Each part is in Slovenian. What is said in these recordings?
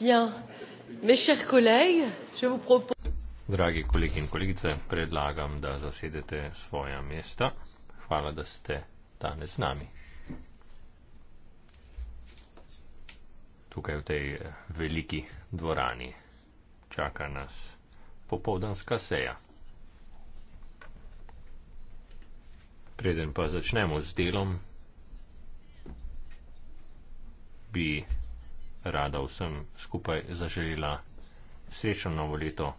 Bien. Mes chers collègues, je vous propose... Dragi kolegi in kolegice, predlagam, da zasedete svoja mesta. Hvala, da ste danes z nami. Tukaj v tej eh, veliki dvorani čaka nas popovdanska seja. Preden pa začnemo z delom, bi rada vsem skupaj zaželila srečno novo leto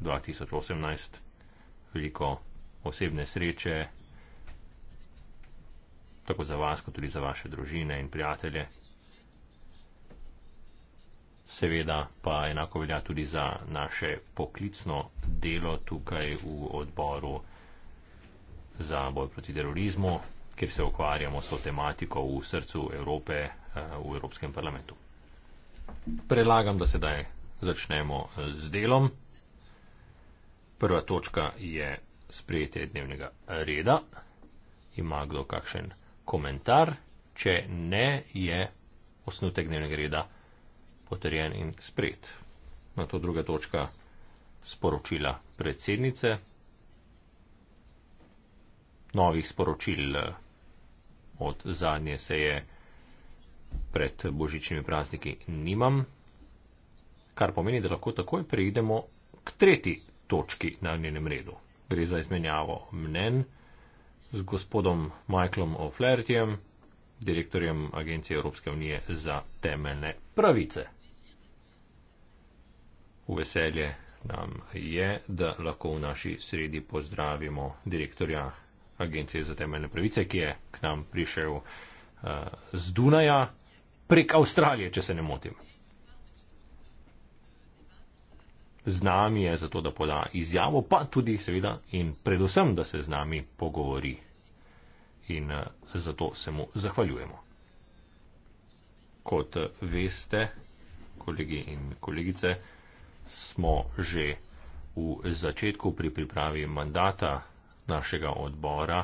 2018, veliko osebne sreče, tako za vas, kot tudi za vaše družine in prijatelje. Seveda pa enako velja tudi za naše poklicno delo tukaj v odboru za boj proti terorizmu, kjer se ukvarjamo s to tematiko v srcu Evrope eh, v Evropskem parlamentu. Predlagam, da sedaj začnemo eh, z delom. Prva točka je sprejetje dnevnega reda. Ima kdo kakšen komentar? Če ne, je osnutek dnevnega reda potrjen in sprejet. Na to druga točka sporočila predsednice. Novih sporočil eh, od zadnje se je pred božičnimi prazniki nimam, kar pomeni, da lahko takoj preidemo k tretji točki na njenem redu. Gre za izmenjavo mnen z gospodom Michaelom O'Flertyjem, direktorjem Agencije Evropske unije za temeljne pravice. V veselje nam je, da lahko v naši sredi pozdravimo direktorja Agencije za temeljne pravice, ki je k nam prišel uh, z Dunaja, prek Avstralije, če se ne motim. Z nami je zato, da poda izjavo, pa tudi seveda in predvsem, da se z nami pogovori. In eh, zato se mu zahvaljujemo. Kot eh, veste, kolegi in kolegice, smo že v začetku pri pripravi mandata našega odbora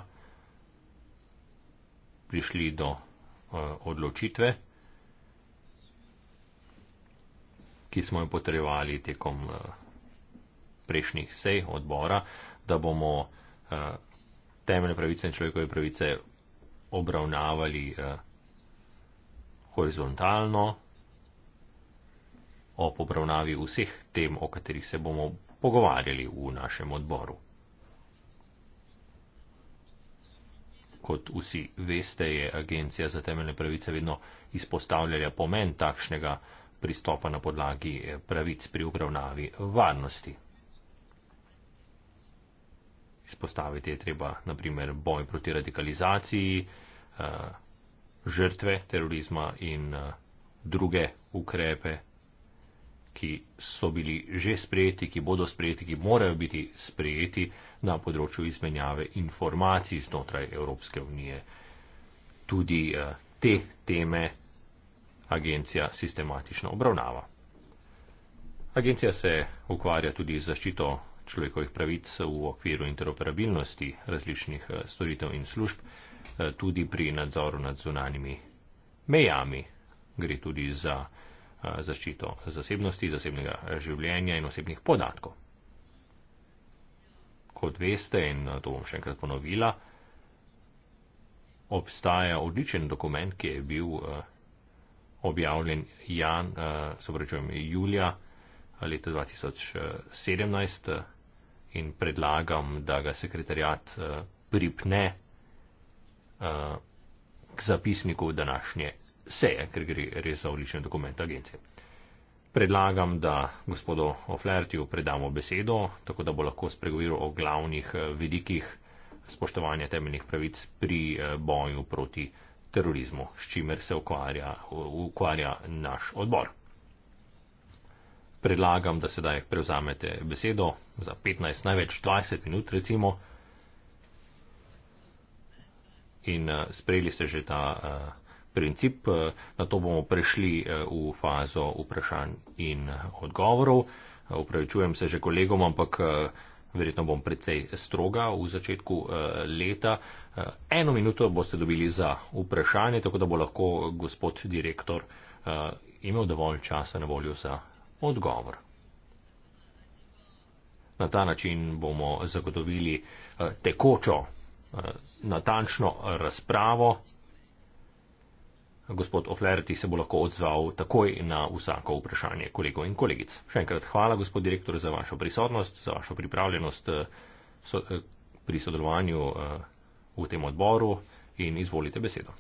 prišli do eh, odločitve, ki smo jo potrebovali tekom eh, prejšnjih sej odbora, da bomo eh, temeljne pravice in človekove pravice obravnavali eh, horizontalno ob obravnavi vseh tem, o katerih se bomo pogovarjali v našem odboru. Kot vsi veste, je Agencija za temeljne pravice vedno izpostavljala pomen takšnega pristopa na podlagi eh, pravic pri upravnavi varnosti. Izpostaviti je treba naprimer boj proti radikalizaciji, eh, žrtve terorizma in eh, druge ukrepe, ki so bili že sprejeti, ki bodo sprejeti, ki morajo biti sprejeti na področju izmenjave informacij znotraj Evropske unije. Tudi te teme agencija sistematično obravnava. Agencija se ukvarja tudi z zaščito človekovih pravic v okviru interoperabilnosti različnih eh, storitev in služb, eh, tudi pri nadzoru nad zunanimi mejami. Gre tudi za eh, zaščito zasebnosti, zasebnega življenja in osebnih podatkov. Kot veste, in to bom še enkrat ponovila, obstaja odličen dokument, ki je bil objavljen Jan, eh, sobrečujem, julija eh, leta 2017 eh, in predlagam, da ga sekretarjat pripne k zapisniku današnje seje, ker gre res za odličen dokument agencije. Predlagam, da gospodu Oflertiju predamo besedo, tako da bo lahko spregovoril o glavnih vidikih spoštovanja temeljnih pravic pri boju proti terorizmu, s čimer se ukvarja, ukvarja naš odbor. Predlagam, da sedaj prevzamete besedo za 15, največ 20 minut, recimo. In eh, sprejeli ste že ta eh, princip, eh, na to bomo prešli v fazo vprašanj in odgovorov. Upravičujem se že kolegom, ampak verjetno bom precej stroga v začetku leta. Eh, eno minuto boste dobili za vprašanje, tako da bo lahko gospod direktor eh, imel dovolj časa na voljo za odgovor. Na ta način bomo zagotovili eh, tekočo, natančno razpravo. Gospod Oflerti se bo lahko odzval takoj na vsako vprašanje kolegov in kolegic. Še enkrat hvala, gospod direktor, za vašo prisotnost, za vašo pripravljenost pri sodelovanju v tem odboru in izvolite besedo.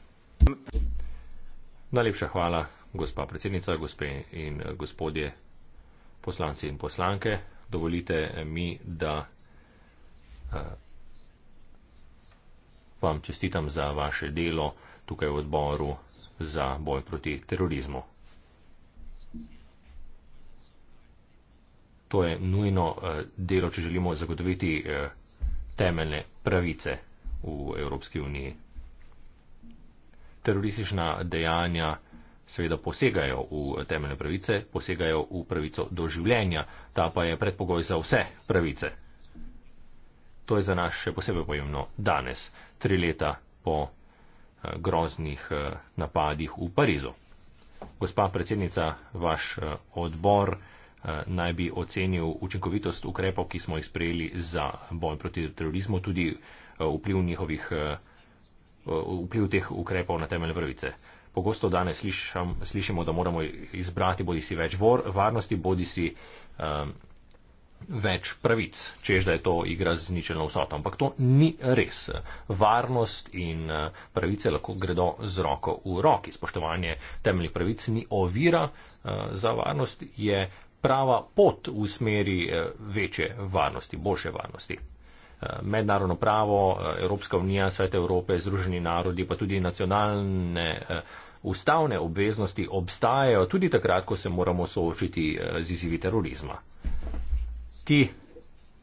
Najlepša hvala, gospa predsednica, gospe in gospodje poslanci in poslanke. Dovolite mi, da eh, vam čestitam za vaše delo tukaj v odboru za boj proti terorizmu. To je nujno eh, delo, če želimo zagotoviti eh, temeljne pravice v Evropski uniji. Teroristična dejanja seveda posegajo v temeljne pravice, posegajo v pravico do življenja, ta pa je predpogoj za vse pravice. To je za nas še posebej pomembno danes, tri leta po eh, groznih eh, napadih v Parizu. Gospa predsednica, vaš eh, odbor naj bi ocenil učinkovitost ukrepov, ki smo jih sprejeli za boj proti terorizmu, tudi vpliv njihovih, eh, eh, vpliv teh ukrepov na temeljne pravice. Pogosto danes slišam, slišimo, da moramo izbrati bodi si več vor, varnosti, bodi si um, ehm, več pravic, čež da je to igra z ničelno vsoto. Ampak to ni res. Varnost in eh, pravice lahko gredo z roko v roki. Spoštovanje temeljnih pravic ni ovira uh, za varnost, je prava pot v smeri uh, večje varnosti, boljše varnosti mednarodno pravo, Evropska unija, Svet Evrope, Združeni narodi, pa tudi nacionalne eh, ustavne obveznosti obstajajo tudi takrat, ko se moramo soočiti eh, z izzivi terorizma. Ti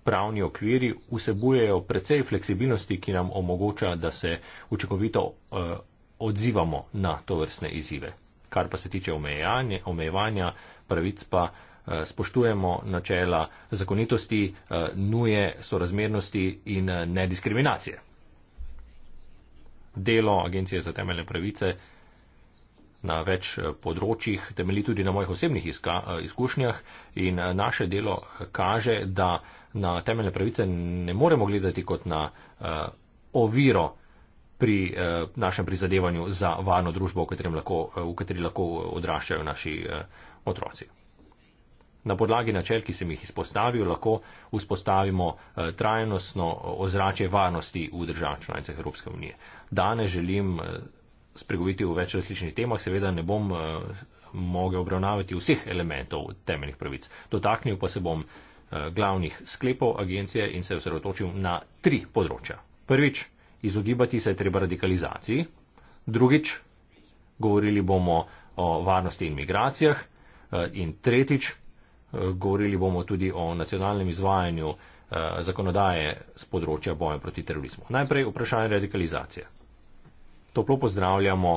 pravni okviri vsebujejo precej fleksibilnosti, ki nam omogoča, da se učinkovito eh, odzivamo na to vrstne izzive. Kar pa se tiče omejevanja, pravic pa Eh, spoštujemo načela zakonitosti, eh, nuje, sorazmernosti in eh, nediskriminacije. Delo Agencije za temeljne pravice na več področjih temelji tudi na mojih osebnih izkušnjah in naše delo kaže, da na temeljne pravice ne moremo gledati kot na uh, oviro pri uh, našem prizadevanju za varno družbo, v, lahko, uh, v kateri lahko odraščajo naši uh, otroci. Na podlagi načel, ki sem jih izpostavil, lahko vzpostavimo eh, trajnostno eh, ozračje varnosti v državah članicah Evropske unije. Danes želim eh, spregovoriti o več različnih temah, seveda ne bom mogel obravnavati vseh elementov temeljnih pravic. Dotaknil pa se bom glavnih sklepov agencije in se osredotočil na tri področja. Prvič, izogibati se je treba radikalizaciji. Drugič, govorili bomo o varnosti in migracijah. In tretjič, govorili bomo tudi o nacionalnem izvajanju eh, zakonodaje z področja boja proti terorizmu. Najprej vprašanje radikalizacije. Toplo pozdravljamo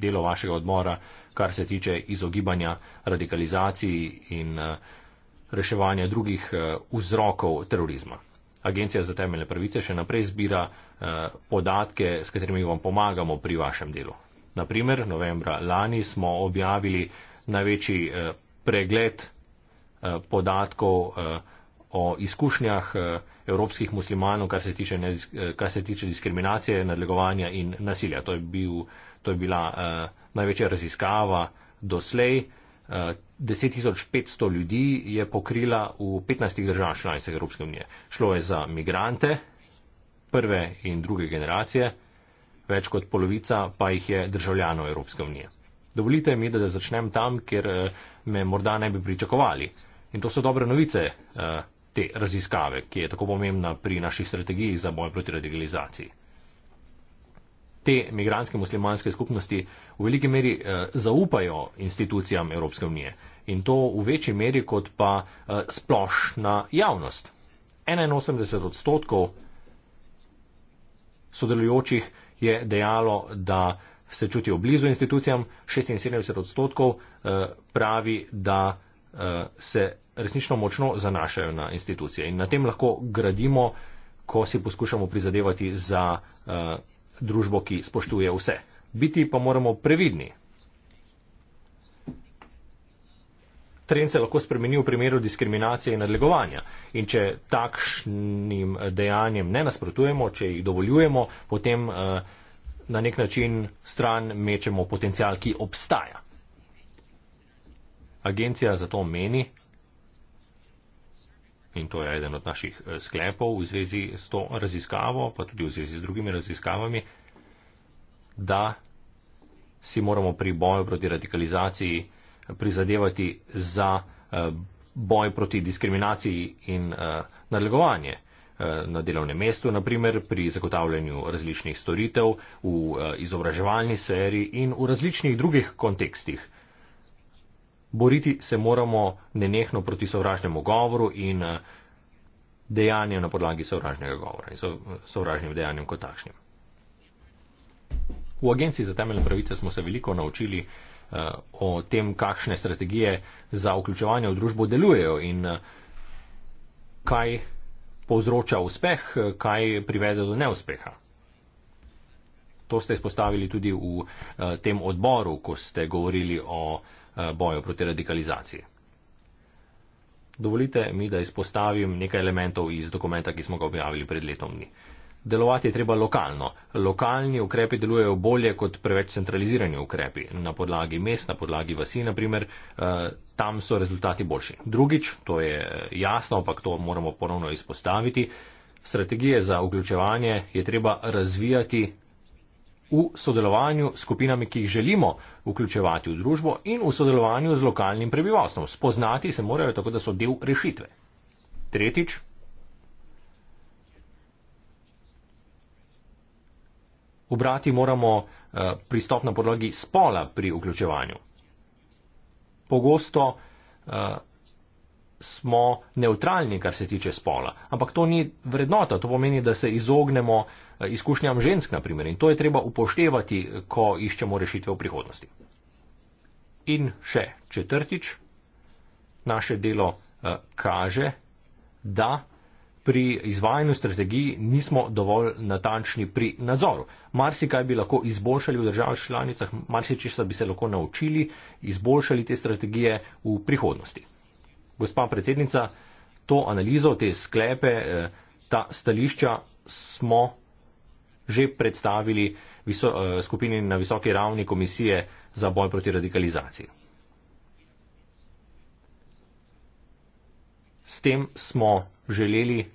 delo vašega odbora, kar se tiče izogibanja radikalizaciji in eh, reševanja drugih eh, vzrokov terorizma. Agencija za temeljne pravice še naprej zbira podatke, s katerimi vam pomagamo pri vašem delu. Naprimer, novembra lani smo objavili največji pregled Eh, podatkov eh, o izkušnjah eh, evropskih muslimanov, kar se tiče, kar se tiče diskriminacije, nadlegovanja in nasilja. To je, bil, to je bila največja raziskava doslej. 10.500 ljudi je pokrila v 15 državah članice Evropske unije. Šlo je za migrante prve in druge generacije, več kot polovica pa jih je državljano Evropske unije. Dovolite mi, da začnem tam, kjer me morda ne bi pričakovali. In to so dobre novice eh, te raziskave, ki je tako pomembna pri naši strategiji za boj proti radikalizaciji. Te migranske muslimanske skupnosti v veliki meri eh, zaupajo institucijam Evropske unije in to v večji meri kot pa eh, splošna javnost. 81 odstotkov sodelujočih je dejalo, da se čutijo blizu institucijam, 76 odstotkov pravi, da Eh, se resnično močno zanašajo na institucije in na tem lahko gradimo, ko si poskušamo prizadevati za uh, družbo, ki spoštuje vse. Biti pa moramo previdni. Trend se lahko spremeni v primeru diskriminacije in nadlegovanja. In če takšnim dejanjem ne nasprotujemo, če jih dovoljujemo, potem uh, na nek način stran mečemo potencial, ki obstaja. Agencija zato meni, in to je eden od naših eh, sklepov v zvezi s to raziskavo, pa tudi v zvezi z drugimi raziskavami, da si moramo pri boju proti radikalizaciji eh, prizadevati za eh, boj proti diskriminaciji in nadlegovanje na delovnem mestu, naprimer pri zagotavljanju različnih storitev v izobraževalni sferi in v različnih drugih kontekstih boriti se moramo nenehno proti sovražnemu govoru in eh, dejanjem na podlagi sovražnega govora in sovražnim dejanjem kot takšnim. V Agenciji za temeljne pravice smo se veliko naučili eh, o tem, kakšne strategije za vključevanje v družbo delujejo in eh, kaj povzroča uspeh, kaj privede do neuspeha. To ste izpostavili tudi v tem odboru, ko ste govorili o uh, Eh, boju proti radikalizaciji. Dovolite mi, da izpostavim nekaj elementov iz dokumenta, ki smo ga objavili pred letom dni. Delovati je treba lokalno. Lokalni ukrepi delujejo bolje kot preveč centralizirani ukrepi. Na podlagi mest, na podlagi vasi, na primer, eh, tam so rezultati boljši. Drugič, to je eh, jasno, ampak to moramo ponovno izpostaviti, strategije za vključevanje je treba razvijati v sodelovanju s skupinami, ki jih želimo vključevati v družbo in v sodelovanju z lokalnim prebivalstvom. Spoznati se morajo tako, da so del rešitve. Tretjič. Obrati moramo eh, pristop na podlagi spola pri vključevanju. Pogosto uh, smo neutralni, kar se tiče spola, ampak to ni vrednota, to pomeni, da se izognemo uh, Eh, izkušnjam žensk, naprimer, in to je treba upoštevati, ko iščemo rešitve v prihodnosti. In še četrtič, naše delo eh, kaže, da pri izvajanju strategij nismo dovolj natančni pri nadzoru. Marsikaj bi lahko izboljšali v državah članicah, marsičesa bi se lahko naučili, izboljšali te strategije v prihodnosti. Gospa predsednica, to analizo, te sklepe, eh, ta stališča smo že predstavili viso, eh, skupini na visoki ravni komisije za boj proti radikalizaciji. S tem smo želeli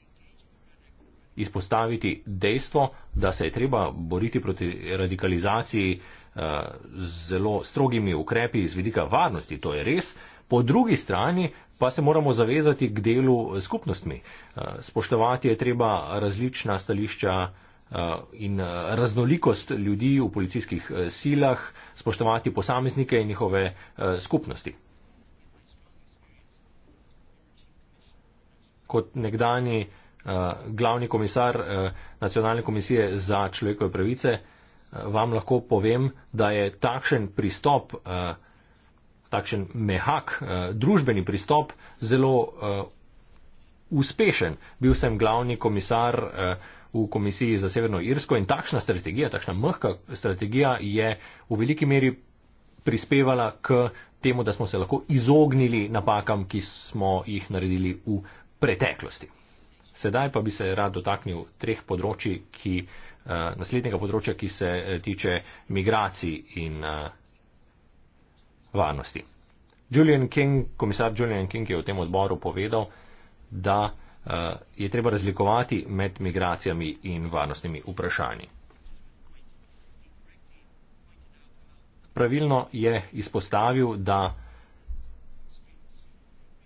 izpostaviti dejstvo, da se je treba boriti proti radikalizaciji z eh, zelo strogimi ukrepi iz vidika varnosti, to je res. Po drugi strani pa se moramo zavezati k delu skupnostmi. Eh, spoštovati je treba različna stališča Eh, in eh, raznolikost ljudi v policijskih eh, silah, spoštovati posameznike in njihove skupnosti. Kot nekdani glavni komisar Nacionalne komisije za človekove pravice vam lahko povem, da je takšen pristop, takšen mehak, družbeni pristop zelo uspešen. Bil sem glavni komisar v komisiji za Severno Irsko in takšna strategija, takšna mhka strategija je v veliki meri prispevala k temu, da smo se lahko izognili napakam, ki smo jih naredili v preteklosti. Sedaj pa bi se rad dotaknil treh področji, ki, eh, naslednjega področja, ki se eh, tiče migracij in eh, varnosti. Julian King, komisar Julian King je v tem odboru povedal, da Eh, je treba razlikovati med migracijami in varnostnimi vprašanji. Pravilno je izpostavil, da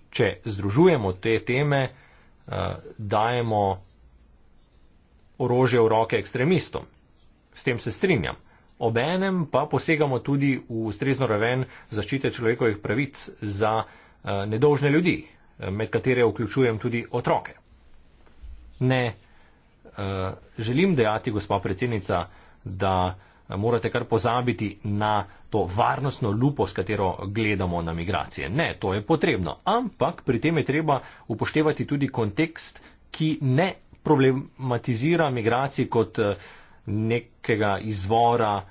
če združujemo te teme, eh, dajemo orožje v roke ekstremistom. S tem se strinjam. Obenem pa posegamo tudi v ustrezno raven zaščite človekovih pravic za eh, nedolžne ljudi, med katere vključujem tudi otroke. Ne eh, želim dejati, gospa predsednica, da eh, morate kar pozabiti na to varnostno lupo, s katero gledamo na migracije. Ne, to je potrebno. Ampak pri tem je treba upoštevati tudi kontekst, ki ne problematizira migracij kot eh, nekega izvora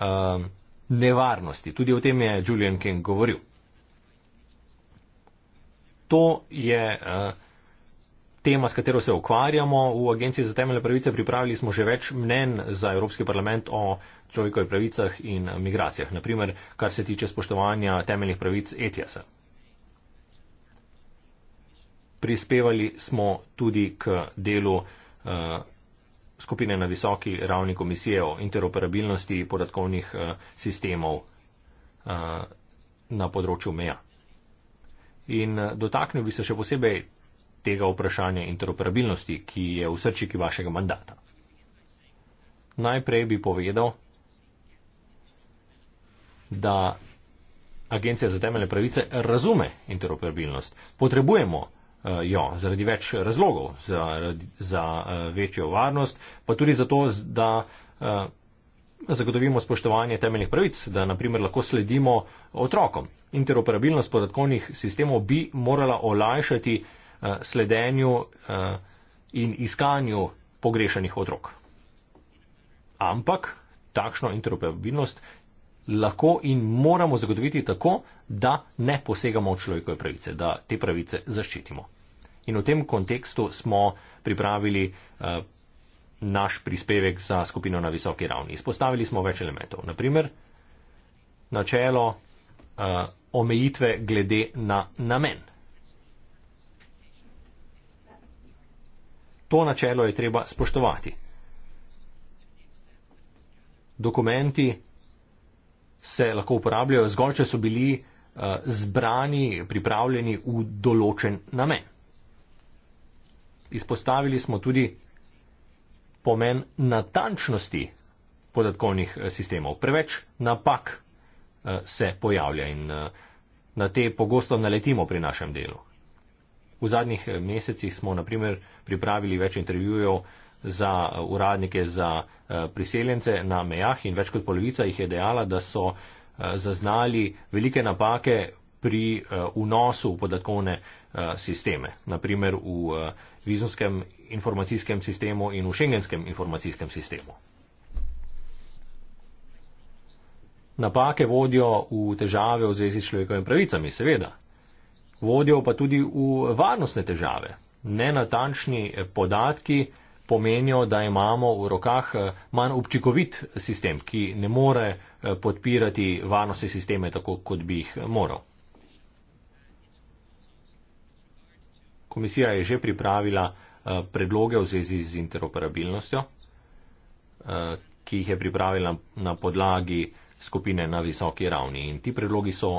um, nevarnosti. Tudi o tem je Julian King govoril to je eh, tema, s katero se ukvarjamo. V Agenciji za temeljne pravice pripravili smo že več mnen za Evropski parlament o človekovih pravicah in migracijah, naprimer, kar se tiče spoštovanja temeljnih pravic ETS-a. Prispevali smo tudi k delu uh, skupine na visoki ravni komisije o interoperabilnosti podatkovnih uh, sistemov uh, na področju meja. In eh, dotaknil bi se še posebej tega vprašanja interoperabilnosti, ki je v srčiki vašega mandata. Najprej bi povedal, da Agencija za temeljne pravice razume interoperabilnost. Potrebujemo eh, jo zaradi več razlogov, za, za eh, večjo varnost, pa tudi zato, da zagotovimo spoštovanje temeljnih pravic, da naprimer lahko sledimo otrokom. Interoperabilnost podatkovnih sistemov bi morala olajšati uh, sledenju uh, in iskanju pogrešanih otrok. Ampak takšno interoperabilnost lahko in moramo zagotoviti tako, da ne posegamo v človekove pravice, da te pravice zaščitimo. In v tem kontekstu smo pripravili uh, naš prispevek za skupino na visoki ravni. Izpostavili smo več elementov. Naprimer, načelo uh, omejitve glede na namen. To načelo je treba spoštovati. Dokumenti se lahko uporabljajo zgolj, če so bili uh, zbrani, pripravljeni v določen namen. Izpostavili smo tudi pomen natančnosti podatkovnih eh, sistemov. Preveč napak eh, se pojavlja in eh, na te pogosto naletimo pri našem delu. V zadnjih mesecih smo naprimer pripravili več intervjujev za uradnike za priseljence na mejah in več kot polovica jih je dejala, da so zaznali velike napake pri vnosu podatkovne sisteme. Naprimer v vizumskem informacijskem sistemu in v šengenskem informacijskem sistemu. Napake vodijo v težave v zvezi s človekovimi pravicami, seveda. Vodijo pa tudi v varnostne težave. Nenatančni podatki pomenijo, da imamo v rokah eh, manj občikovit sistem, ki ne more eh, podpirati varnostne sisteme tako, kot bi jih moral. Komisija je že pripravila Eh, predloge v zvezi z interoperabilnostjo, eh, ki jih je pripravila na podlagi skupine na visoki ravni. In ti predlogi so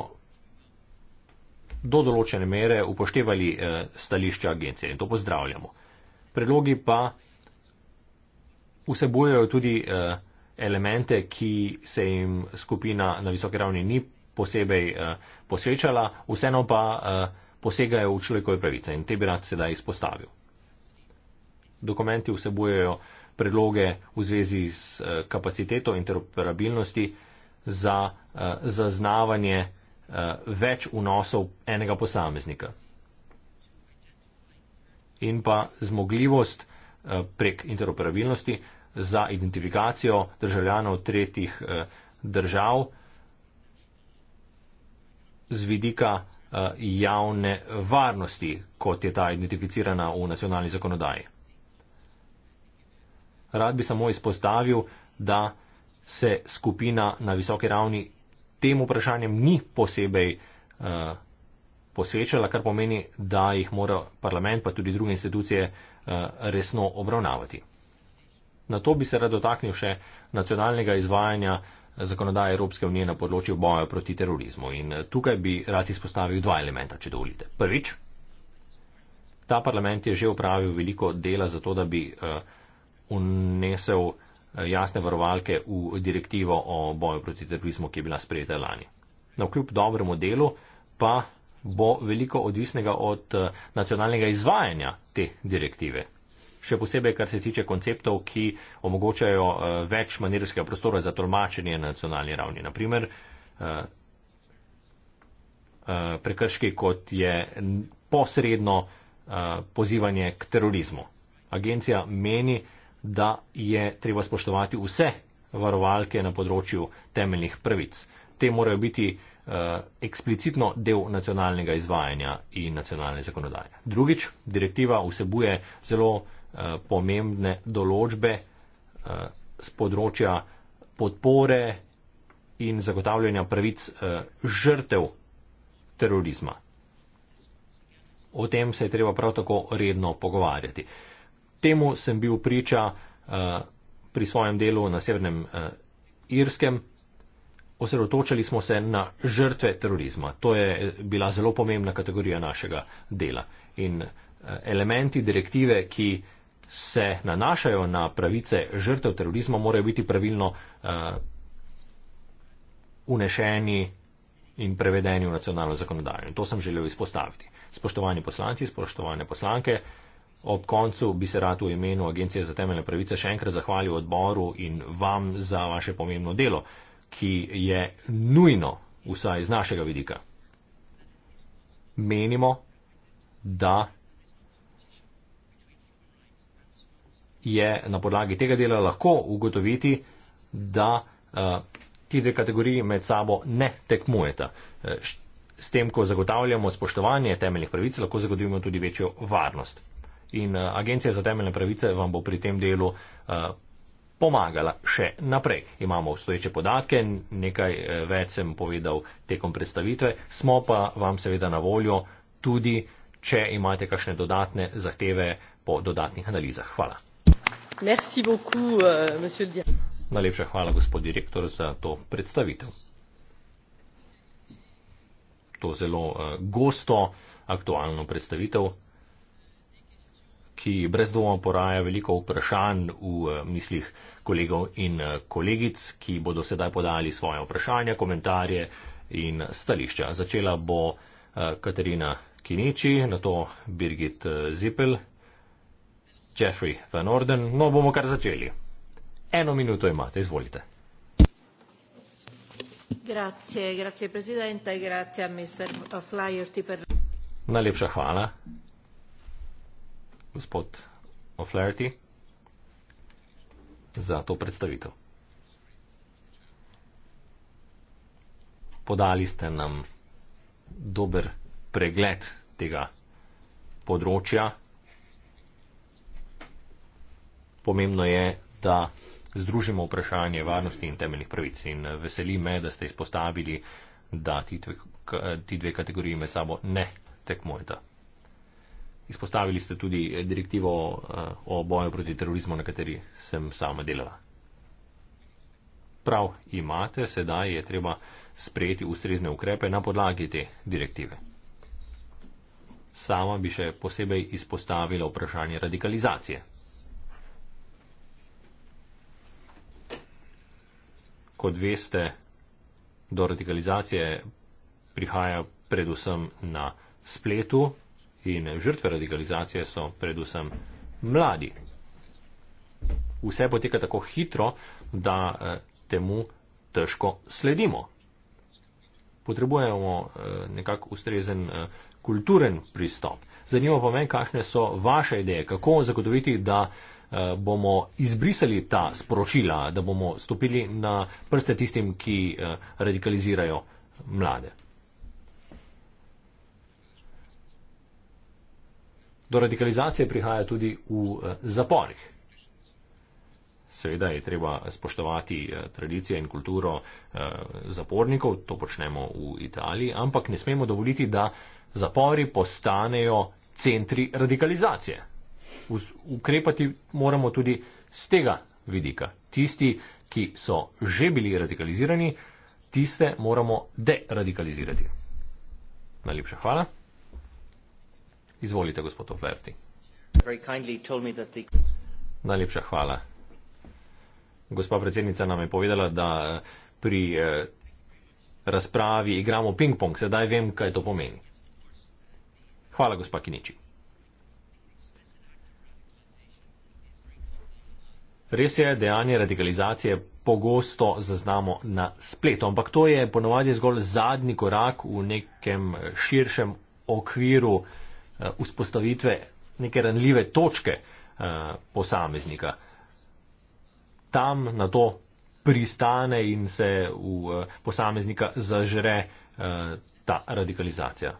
do določene mere upoštevali eh, stališča agencije in to pozdravljamo. Predlogi pa vsebojajo tudi elemente, ki se jim skupina na visoki ravni ni posebej posvečala, vseeno pa posegajo v človekove pravice in te bi rad sedaj izpostavil. Dokumenti vsebujejo predloge v zvezi z eh, kapaciteto interoperabilnosti za eh, zaznavanje eh, več vnosov enega posameznika in pa zmogljivost prek interoperabilnosti za identifikacijo državljanov tretjih držav z vidika javne varnosti, kot je ta identificirana v nacionalni zakonodaji rad bi samo izpostavil, da se skupina na visoki ravni tem vprašanjem ni posebej uh, posvečala, kar pomeni, da jih mora parlament pa tudi druge institucije uh, resno obravnavati. Na to bi se rad dotaknil še nacionalnega izvajanja eh, zakonodaje Evropske unije na področju boja proti terorizmu. In tukaj bi rad izpostavil dva elementa, če dovolite. Prvič, ta parlament je že upravil veliko dela za to, da bi uh, unesel eh, jasne varovalke v direktivo o boju proti terorizmu, ki je bila sprejeta lani. Na vkljub dobremu delu pa bo veliko odvisnega od eh, nacionalnega izvajanja te direktive. Še posebej, kar se tiče konceptov, ki omogočajo eh, več manirskega prostora za tolmačenje na nacionalni ravni. Naprimer, prekrški, kot je posredno pozivanje k terorizmu. Agencija meni, da je treba spoštovati vse varovalke na področju temeljnih pravic. Te morajo biti uh, eksplicitno del nacionalnega izvajanja in nacionalne zakonodaje. Drugič, direktiva vsebuje zelo uh, pomembne določbe uh, eh, z področja podpore in zagotavljanja pravic uh, žrtev terorizma. O tem se je treba prav tako redno pogovarjati. Uh, temu sem bil priča uh, pri svojem delu na Severnem uh, Irskem. Osredotočali smo se na žrtve terorizma. To je eh, bila zelo pomembna kategorija našega dela. In uh, elementi direktive, ki se nanašajo na pravice žrtev terorizma, morajo biti pravilno uh, unešeni in prevedeni v nacionalno zakonodajo. In to sem želel izpostaviti. Spoštovani poslanci, spoštovane poslanke, uh, Ob koncu bi se rad v imenu Agencije za temeljne pravice še enkrat zahvalil odboru in vam za vaše pomembno delo, ki je nujno, vsaj z našega vidika. Menimo, da je na podlagi tega dela lahko ugotoviti, da uh, ti dve kategoriji med sabo ne tekmujeta. Eh, s tem, ko zagotavljamo spoštovanje temeljnih pravic, lahko zagotovimo tudi večjo varnost in eh, Agencija za temeljne pravice vam bo pri tem delu eh, pomagala še naprej. Imamo obstoječe podatke, nekaj eh, več sem povedal tekom predstavitve, smo pa vam seveda na voljo tudi, če imate kakšne dodatne zahteve po dodatnih analizah. Hvala. Euh, Najlepša hvala, gospod direktor, za to predstavitev. To zelo gosto, aktualno predstavitev ki brez dvoma poraja veliko vprašanj v eh, mislih kolegov in eh, kolegic, ki bodo sedaj podali svoje vprašanja, komentarje in stališča. Začela bo eh, Katarina Kineči, na to Birgit Zippel, Jeffrey Van Orden. No, bomo kar začeli. Eno minuto imate, izvolite. Grazie, grazie, predsednica, grazie, mister Flyer. Najlepša hvala gospod O'Flaherty, za to predstavitev. Podali ste nam dober pregled tega področja. Pomembno je, da združimo vprašanje varnosti in temeljnih pravic. In eh, veseli me, da ste izpostavili, da ti dve, ti dve kategoriji med sabo ne tekmujeta. Izpostavili ste tudi eh, direktivo eh, o boju proti terorizmu, na kateri sem sama delala. Prav imate, sedaj je treba sprejeti ustrezne ukrepe na podlagi te direktive. Sama bi še posebej izpostavila vprašanje radikalizacije. Kot veste, do radikalizacije prihaja predvsem na spletu, in žrtve radikalizacije so predvsem mladi. Vse poteka tako hitro, da eh, temu težko sledimo. Potrebujemo eh, nekako ustrezen eh, kulturen pristop. Zanima pa me, kakšne so vaše ideje, kako zagotoviti, da bomo izbrisali ta sporočila, da bomo stopili na prste tistim, ki radikalizirajo mlade. do radikalizacije prihaja tudi v eh, zaporih. Seveda je treba spoštovati eh, tradicije in kulturo eh, zapornikov, to počnemo v Italiji, ampak ne smemo dovoliti, da zapori postanejo centri radikalizacije. Ukrepati moramo tudi z tega vidika. Tisti, ki so že bili radikalizirani, tiste moramo deradikalizirati. Najlepša hvala. Izvolite, gospod Oflerti. Najlepša hvala. Gospa predsednica nam je povedala, da eh, pri eh, razpravi igramo ping-pong, sedaj vem, kaj to pomeni. Hvala, gospa Kiniči. Res je, dejanje radikalizacije pogosto zaznamo na spletu, ampak to je ponovadi zgolj zadnji korak v nekem širšem okviru Eh, vzpostavitve neke ranljive točke eh, posameznika. Tam na to pristane in se v eh, posameznika zažre ta radikalizacija.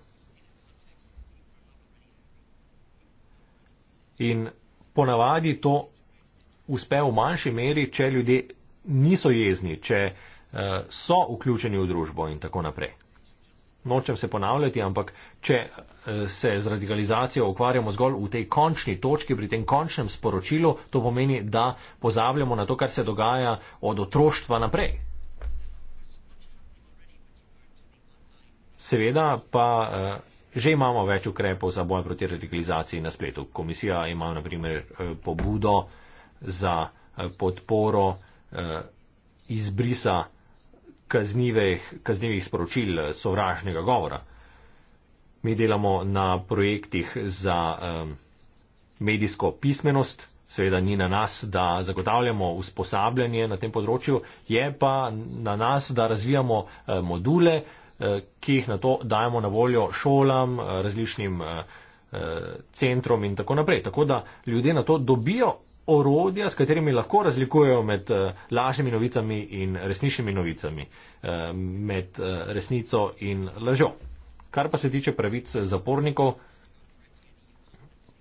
In ponavadi to uspe v manjši meri, če ljudje niso jezni, če so vključeni v družbo in tako naprej nočem se ponavljati, ampak če eh, se z radikalizacijo ukvarjamo zgolj v tej končni točki, pri tem končnem sporočilu, to pomeni, da pozabljamo na to, kar se dogaja od otroštva naprej. Seveda pa eh, že imamo več ukrepov za boj proti radikalizaciji na spletu. Komisija ima na primer eh, pobudo za podporo izbrisa kaznivih, kaznivih sporočil eh, sovražnega govora. Mi delamo na projektih za um, medijsko pismenost, seveda ni na nas, da zagotavljamo usposabljanje na tem področju, je pa na nas, da razvijamo uh, module, uh, ki jih na to dajemo na voljo šolam, uh, različnim uh, centrom in tako naprej. Tako da ljudje na to dobijo orodja, s katerimi lahko razlikujejo med eh, lažnimi novicami in resničnimi novicami, eh, med eh, resnico in lažjo. Kar pa se tiče pravic zapornikov,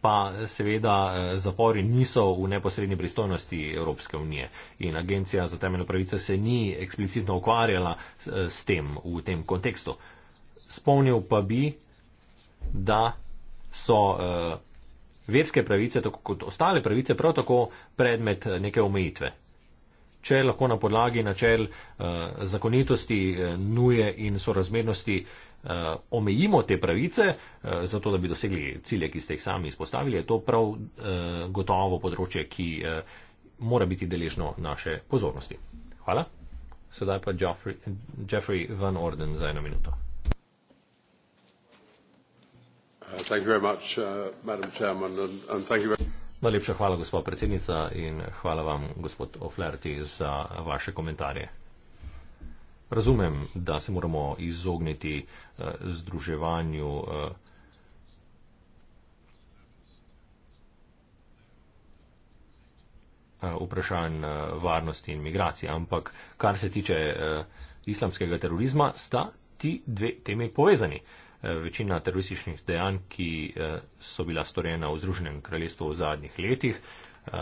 pa seveda zapori niso v neposrednji pristojnosti Evropske unije in Agencija za temeljne pravice se ni eksplicitno ukvarjala s tem v tem kontekstu. Spomnil pa bi, da so verske pravice, tako kot ostale pravice, prav tako predmet eh, neke omejitve. Če lahko na podlagi načel uh, zakonitosti, uh, nuje in sorazmernosti uh, omejimo te pravice, uh, zato da bi dosegli cilje, ki ste jih sami izpostavili, je to prav uh, gotovo področje, ki uh, mora biti deležno naše pozornosti. Hvala. Sedaj pa Jeffrey, Jeffrey Van Orden za eno minuto. Uh, uh, Najlepša hvala, gospod predsednica, in hvala vam, gospod Oflerti, za vaše komentarje. Razumem, da se moramo izogniti uh, združevanju uh, uh, vprašanj uh, varnosti in migracij, ampak kar se tiče uh, islamskega terorizma, sta ti dve temi povezani. Uh, Eh, večina terorističnih dejanj, ki eh, so bila storjena v Združenem kraljestvu v zadnjih letih. Eh,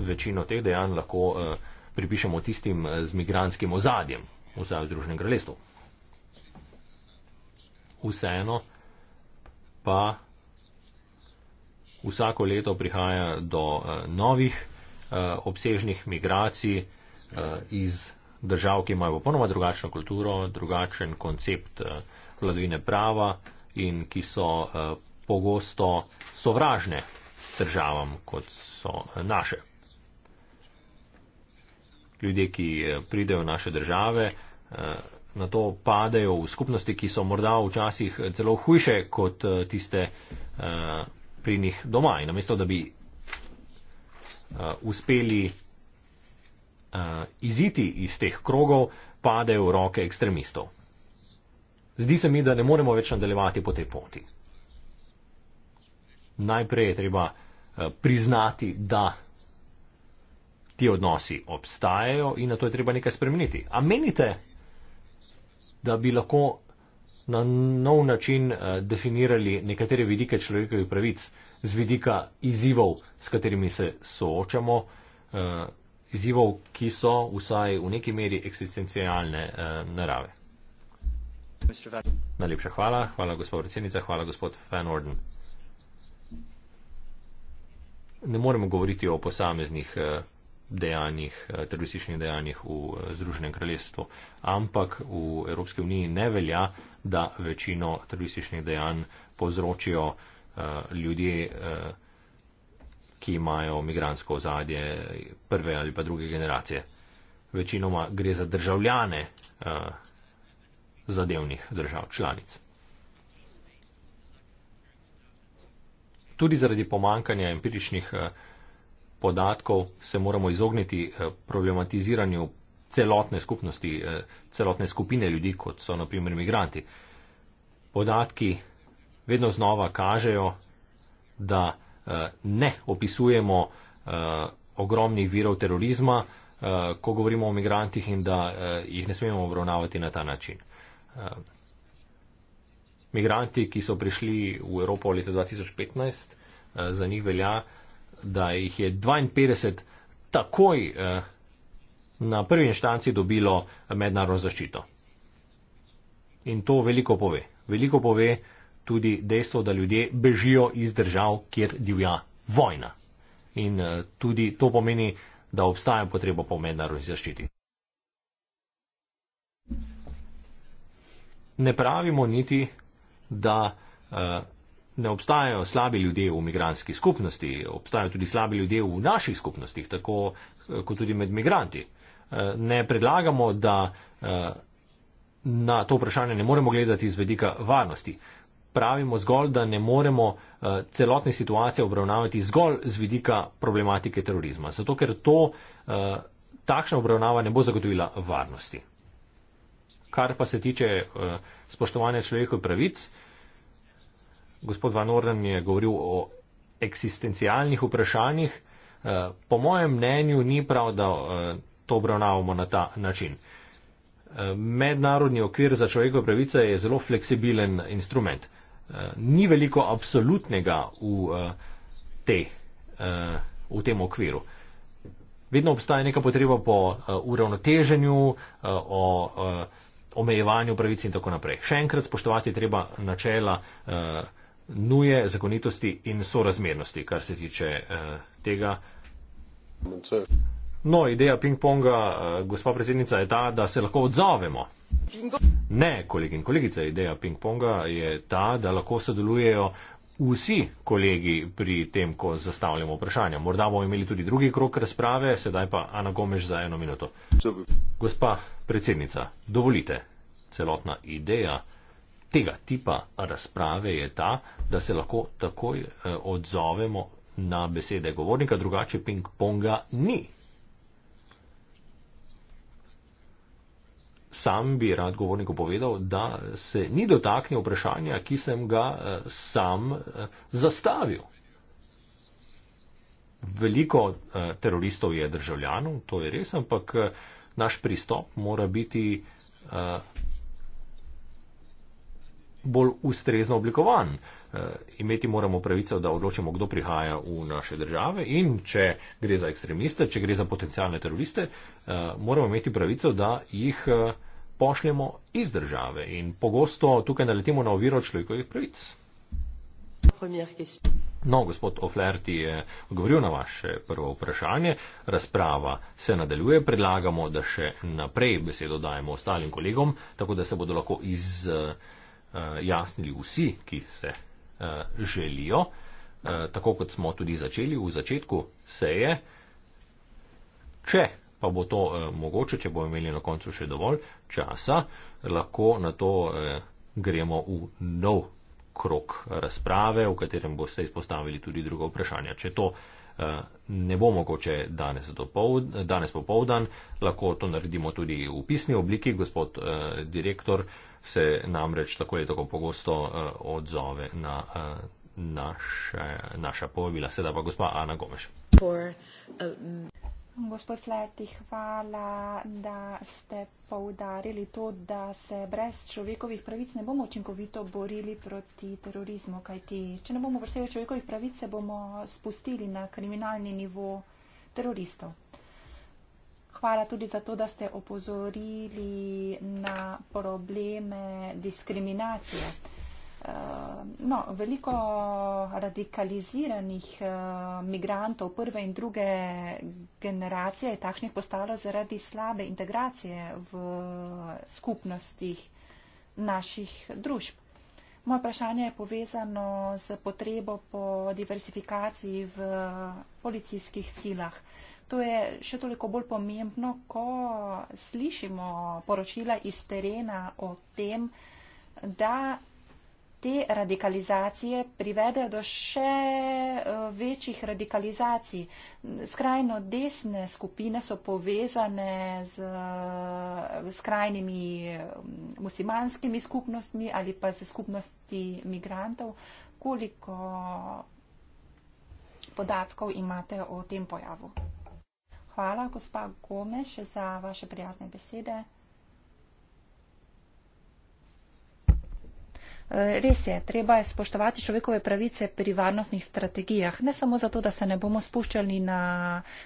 večino teh dejanj lahko pripišemo tistim z migranskim ozadjem v Združenem kraljestvu. Vseeno pa vsako leto prihaja do novih obsežnih migracij iz držav, ki imajo popolnoma drugačno kulturo, drugačen koncept eh, vladavine prava in ki so eh, pogosto sovražne državam, kot so eh, naše. Ljudje, ki pridejo v naše države, na to padejo v skupnosti, ki so morda včasih celo hujše kot tiste pri njih doma. In namesto, da bi uspeli uh, iziti iz teh krogov, pade v roke ekstremistov. Zdi se mi, da ne moremo več nadaljevati po tej poti. Najprej je treba uh, priznati, da ti odnosi obstajajo in na to je treba nekaj spremeniti. A menite, da bi lahko na nov način uh, definirali nekatere vidike človekovih pravic z vidika izzivov, s katerimi se soočamo, uh, izzivov, ki so vsaj v neki meri eksistencialne eh, narave. Najlepša hvala. Hvala, gospod predsednica. Hvala, gospod Van Orden. Ne moremo govoriti o posameznih eh, dejanjih, eh, terorističnih dejanjih v eh, Združenem kraljestvu, ampak v Evropski uniji ne velja, da večino terorističnih dejanj povzročijo ljudje ki imajo migransko ozadje prve ali pa druge generacije. Večinoma gre za državljane uh, zadevnih držav članic. Tudi zaradi pomankanja empiričnih uh, podatkov se moramo izogniti uh, problematiziranju celotne skupnosti, uh, celotne skupine ljudi, kot so naprimer migranti. Podatki vedno znova kažejo, da Eh, ne opisujemo eh, ogromnih virov terorizma, eh, ko govorimo o migrantih in da jih ne smemo obravnavati na ta način. Migranti, ki so prišli v Evropo leta 2015, za njih velja, da jih je 52 takoj na prvi inštanci dobilo mednarodno zaščito. In to veliko pove. Veliko pove, tudi dejstvo, da ljudje bežijo iz držav, kjer divja vojna. In eh, tudi to pomeni, da obstaja potreba po mednarodni zaščiti. Ne pravimo niti, da eh, ne obstajajo slabi ljudje v migranski skupnosti, obstajajo tudi slabi ljudje v naših skupnostih, tako eh, kot tudi med migranti. Ne predlagamo, da na to vprašanje ne moremo gledati iz vedika varnosti pravimo zgolj, da ne moremo eh, celotne situacije obravnavati zgolj z vidika problematike terorizma. Zato, ker to eh, takšna obravnava ne bo zagotovila varnosti. Kar pa se tiče eh, spoštovanja človekovih pravic, gospod Van Orden je govoril o eksistencialnih vprašanjih. Po mojem mnenju ni prav, da to obravnavamo na ta način. Mednarodni okvir za človekove pravice je zelo fleksibilen instrument. Eh, ni veliko absolutnega v, eh, te, eh, v tem okviru. Vedno obstaja neka potreba po uravnoteženju, o omejevanju pravic in tako naprej. Še enkrat spoštovati treba načela nuje, zakonitosti in sorazmernosti, kar se tiče tega. Mencer. No, ideja ping-ponga, eh, gospa predsednica, je ta, da se lahko odzovemo. Ne, kolegi in kolegice, ideja ping-ponga je ta, da lahko sodelujejo vsi kolegi pri tem, ko zastavljamo vprašanja. Morda bomo imeli tudi drugi krok razprave, sedaj pa Ana Gomeš za eno minuto. Gospa predsednica, dovolite, celotna ideja tega tipa razprave je ta, da se lahko takoj eh, odzovemo na besede govornika, drugače ping-ponga ni. sam bi rad govorniku povedal, da se ni dotaknil vprašanja, ki sem ga eh, sam eh, zastavil. Veliko eh, teroristov je državljanov, to je res, ampak naš pristop mora biti bolj ustrezno oblikovan. Eh, imeti moramo pravico, da odločimo, kdo prihaja v naše države in če gre za ekstremiste, če gre za potencijalne teroriste, eh, moramo imeti pravico, da jih eh, pošljemo iz države in pogosto tukaj naletimo na oviro človekovih pravic. No, gospod Oflerti je odgovoril na vaše prvo vprašanje. Razprava se nadaljuje. Predlagamo, da še naprej besedo dajemo ostalim kolegom, tako da se bodo lahko izjasnili uh, vsi, ki se Eh, želijo. Eh, tako kot smo tudi začeli v začetku seje, če pa bo to eh, mogoče, če bomo imeli na koncu še dovolj časa, lahko na to gremo v nov krok razprave, v katerem boste izpostavili tudi druga vprašanja. Če to ne bo mogoče danes, danes popovdan, lahko to naredimo tudi v pisni obliki, gospod direktor se namreč tako ali tako pogosto uh, odzove na uh, naše, naša povabila. Sedaj pa gospa Ana Gomeš. For, um... Gospod Fleti, hvala, da ste poudarili to, da se brez človekovih pravic ne bomo učinkovito borili proti terorizmu, kajti če ne bomo vršteli človekovih pravic, se bomo spustili na kriminalni nivo teroristov hvala tudi za to, da ste opozorili na probleme diskriminacije. Eh, no, veliko radikaliziranih eh, migrantov prve in druge generacije je takšnih postalo zaradi slabe integracije v skupnostih naših družb. Moje vprašanje je povezano z potrebo po diversifikaciji v policijskih silah. To je še toliko bolj pomembno, ko slišimo poročila iz terena o tem, da te radikalizacije privedejo do še eh, večjih radikalizacij. Skrajno desne skupine so povezane z eh, skrajnimi eh, muslimanskimi skupnostmi ali pa z skupnosti migrantov. Koliko podatkov imate o tem pojavu? Hvala, gospa Gomeš, za vaše prijazne besede. E, res je, treba je spoštovati človekove pravice pri varnostnih strategijah. Ne samo zato, da se ne bomo spuščali na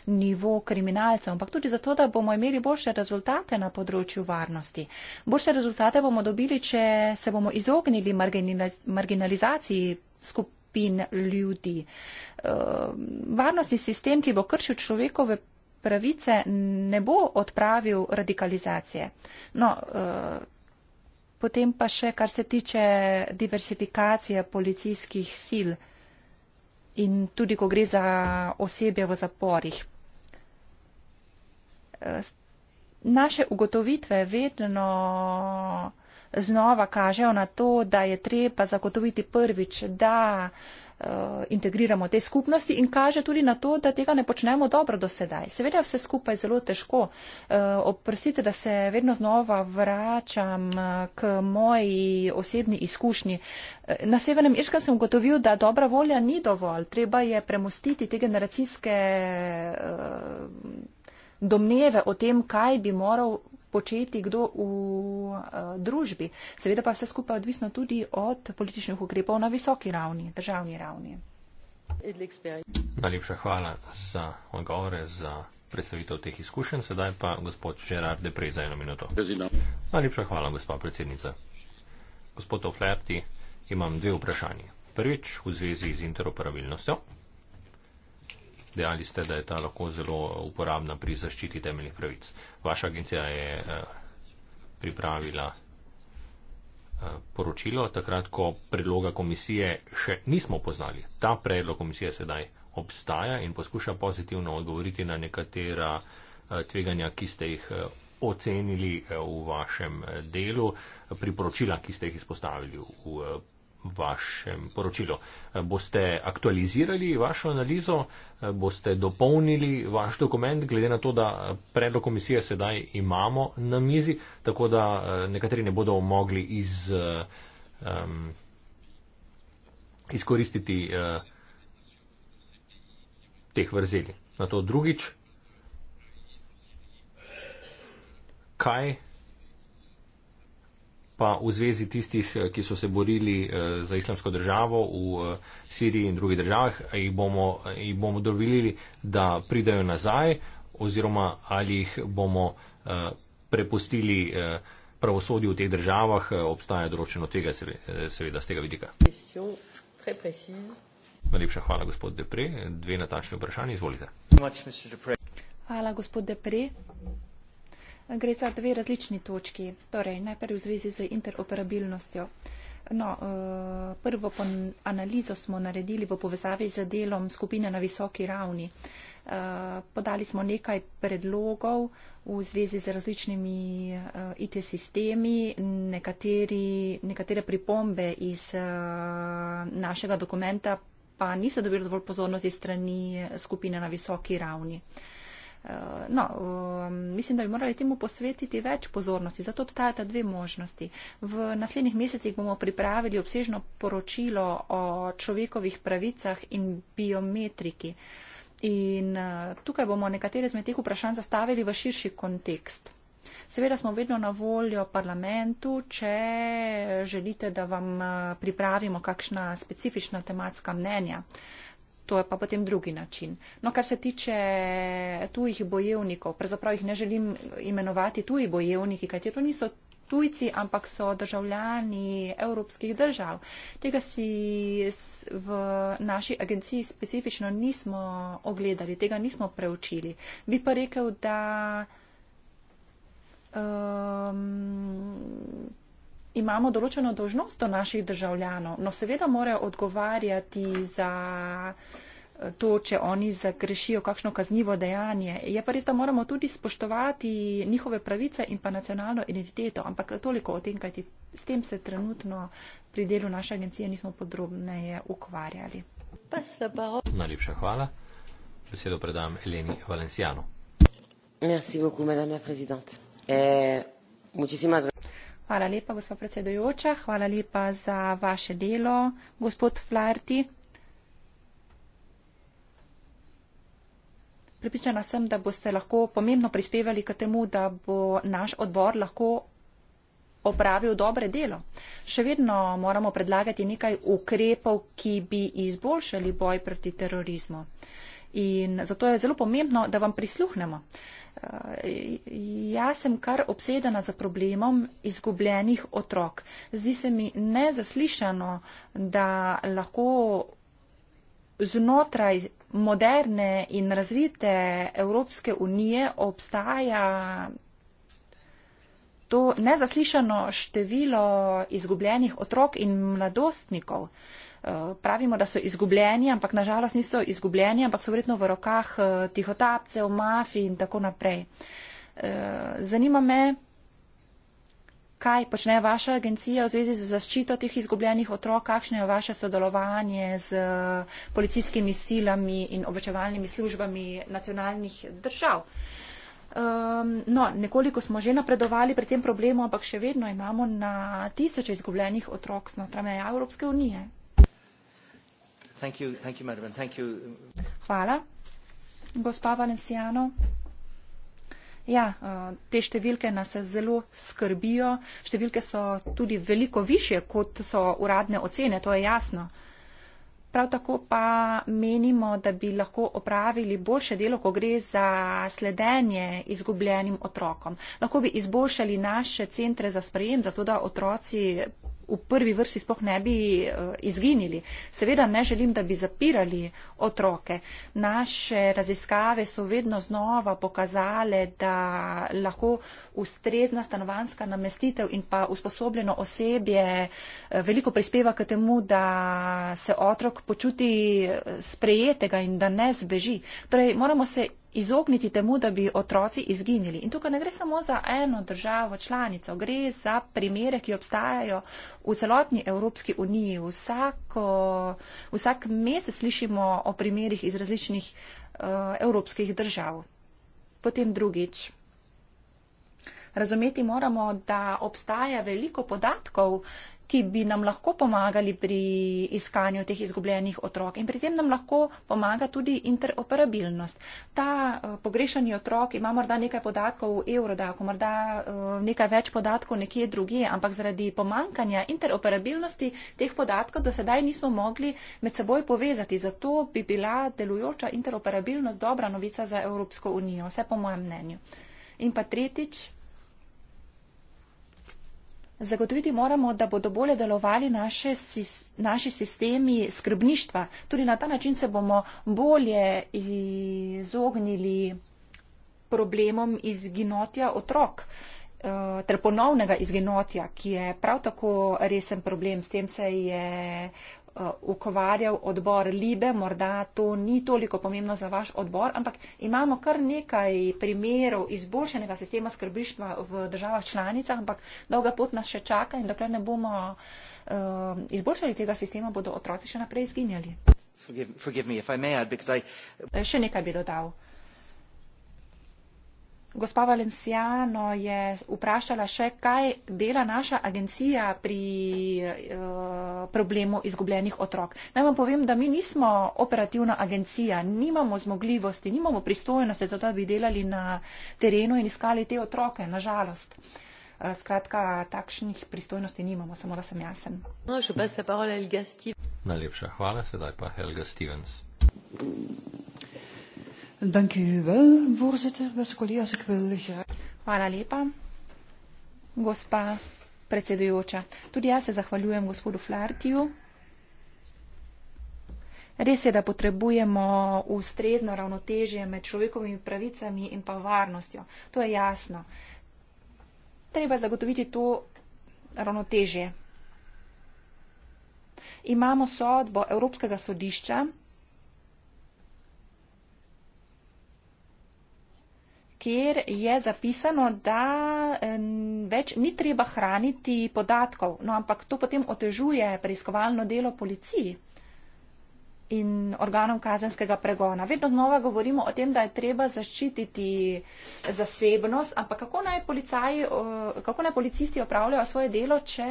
nivo kriminalcev, ampak tudi zato, da bomo imeli boljše rezultate na področju varnosti. Boljše rezultate bomo dobili, če se bomo izognili marginalizaciji skupin ljudi. E, varnostni sistem, ki bo kršil človekove pravice, pravice ne bo odpravil radikalizacije. No, eh, potem pa še, kar se tiče diversifikacije policijskih sil in tudi, ko gre za osebe v zaporih. Eh, naše ugotovitve vedno znova kažejo na to, da je treba zagotoviti prvič, da uh, Eh, integriramo te skupnosti in kaže tudi na to, da tega ne počnemo dobro do sedaj. Seveda vse skupaj je zelo težko. Eh, oprostite, da se vedno znova vračam eh, k moji osebni izkušnji. Na Severnem Irskem sem ugotovil, da dobra volja ni dovolj. Treba je premustiti te generacijske domneve o tem, kaj bi moral početi kdo v eh, družbi. Seveda pa vse skupaj odvisno tudi od političnih ukrepov na visoki ravni, državni ravni. Najlepša hvala za odgovore, za predstavitev teh izkušenj. Sedaj pa gospod Žerard Deprej za eno minuto. Najlepša hvala, gospa predsednica. Gospod Oflerti, imam dve vprašanje. Prvič v zvezi z interoperabilnostjo dejali ste, da je ta lahko zelo uporabna pri zaščiti temeljnih pravic. Vaša agencija je eh, pripravila eh, poročilo, takrat, ko predloga komisije še nismo poznali. Ta predlog komisije sedaj obstaja in poskuša pozitivno odgovoriti na nekatera eh, tveganja, ki ste jih ocenili v vašem delu, priporočila, ki ste jih izpostavili v vašem poročilu. Boste aktualizirali vašo analizo, boste dopolnili vaš dokument, glede na to, da predlog komisije sedaj imamo na mizi, tako da eh, nekateri ne bodo mogli iz, um, izkoristiti uh, teh vrzeli. Na to drugič. Kaj pa v zvezi tistih, eh, ki so se borili eh, za islamsko državo v eh, Siriji in drugih državah, jih bomo, jih bomo dovolili, da pridajo nazaj oziroma ali jih bomo prepustili pravosodju v teh državah, obstaja določeno tega, seveda, z tega vidika. Najlepša hvala, gospod Depre. Dve natančni vprašanji, izvolite. Hvala, gospod Depre. Gre za dve različni točki. Torej, najprej v zvezi z interoperabilnostjo. No, eh, prvo analizo smo naredili v povezavi z delom skupine na visoki ravni. Eh, podali smo nekaj predlogov v zvezi z različnimi eh, IT sistemi, nekateri, nekatere pripombe iz našega dokumenta pa niso dobili dovolj pozornosti strani skupine na visoki ravni. Uh, Eh, no, mislim, da bi morali temu posvetiti več pozornosti, zato obstajata dve možnosti. V naslednjih mesecih bomo pripravili obsežno poročilo o človekovih pravicah in biometriki. In eh, tukaj bomo nekatere zmed teh vprašanj zastavili v širši kontekst. Seveda smo vedno na voljo parlamentu, če želite, da vam eh, pripravimo kakšna specifična tematska mnenja. Uh, To je pa potem drugi način. No, kar se tiče tujih bojevnikov, pravzaprav jih ne želim imenovati tuji bojevniki, kaj ti pa niso tujci, ampak so državljani evropskih držav. Tega si v naši agenciji specifično nismo ogledali, tega nismo preučili. Bi pa rekel, da um, imamo določeno dožnost do naših državljanov, no seveda morajo odgovarjati za eh, to, če oni zagrešijo kakšno kaznivo dejanje. Je pa res, da moramo tudi spoštovati njihove pravice in pa nacionalno identiteto, ampak toliko o tem, kajti s tem se trenutno pri delu naše agencije nismo podrobneje ukvarjali. Najlepša hvala. Besedo predam Eleni Valencijano. Merci beaucoup, madame la présidente. Eh, muchísimas gracias. Hvala lepa, gospa predsedujoča. Hvala lepa za vaše delo, gospod Flaherty. Pripričana sem, da boste lahko pomembno prispevali k temu, da bo naš odbor lahko opravil dobre delo. Še vedno moramo predlagati nekaj ukrepov, ki bi izboljšali boj proti terorizmu. In zato je zelo pomembno, da vam prisluhnemo. Eh, jaz sem kar obsedena za problemom izgubljenih otrok. Zdi se mi nezaslišano, da lahko znotraj moderne in razvite Evropske unije obstaja to nezaslišano število izgubljenih otrok in mladostnikov. Uh, Eh, pravimo, da so izgubljeni, ampak nažalost niso izgubljeni, ampak so verjetno v rokah eh, tihotapcev, mafij in tako naprej. Eh, zanima me, kaj počne vaša agencija v zvezi z zaščito tih izgubljenih otrok, kakšno je vaše sodelovanje z policijskimi silami in obvečevalnimi službami nacionalnih držav. Um, no, nekoliko smo že napredovali pri tem problemu, ampak še vedno imamo na tisoče izgubljenih otrok znotraj meja Evropske unije. Thank you. Thank you, madam, and thank you. Hvala. Gospa Valenciano. Ja, eh, te številke nas zelo skrbijo. Številke so tudi veliko više, kot so uradne ocene, to je jasno. Prav tako pa menimo, da bi lahko opravili boljše delo, ko gre za sledenje izgubljenim otrokom. Lahko bi izboljšali naše centre za sprejem, zato da otroci v prvi vrsti spoh ne bi eh, izginili. Seveda ne želim, da bi zapirali otroke. Naše raziskave so vedno znova pokazale, da lahko ustrezna stanovanska namestitev in pa usposobljeno osebje eh, veliko prispeva k temu, da se otrok počuti eh, sprejetega in da ne zbeži. Torej, moramo se izogniti temu, da bi otroci izginili. In tukaj ne gre samo za eno državo članico, gre za primere, ki obstajajo v celotni Evropski uniji. Vsako, vsak mesec slišimo o primerih iz različnih uh, evropskih držav. Potem drugič. Razumeti moramo, da obstaja veliko podatkov, ki bi nam lahko pomagali pri iskanju teh izgubljenih otrok. In pri tem nam lahko pomaga tudi interoperabilnost. Ta uh, pogrešani otrok ima morda nekaj podatkov v Eurodaku, morda uh, nekaj več podatkov nekje drugje, ampak zaradi pomankanja interoperabilnosti teh podatkov do sedaj nismo mogli med seboj povezati. Zato bi bila delujoča interoperabilnost dobra novica za Evropsko unijo, vse po mojem mnenju. In pa tretjič, Zagotoviti moramo, da bodo bolje delovali naše, naši sistemi skrbništva. Tudi na ta način se bomo bolje izognili problemom izginotja otrok eh, ter ponovnega izginotja, ki je prav tako resen problem. S tem se je Eh, ukvarjal odbor Libe, morda to ni toliko pomembno za vaš odbor, ampak imamo kar nekaj primerov izboljšenega sistema skrbištva v državah članicah, ampak dolga pot nas še čaka in dokler ne bomo eh, izboljšali tega sistema, bodo otroci še naprej izginjali. Forgive, forgive me, I, I... Eh, še nekaj bi dodal. Gospa Valenciano je vprašala še, kaj dela naša agencija pri uh, problemu izgubljenih otrok. Naj vam povem, da mi nismo operativna agencija, nimamo zmogljivosti, nimamo pristojnosti za to, da bi delali na terenu in iskali te otroke, nažalost. Eh, skratka, takšnih pristojnosti nimamo, samo da sem jasen. No, še pa se pa Olga Stevens. Najlepša hvala, sedaj pa Helga Stevens. Dank u wel, voorzitter. Beste collega's, ik wil graag. Hvala lepa, gospa predsedujoča. Tudi jaz se zahvaljujem gospodu Flartiju. Res je, da potrebujemo ustrezno ravnotežje med človekovimi pravicami in pa varnostjo. To je jasno. Treba zagotoviti to ravnotežje. Imamo sodbo Evropskega sodišča kjer je zapisano, da več ni treba hraniti podatkov, no ampak to potem otežuje preiskovalno delo policiji in organom kazenskega pregona. Vedno znova govorimo o tem, da je treba zaščititi zasebnost, ampak kako naj, policaji, kako naj policisti opravljajo svoje delo, če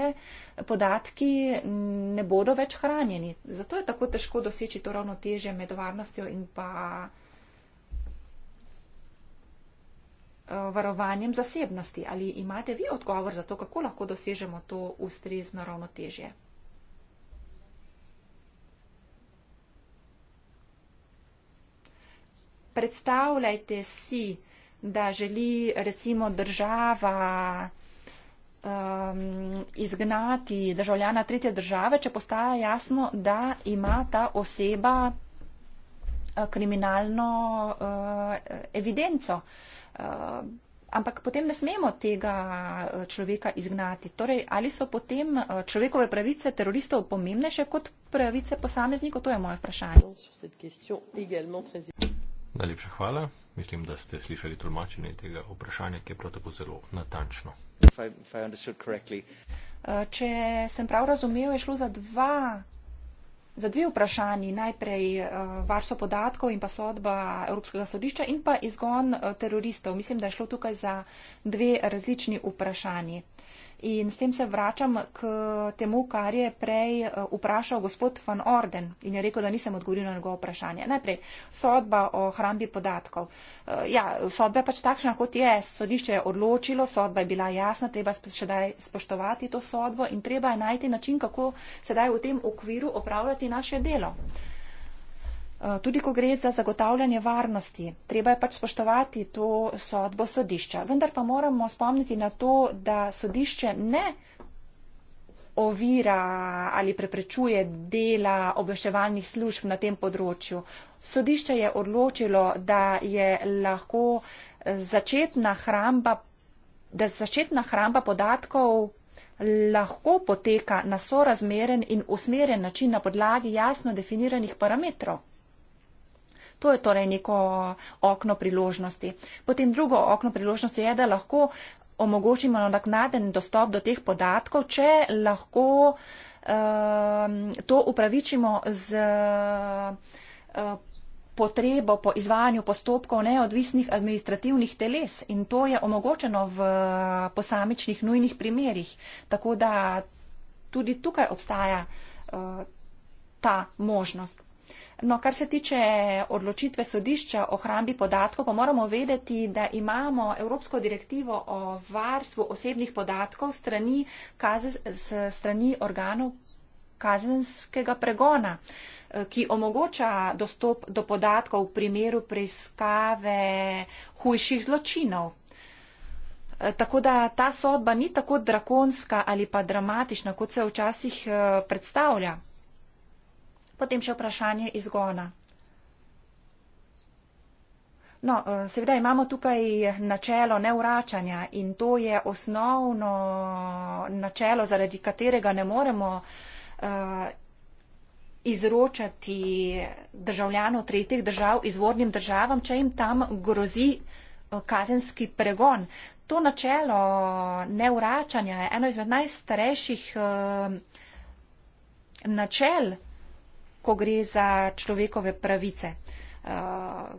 podatki ne bodo več hranjeni. Zato je tako težko doseči to ravnotežje med varnostjo in pa. Eh, varovanjem zasebnosti. Ali imate vi odgovor za to, kako lahko dosežemo to ustrezno ravnotežje? Predstavljajte si, da želi recimo država um, izgnati državljana tretje države, če postaja jasno, da ima ta oseba uh, kriminalno uh, evidenco. Uh, ampak potem ne smemo tega eh, človeka izgnati. Torej, ali so potem eh, človekove pravice teroristov pomembnejše kot pravice posameznikov? To je moje vprašanje. Najlepša hvala. Mislim, da ste slišali tolmačenje tega vprašanja, ki je prav tako zelo natančno. If I, if I eh, če sem prav razumel, je šlo za dva za dve vprašanji, najprej eh, varstvo podatkov in pa sodba Evropskega sodišča in pa izgon eh, teroristov. Mislim, da je šlo tukaj za dve različni vprašanji. In s tem se vračam k temu, kar je prej eh, vprašal gospod Van Orden in je rekel, da nisem odgovoril na njegovo vprašanje. Najprej, sodba o hrambi podatkov. Eh, ja, sodba je pač takšna, kot je. Sodišče je odločilo, sodba je bila jasna, treba še daj spoštovati to sodbo in treba je najti način, kako sedaj v tem okviru opravljati naše delo. Eh, tudi ko gre za zagotavljanje varnosti, treba je pač spoštovati to sodbo sodišča. Vendar pa moramo spomniti na to, da sodišče ne ovira ali preprečuje dela obveševalnih služb na tem področju. Sodišče je odločilo, da je lahko eh, začetna hramba, da začetna hramba podatkov lahko poteka na sorazmeren in usmerjen način na podlagi jasno definiranih parametrov. To je torej neko okno priložnosti. Potem drugo okno priložnosti je, da lahko omogočimo nadnaden dostop do teh podatkov, če lahko um, to upravičimo z uh, potrebo po izvajanju postopkov neodvisnih administrativnih teles. In to je omogočeno v posamičnih nujnih primerjih. Tako da tudi tukaj obstaja uh, ta možnost. No, kar se tiče odločitve sodišča o hrambi podatkov, pa moramo vedeti, da imamo Evropsko direktivo o varstvu osebnih podatkov strani, kazes, strani organov kazenskega pregona, eh, ki omogoča dostop do podatkov v primeru preiskave hujših zločinov. Eh, tako da ta sodba ni tako drakonska ali pa dramatična, kot se včasih eh, predstavlja potem še vprašanje izgona. No, eh, seveda imamo tukaj načelo neuvračanja in to je osnovno načelo, zaradi katerega ne moremo eh, izročati državljanov tretjih držav izvornim državam, če jim tam grozi eh, kazenski pregon. To načelo neuvračanja je eno izmed najstarejših načel ko gre za človekove pravice. Eh,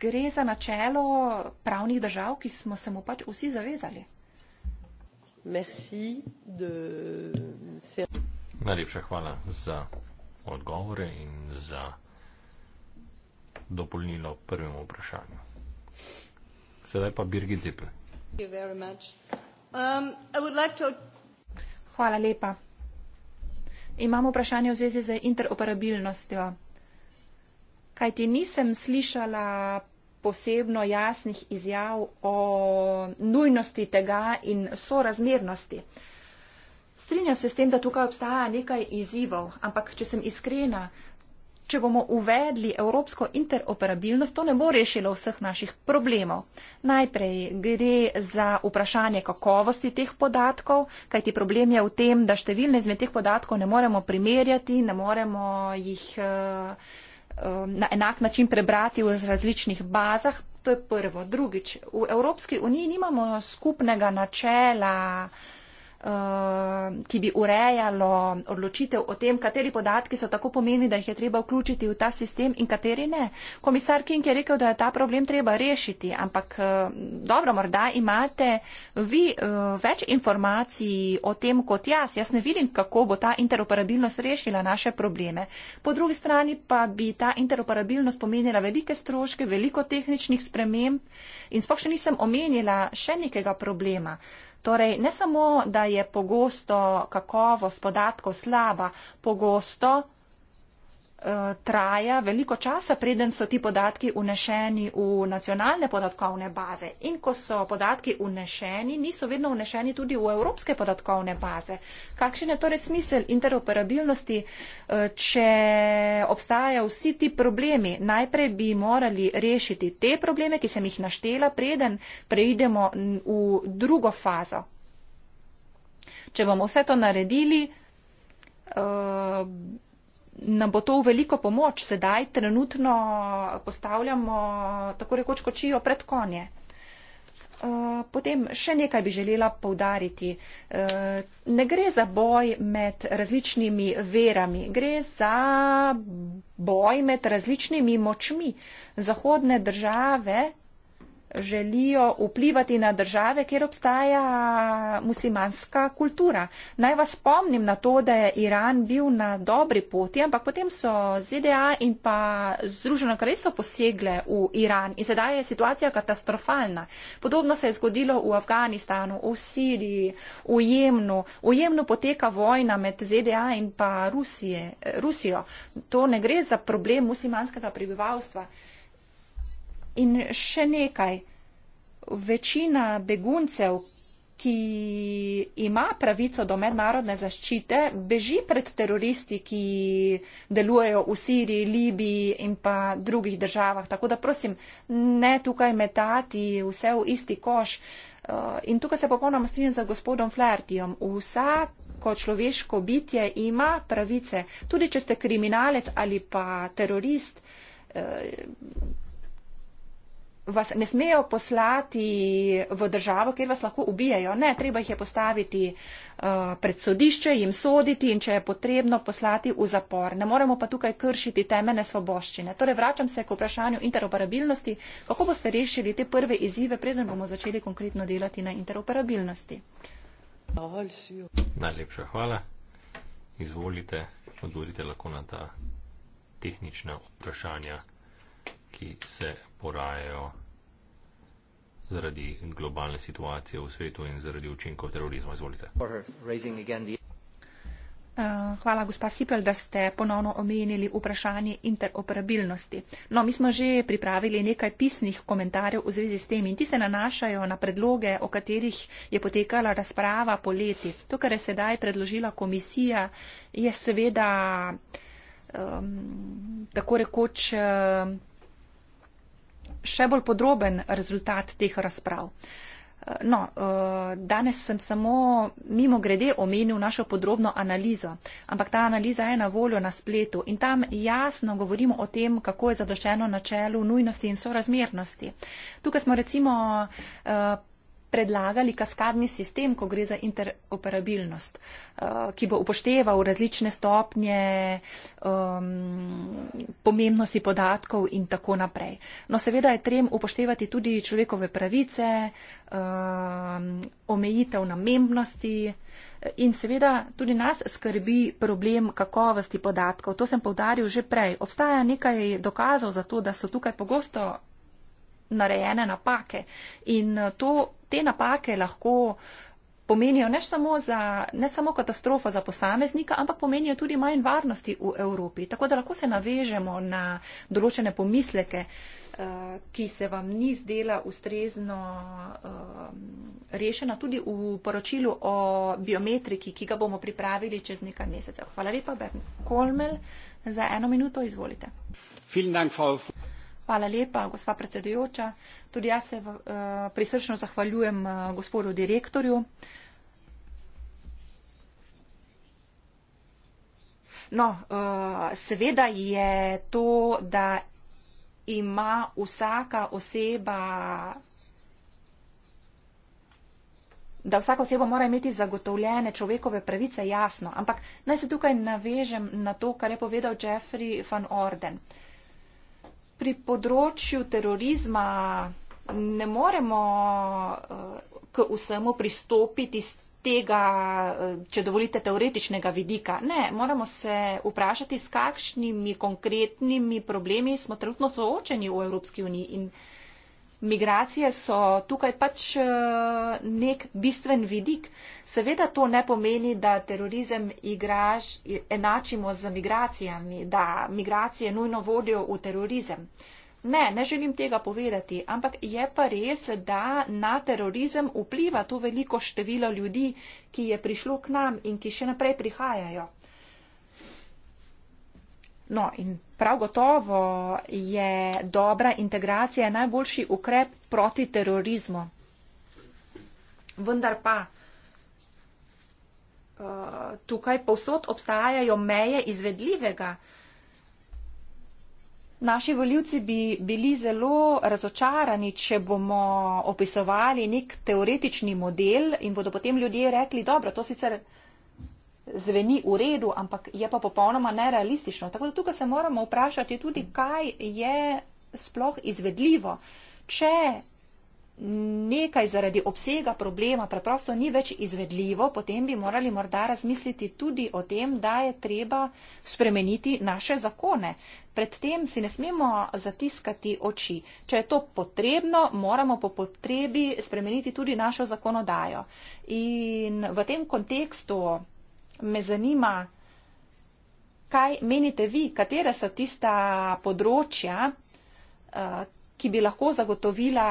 gre za načelo pravnih držav, ki smo se mu pač vsi zavezali. Najlepša hvala za odgovore in za dopolnilo prvemu vprašanju. Sedaj pa Birgit Zipl. Um, like to... Hvala lepa imam vprašanje v zvezi z interoperabilnostjo. Kaj ti nisem slišala posebno jasnih izjav o nujnosti tega in sorazmernosti. Strinjam se s tem, da tukaj obstaja nekaj izzivov, ampak če sem iskrena, če bomo uvedli evropsko interoperabilnost, to ne bo rešilo vseh naših problemov. Najprej gre za vprašanje kakovosti teh podatkov, kajti problem je v tem, da številne izmed teh podatkov ne moremo primerjati, ne moremo jih eh, eh, na enak način prebrati v različnih bazah. To je prvo. Drugič, v Evropski uniji nimamo skupnega načela Eh, ki bi urejalo odločitev o tem, kateri podatki so tako pomeni, da jih je treba vključiti v ta sistem in kateri ne. Komisar King je rekel, da je ta problem treba rešiti, ampak eh, dobro, morda imate vi eh, več informacij o tem kot jaz. Jaz ne vidim, kako bo ta interoperabilnost rešila naše probleme. Po drugi strani pa bi ta interoperabilnost pomenila velike stroške, veliko tehničnih sprememb in spokšen nisem omenila še nekega problema. Torej, ne samo, da je pogosto kakovost podatkov slaba, pogosto Eh, traja veliko časa, preden so ti podatki unešeni v nacionalne podatkovne baze. In ko so podatki unešeni, niso vedno unešeni tudi v evropske podatkovne baze. Kakšen je torej smisel interoperabilnosti, eh, če obstajajo vsi ti problemi? Najprej bi morali rešiti te probleme, ki sem jih naštela, preden preidemo v drugo fazo. Če bomo vse to naredili, uh, nam bo to v veliko pomoč. Sedaj trenutno postavljamo tako rekoč kočijo pred konje. Eh, potem še nekaj bi želela povdariti. Eh, ne gre za boj med različnimi verami, gre za boj med različnimi močmi. Zahodne države želijo vplivati na države, kjer obstaja muslimanska kultura. Naj vas spomnim na to, da je Iran bil na dobri poti, ampak potem so ZDA in pa Združeno kraljestvo posegle v Iran in sedaj je situacija katastrofalna. Podobno se je zgodilo v Afganistanu, v Siriji, v Jemnu. V Jemnu poteka vojna med ZDA in pa Rusije, Rusijo. To ne gre za problem muslimanskega prebivalstva. In še nekaj, večina beguncev, ki ima pravico do mednarodne zaščite, beži pred teroristi, ki delujejo v Siriji, Libiji in pa drugih državah. Tako da prosim, ne tukaj metati vse v isti koš. Eh, in tukaj se popolnoma strinjam z gospodom Flertijom. Vsako človeško bitje ima pravice, tudi če ste kriminalec ali pa terorist. Eh, vas ne smejo poslati v državo, kjer vas lahko ubijajo. Ne, treba jih je postaviti uh, pred sodišče, jim soditi in če je potrebno poslati v zapor. Ne moremo pa tukaj kršiti temene svoboščine. Torej, vračam se k vprašanju interoperabilnosti. Kako boste rešili te prve izzive, preden bomo začeli konkretno delati na interoperabilnosti? Najlepša hvala. Izvolite, odgovorite lahko na ta tehnična vprašanja ki se porajajo zaradi globalne situacije v svetu in zaradi učinkov terorizma. Izvolite. Eh, hvala, gospa Sipel, da ste ponovno omenili vprašanje interoperabilnosti. No, mi smo že pripravili nekaj pisnih komentarjev v zvezi s tem in ti se nanašajo na predloge, o katerih je potekala razprava po leti. To, kar je sedaj predložila komisija, je seveda um, tako rekoč. Um, še bolj podroben rezultat teh razprav. Eh, no, eh, danes sem samo mimo grede omenil našo podrobno analizo, ampak ta analiza je na voljo na spletu in tam jasno govorimo o tem, kako je zadošeno načelu nujnosti in sorazmernosti. Tukaj smo recimo eh, predlagali kaskadni sistem, ko gre za interoperabilnost, eh, ki bo upošteval različne stopnje um, pomembnosti podatkov in tako naprej. No, seveda je trem upoštevati tudi človekove pravice, um, omejitev namembnosti eh, in seveda tudi nas skrbi problem kakovosti podatkov. To sem povdaril že prej. Obstaja nekaj dokazov za to, da so tukaj pogosto narejene napake. In eh, to, te napake lahko pomenijo ne samo, za, ne samo katastrofo za posameznika, ampak pomenijo tudi manj varnosti v Evropi. Tako da lahko se navežemo na določene pomisleke, eh, ki se vam ni zdela ustrezno eh, rešena tudi v poročilu o biometriki, ki ga bomo pripravili čez nekaj mesecev. Hvala lepa, Bern Kolmel. Za eno minuto izvolite. Vielen Dank, Frau. Hvala lepa, gospa predsedujoča. Tudi jaz se eh, prisrčno zahvaljujem eh, gospodu direktorju. No, eh, seveda je to, da ima vsaka oseba, da vsaka oseba mora imeti zagotovljene človekove pravice, jasno. Ampak naj se tukaj navežem na to, kar je povedal Jeffrey van Orden pri področju terorizma ne moremo eh, k vsemu pristopiti s tega, eh, če dovolite, teoretičnega vidika. Ne, moramo se vprašati, s kakšnimi konkretnimi problemi smo trenutno soočeni v Evropski uniji in migracije so tukaj pač eh, nek bistven vidik. Seveda to ne pomeni, da terorizem igraš, enačimo z migracijami, da migracije nujno vodijo v terorizem. Ne, ne želim tega povedati, ampak je pa res, da na terorizem vpliva to veliko število ljudi, ki je prišlo k nam in ki še naprej prihajajo. No, in prav gotovo je dobra integracija najboljši ukrep proti terorizmu. Vendar pa eh, tukaj povsod obstajajo meje izvedljivega. Naši voljivci bi bili zelo razočarani, če bomo opisovali nek teoretični model in bodo potem ljudje rekli, dobro, to sicer zveni v redu, ampak je pa popolnoma nerealistično. Tako da tukaj se moramo vprašati tudi, kaj je sploh izvedljivo. Če nekaj zaradi obsega problema preprosto ni več izvedljivo, potem bi morali morda razmisliti tudi o tem, da je treba spremeniti naše zakone. Predtem si ne smemo zatiskati oči. Če je to potrebno, moramo po potrebi spremeniti tudi našo zakonodajo. In v tem kontekstu me zanima, kaj menite vi, katera so tista področja, eh, ki bi lahko zagotovila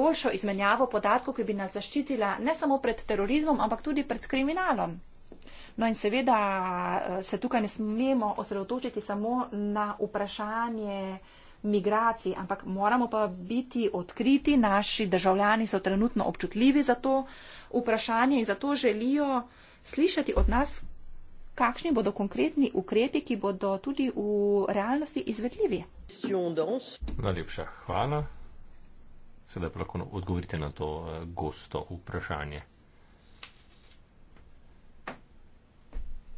boljšo izmenjavo podatkov, ki bi nas zaščitila ne samo pred terorizmom, ampak tudi pred kriminalom. No in seveda eh, se tukaj ne smemo osredotočiti samo na vprašanje migracij, ampak moramo pa biti odkriti, naši državljani so trenutno občutljivi za to vprašanje in zato želijo slišati od nas, kakšni bodo konkretni ukrepi, ki bodo tudi v realnosti izvedljivi. Najlepša hvala. Sedaj pa lahko odgovorite na to eh, gosto vprašanje.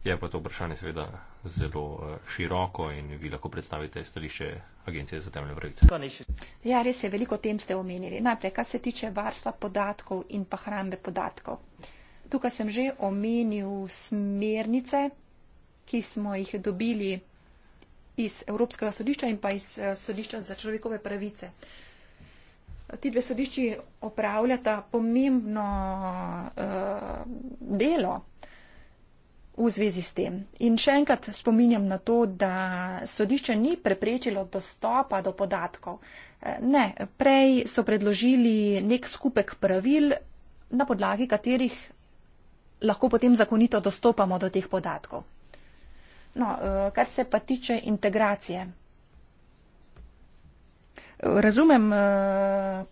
Je pa to vprašanje seveda zelo eh, široko in vi lahko predstavite stališče Agencije za temeljne pravice. Ja, res je, veliko tem ste omenili. Najprej, kar se tiče varstva podatkov in pa hrambe podatkov. Uh, Tukaj sem že omenil smernice, ki smo jih dobili iz Evropskega sodišča in pa iz eh, sodišča za človekove pravice. Ti dve sodišči opravljata pomembno uh, delo v zvezi s tem. In še enkrat spominjam na to, da sodišče ni preprečilo dostopa do podatkov. Eh, ne, prej so predložili nek skupek pravil, na podlagi katerih lahko potem zakonito dostopamo do teh podatkov. No, eh, kar se pa tiče integracije. Razumem eh,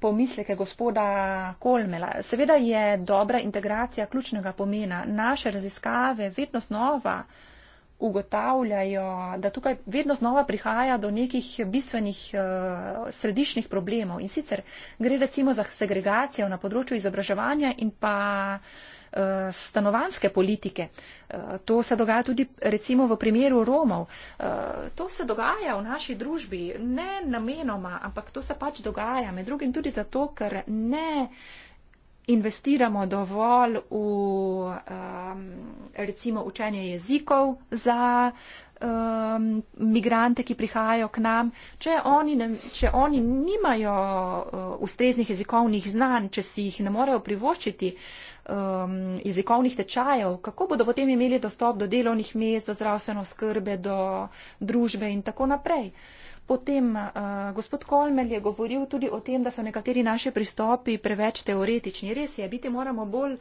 pomisleke gospoda Kolmela. Seveda je dobra integracija ključnega pomena. Naše raziskave vedno znova ugotavljajo, da tukaj vedno znova prihaja do nekih bistvenih eh, središčnih problemov. In sicer gre recimo za segregacijo na področju izobraževanja in pa uh, Eh, stanovanske politike. Eh, to se dogaja tudi recimo v primeru Romov. Eh, to se dogaja v naši družbi ne namenoma, ampak to se pač dogaja med drugim tudi zato, ker ne investiramo dovolj v ehm, recimo učenje jezikov za ehm, migrante, ki prihajajo k nam, če oni, ne, če oni nimajo ustreznih jezikovnih znanj, če si jih ne morejo privoščiti, uh, um, jezikovnih tečajev, kako bodo potem imeli dostop do delovnih mest, do zdravstveno skrbe, do družbe in tako naprej. Potem uh, gospod Kolmel je govoril tudi o tem, da so nekateri naši pristopi preveč teoretični. Res je, biti moramo bolj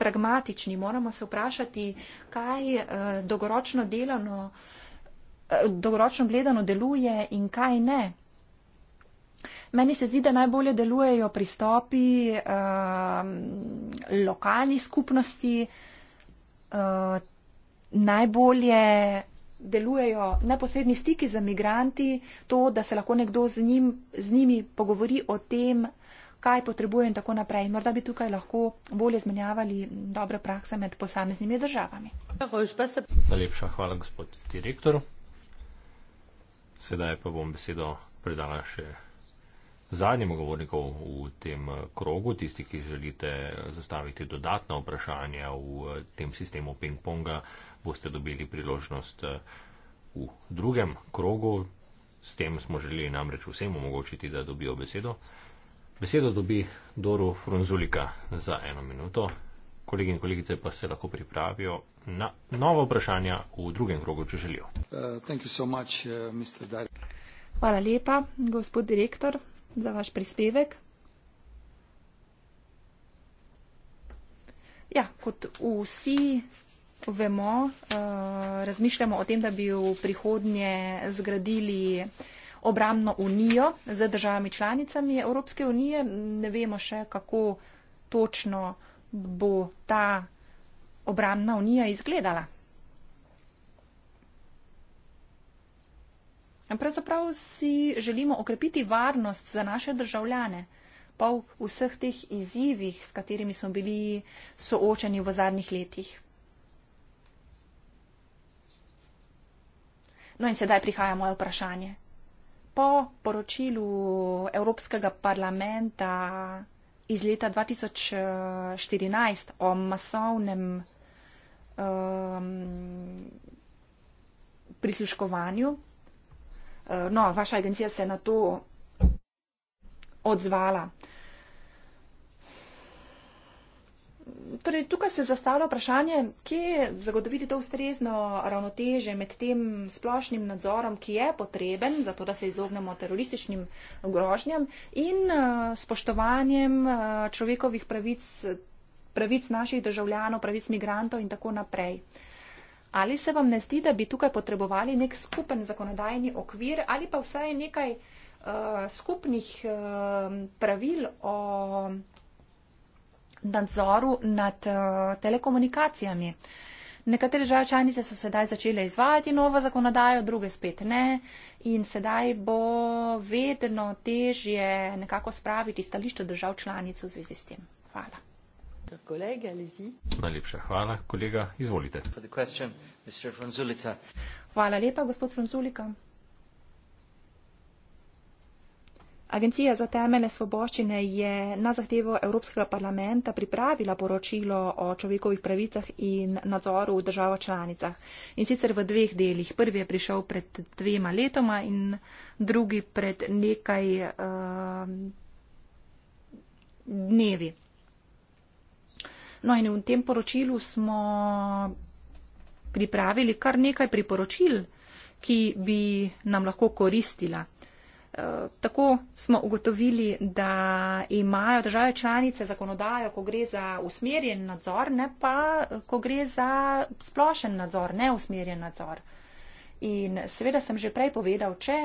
pragmatični, moramo se vprašati, kaj uh, dolgoročno, delano, uh, dolgoročno gledano deluje in kaj ne. Meni se zdi, da najbolje delujejo pristopi um, ehm, lokalnih skupnosti, uh, najbolje delujejo neposredni stiki z imigranti, to, da se lahko nekdo z, njim, z njimi pogovori o tem, kaj potrebuje in tako naprej. Morda bi tukaj lahko bolje zmenjavali dobre prakse med posameznimi državami. Najlepša hvala, gospod direktor. Sedaj pa bom besedo predala še zadnjemu govorniku v tem eh, krogu, tisti, ki želite eh, zastaviti dodatna vprašanja v eh, tem sistemu ping-ponga, boste dobili priložnost v drugem krogu. S tem smo želeli namreč vsem omogočiti, da dobijo besedo. Besedo dobi Doru Frunzulika za eno minuto. Kolegi in kolegice pa se lahko pripravijo na novo vprašanje v drugem krogu, če želijo. Uh, so much, uh, Hvala lepa, gospod direktor za vaš prispevek. Ja, kot vsi vemo, eh, razmišljamo o tem, da bi v prihodnje zgradili obramno unijo z državami članicami Evropske unije. Ne vemo še, kako točno bo ta obramna unija izgledala. Pravzaprav si želimo okrepiti varnost za naše državljane. Pa v vseh teh izzivih, s katerimi smo bili soočeni v zadnjih letih. No in sedaj prihaja moje vprašanje. Po poročilu Evropskega parlamenta iz leta 2014 eh, o masovnem um, prisluškovanju Eh, no, vaša agencija se je na to odzvala. Torej, tukaj se zastavlja vprašanje, kje zagotoviti to ustrezno ravnoteže med tem splošnim nadzorom, ki je potreben, zato da se izognemo terorističnim grožnjam in eh, spoštovanjem eh, človekovih pravic, pravic naših državljanov, pravic migrantov in tako naprej. Uh, Ali se vam ne zdi, da bi tukaj potrebovali nek skupen zakonodajni okvir ali pa vsaj nekaj uh, skupnih uh, pravil o nadzoru nad uh, telekomunikacijami? Nekatere države članice so sedaj začele izvajati novo zakonodajo, druge spet ne in sedaj bo vedno težje nekako spraviti stališče držav članic v zvezi s tem. Hvala. Kolege, ali Najlepša hvala, kolega. Izvolite. Question, hvala lepa, gospod Franzulika. Agencija za temeljne svoboščine je na zahtevo Evropskega parlamenta pripravila poročilo o človekovih pravicah in nadzoru v državah članicah. In sicer v dveh delih. Prvi je prišel pred dvema letoma in drugi pred nekaj uh, dnevi. No in v tem poročilu smo pripravili kar nekaj priporočil, ki bi nam lahko koristila. Eh, tako smo ugotovili, da imajo države članice zakonodajo, ko gre za usmerjen nadzor, ne pa, ko gre za splošen nadzor, ne usmerjen nadzor. In seveda sem že prej povedal, če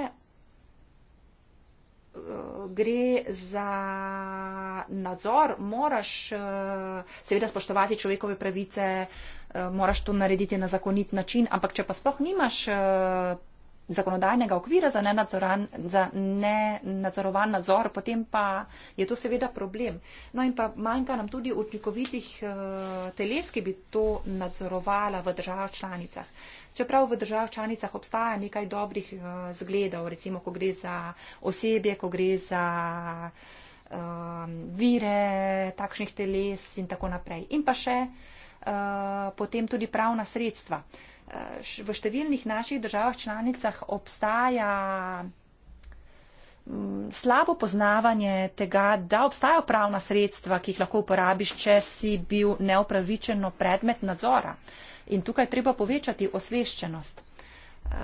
gre za nadzor, moraš eh, seveda spoštovati človekove pravice, eh, moraš to narediti na zakonit način, ampak če pa sploh nimaš eh, zakonodajnega okvira za, za nenadzorovan nadzor, potem pa je to seveda problem. No in pa manjka nam tudi učinkovitih teles, ki bi to nadzorovala v državah članicah čeprav v državah članicah obstaja nekaj dobrih eh, zgledov, recimo, ko gre za osebje, ko gre za eh, vire takšnih teles in tako naprej. In pa še eh, potem tudi pravna sredstva. V številnih naših državah članicah obstaja mm, slabo poznavanje tega, da obstajajo pravna sredstva, ki jih lahko uporabiš, če si bil neopravičeno predmet nadzora. Uh, In tukaj treba povečati osveščenost. Eh,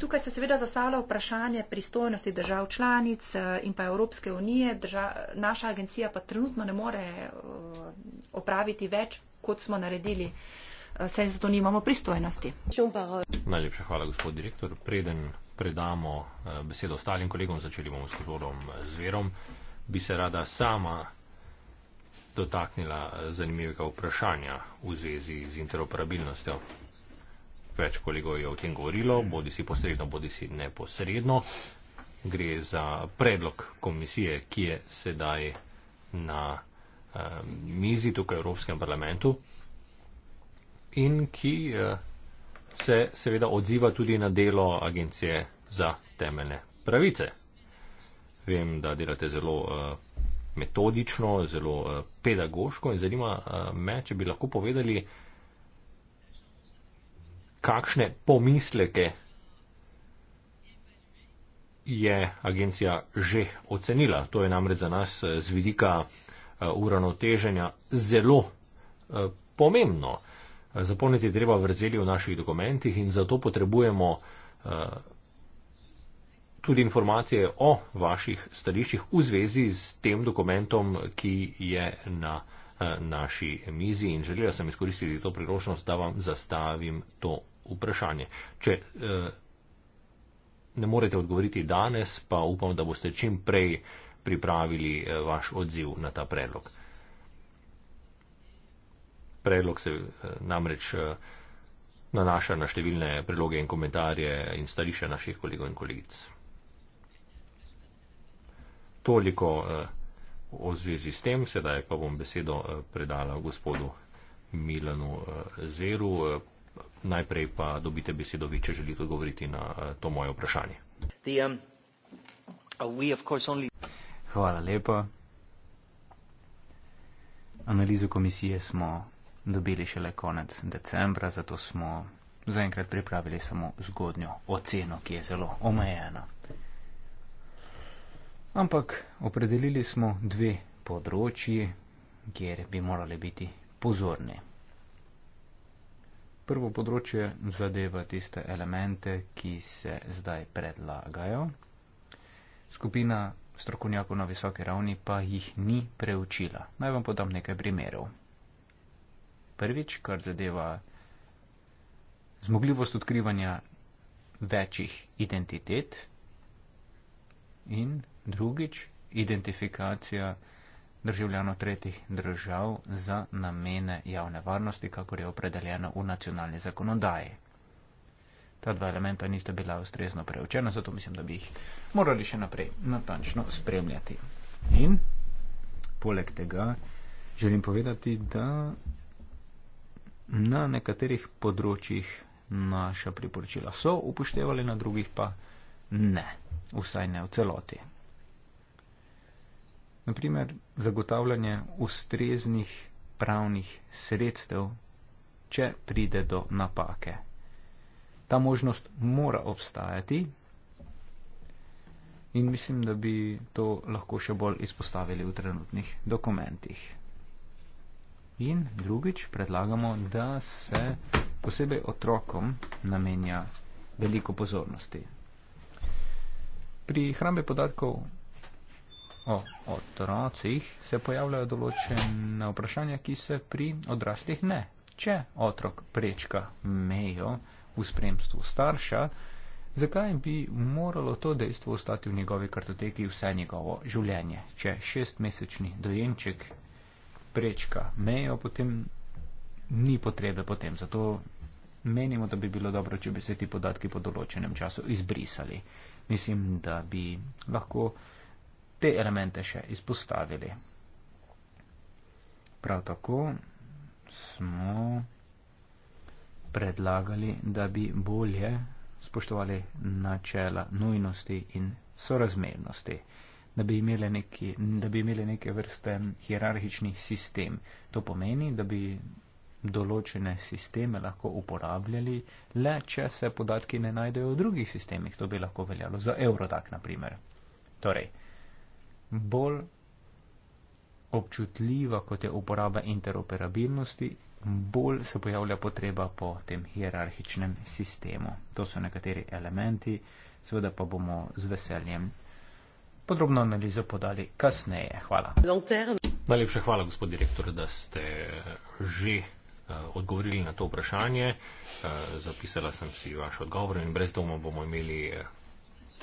tukaj se seveda zastavlja vprašanje pristojnosti držav članic eh, in pa Evropske unije. Drža, naša agencija pa trenutno ne more eh, opraviti več, kot smo naredili, saj zato nimamo pristojnosti. Najlepša hvala, gospod direktor. Preden predamo besedo ostalim kolegom, začeli bomo s gospodom Zverom, bi se rada sama dotaknila zanimivega vprašanja v zvezi z interoperabilnostjo. Več kolegov je o tem govorilo, bodi si posredno, bodi si neposredno. Gre za predlog komisije, ki je sedaj na eh, mizi tukaj v Evropskem parlamentu in ki eh, se seveda odziva tudi na delo Agencije za temeljne pravice. Vem, da delate zelo eh, metodično, zelo eh, pedagoško in zanima eh, me, če bi lahko povedali, kakšne pomisleke je agencija že ocenila. To je namreč za nas eh, z vidika uravnoteženja zelo pomembno. Zapolniti treba vrzeli v naših dokumentih in zato potrebujemo tudi informacije o vaših stališčih v zvezi s tem dokumentom, ki je na eh, naši mizi in želela sem izkoristiti to priložnost, da vam zastavim to vprašanje. Če eh, ne morete odgovoriti danes, pa upam, da boste čim prej pripravili eh, vaš odziv na ta predlog. Predlog se namreč nanaša na številne predloge in komentarje in stališče naših kolegov in kolegic toliko eh, o zvezi s tem, sedaj pa bom besedo eh, predala gospodu Milanu eh, Zeru. Najprej pa dobite besedo vi, če želite odgovoriti na to moje vprašanje. The, um, uh, we, only... Hvala lepa. Analizo komisije smo dobili šele konec decembra, zato smo zaenkrat pripravili samo zgodnjo oceno, ki je zelo omejena. Mm. Ampak opredelili smo dve področji, kjer bi morali biti pozorni. Prvo področje zadeva tiste elemente, ki se zdaj predlagajo. Skupina strokovnjakov na visoki ravni pa jih ni preučila. Naj vam podam nekaj primerov. Prvič, kar zadeva zmogljivost odkrivanja večjih identitet in drugič identifikacija državljanov tretjih držav za namene javne varnosti, kako je opredeljena v nacionalni zakonodaji. Ta dva elementa nista bila ustrezno preučena, zato mislim, da bi jih morali še naprej natančno spremljati. In poleg tega želim povedati, da na nekaterih področjih naša priporočila so upoštevali, na drugih pa ne, vsaj ne v celoti naprimer zagotavljanje ustreznih pravnih sredstev, če pride do napake. Ta možnost mora obstajati in mislim, da bi to lahko še bolj izpostavili v trenutnih dokumentih. In drugič predlagamo, da se posebej otrokom namenja veliko pozornosti. Pri hrambi podatkov o otrocih se pojavljajo določene vprašanja, ki se pri odraslih ne. Če otrok prečka mejo v spremstvu starša, zakaj bi moralo to dejstvo ostati v njegovi kartoteki vse njegovo življenje? Če šestmesečni dojenček prečka mejo, potem ni potrebe potem. Zato menimo, da bi bilo dobro, če bi se ti podatki po določenem času izbrisali. Mislim, da bi lahko te elemente še izpostavili. Prav tako smo predlagali, da bi bolje spoštovali načela nujnosti in sorazmernosti, da bi imeli, neki, da bi imeli neke vrste hierarhičnih sistem. To pomeni, da bi določene sisteme lahko uporabljali le, če se podatki ne najdejo v drugih sistemih. To bi lahko veljalo za Eurodac, na primer. Torej, bolj občutljiva kot je uporaba interoperabilnosti, bolj se pojavlja potreba po tem hierarhičnem sistemu. To so nekateri elementi, seveda pa bomo z veseljem podrobno analizo podali kasneje. Hvala. Najlepša hvala, gospod direktor, da ste eh, že eh, odgovorili na to vprašanje. Eh, zapisala sem si vaš odgovor in brez doma bomo imeli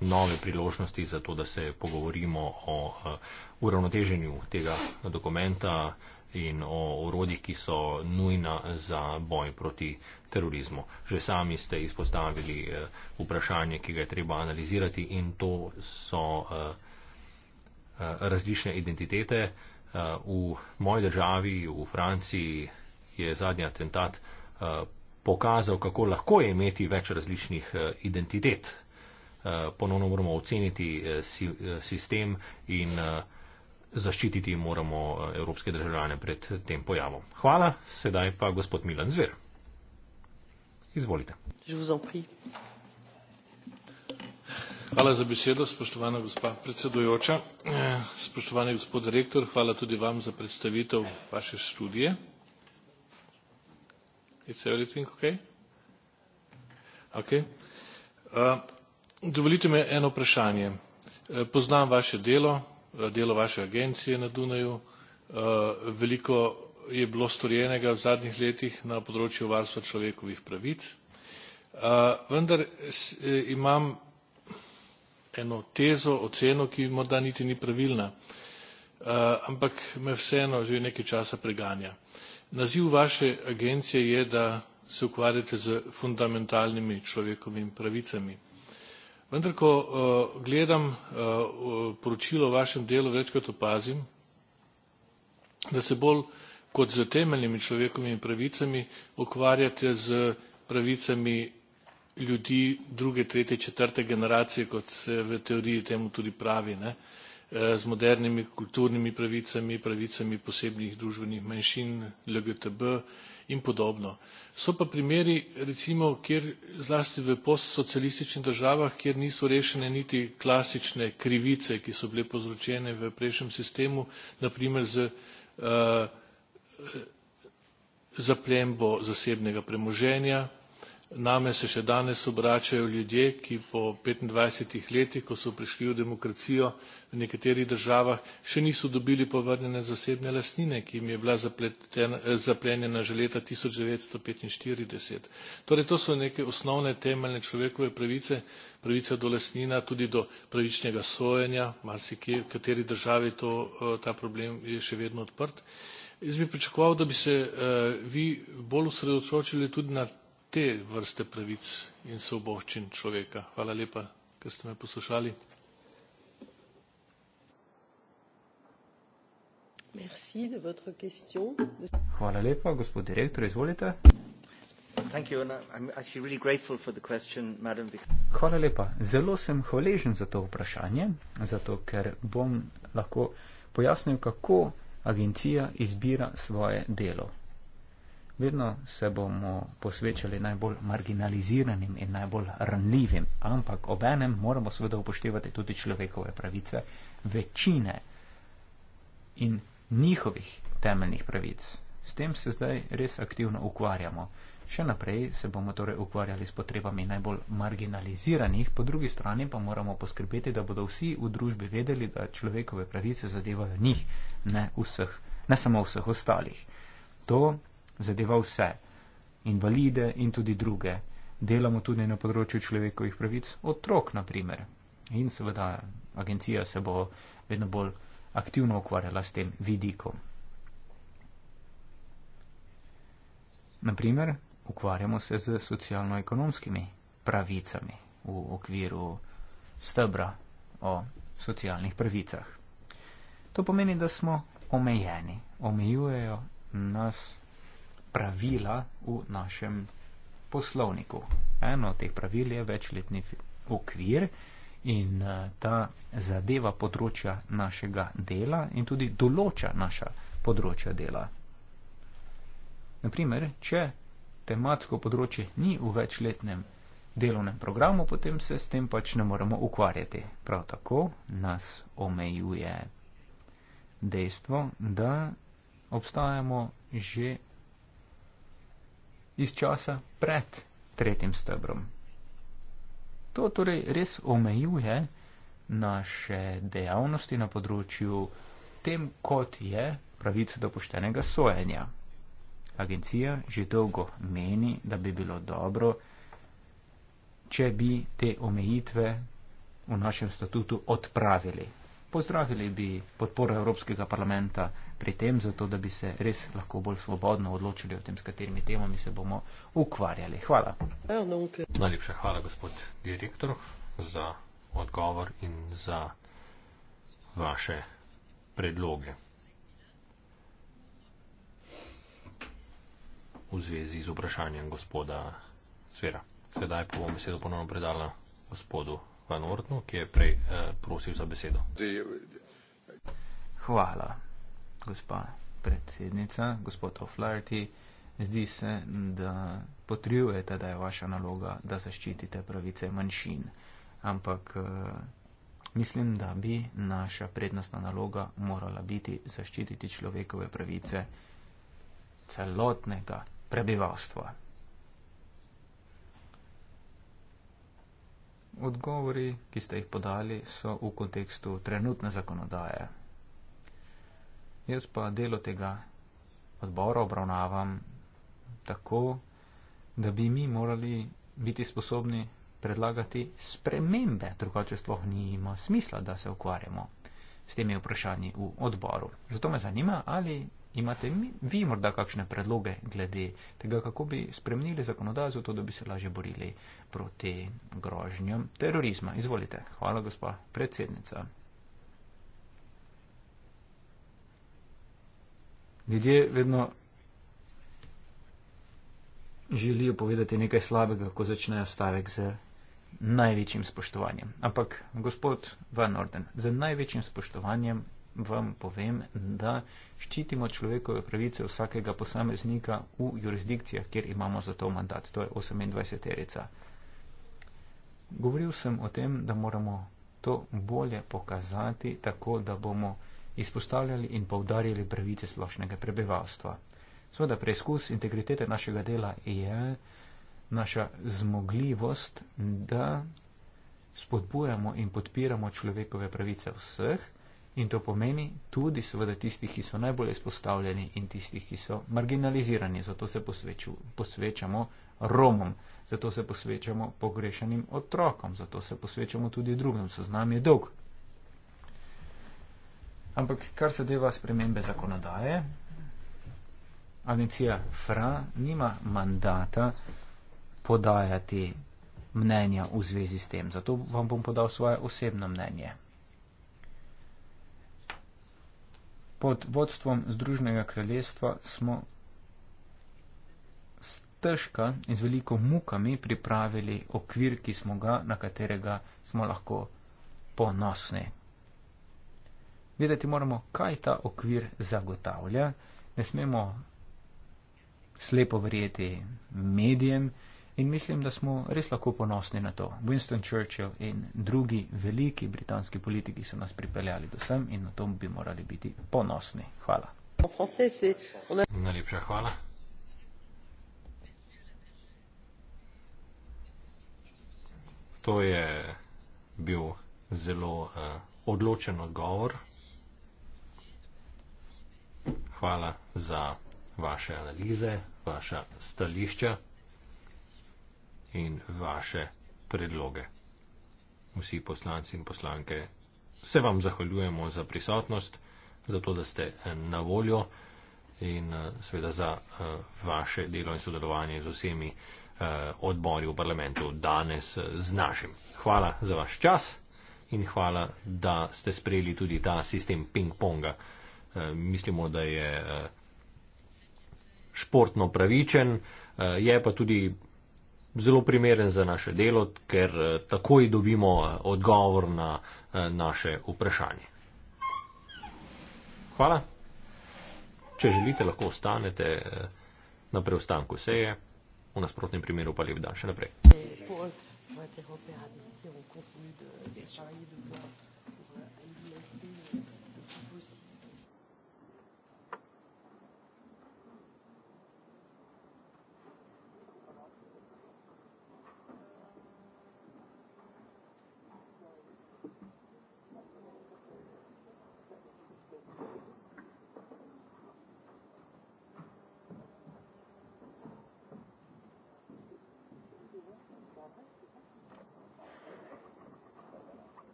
nove priložnosti za to, da se pogovorimo o eh, uravnoteženju tega dokumenta in o urodjih, ki so nujna za boj proti terorizmu. Že sami ste izpostavili eh, vprašanje, ki ga je treba analizirati in to so eh, različne identitete. V moji državi, v Franciji, je zadnji atentat pokazal, kako lahko je imeti več različnih identitet. Eh, ponovno moramo oceniti eh, eh, sistem in zaščititi moramo evropske državljane pred tem pojavom. Hvala, sedaj pa gospod Milan Zver. Izvolite. Hvala za besedo, spoštovana gospa predsedujoča. Spoštovani gospod rektor, hvala tudi vam za predstavitev vaše študije. It's everything okay? Okay. Uh, dovolite mi eno vprašanje eh, poznam vaše delo eh, delo vaše agencije na dunaju eh, veliko je bilo storjenega v zadnjih letih na področju varstva človekovih pravic vendar imam eno tezo oceno ki morda niti ni pravilna ampak me vseeno že nekaj časa preganja naziv vaše agencije je da se ukvarjate s fundamentalnimi človekovimi pravicami Vendar, ko eh, gledam eh, poročilo v vašem delu, večkrat opazim, da se bolj kot z temeljnimi človekovimi pravicami ukvarjate z pravicami ljudi druge, tretje, četrte generacije, kot se v teoriji temu tudi pravi, ne? Eh, z modernimi kulturnimi pravicami, pravicami posebnih družbenih manjšin, LGTB, in podobno. So pa primeri, recimo, kjer zlasti v postsocialističnih državah, kjer niso rešene niti klasične krivice, ki so bile povzročene v prejšnjem sistemu, naprimer z uh, zaplembo zasebnega premoženja, name se še danes obračajo ljudje ki po petindvajsetih letih ko so prišli v demokracijo v nekaterih državah še niso dobili povrnjene zasebne lastnine ki jim je bila eh, zaplenjena že leta tisoč devetsto petinštirideset torej to so neke osnovne temeljne človekove pravice pravica do lastnina tudi do pravičnega sojenja marsikje v kateri državi to eh, ta problem je še vedno odprt jaz bi pričakoval da bi se eh, vi bolj osredotočili tudi na te vrste pravic in soboščin človeka. Hvala lepa, ker ste me poslušali. Merci de votre question. Hvala lepa, gospod direktor, izvolite. Thank you, I'm really for the question, madam. Hvala lepa. Zelo sem hvaležen za to vprašanje, zato ker bom lahko pojasnil, kako agencija izbira svoje delo. Vedno se bomo posvečali najbolj marginaliziranim in najbolj rnljivim, ampak obenem moramo seveda upoštevati tudi človekove pravice večine in njihovih temeljnih pravic. S tem se zdaj res aktivno ukvarjamo. Še naprej se bomo torej ukvarjali s potrebami najbolj marginaliziranih, po drugi strani pa moramo poskrbeti, da bodo vsi v družbi vedeli, da človekove pravice zadevajo njih, ne, vseh, ne samo vseh ostalih. To zadeva vse, invalide in tudi druge. Delamo tudi na področju človekovih pravic, otrok naprimer. In seveda agencija se bo vedno bolj aktivno ukvarjala s tem vidikom. Naprimer, ukvarjamo se z socialno-ekonomskimi pravicami v okviru stebra o socialnih pravicah. To pomeni, da smo omejeni, omejujejo nas pravila v našem poslovniku. Eno od teh pravil je večletni okvir in eh, ta zadeva področja našega dela in tudi določa naša področja dela. Naprimer, če tematsko področje ni v večletnem delovnem programu, potem se s tem pač ne moremo ukvarjati. Prav tako nas omejuje dejstvo, da obstajamo že iz časa pred tretjim stebrom. To torej res omejuje naše dejavnosti na področju tem, kot je pravica do poštenega sojenja. Agencija že dolgo meni, da bi bilo dobro, če bi te omejitve v našem statutu odpravili. Pozdravili bi podporo Evropskega parlamenta pri tem, zato da bi se res lahko bolj svobodno odločili o tem, s katerimi temami se bomo ukvarjali. Hvala. Najlepša hvala, gospod direktor, za odgovor in za vaše predloge v zvezi z vprašanjem gospoda Svera. Sedaj pa bom besedo ponovno predala gospodu Van Ortnu, ki je prej eh, prosil za besedo. Hvala gospa predsednica, gospod O'Flaherty, zdi se, da potrjujete, da je vaša naloga, da zaščitite pravice manjšin. Ampak eh, mislim, da bi naša prednostna naloga morala biti zaščititi človekove pravice celotnega prebivalstva. Odgovori, ki ste jih podali, so v kontekstu trenutne zakonodaje. Jaz pa delo tega odbora obravnavam tako, da bi mi morali biti sposobni predlagati spremembe, drugače sploh nima smisla, da se ukvarjamo s temi vprašanji v odboru. Zato me zanima, ali imate vi morda kakšne predloge glede tega, kako bi spremenili zakonodajo, zato da bi se lažje borili proti grožnjam terorizma. Izvolite. Hvala, gospa predsednica. ljudje vedno želijo povedati nekaj slabega, ko začnejo stavek z največjim spoštovanjem. Ampak, gospod Van Orden, z največjim spoštovanjem vam povem, da ščitimo človekove pravice vsakega posameznika v jurisdikcijah, kjer imamo za to mandat. To je 28. erica. Govoril sem o tem, da moramo to bolje pokazati, tako da bomo izpostavljali in povdarjali pravice splošnega prebivalstva. Sveda preizkus integritete našega dela je naša zmogljivost, da spodbujamo in podpiramo človekove pravice vseh in to pomeni tudi seveda tistih, ki so najbolj izpostavljeni in tistih, ki so marginalizirani. Zato se posveču, posvečamo Romom, zato se posvečamo pogrešanim otrokom, zato se posvečamo tudi drugim, so z nami dolg. Ampak kar se deva spremembe zakonodaje, agencija FRA nima mandata podajati mnenja v zvezi s tem. Zato vam bom podal svoje osebno mnenje. Pod vodstvom Združenega kraljestva smo s težka in z veliko mukami pripravili okvir, ki smo ga, na katerega smo lahko ponosni, vedeti moramo, kaj ta okvir zagotavlja. Ne smemo slepo verjeti medijem in mislim, da smo res lahko ponosni na to. Winston Churchill in drugi veliki britanski politiki so nas pripeljali do sem in na tom bi morali biti ponosni. Hvala. Najlepša hvala. To je bil zelo uh, odločen odgovor hvala za vaše analize, vaša stališča in vaše predloge. Vsi poslanci in poslanke se vam zahvaljujemo za prisotnost, za to, da ste eh, na voljo in eh, seveda za eh, vaše delo in sodelovanje z vsemi odbori v parlamentu danes z našim. Hvala za vaš čas in hvala, da ste sprejeli tudi ta sistem ping-ponga mislimo, da je športno pravičen, je pa tudi zelo primeren za naše delo, ker takoj dobimo odgovor na naše vprašanje. Hvala. Če želite, lahko ostanete na preostanku seje, v nasprotnem primeru pa lep dan še naprej. Merci.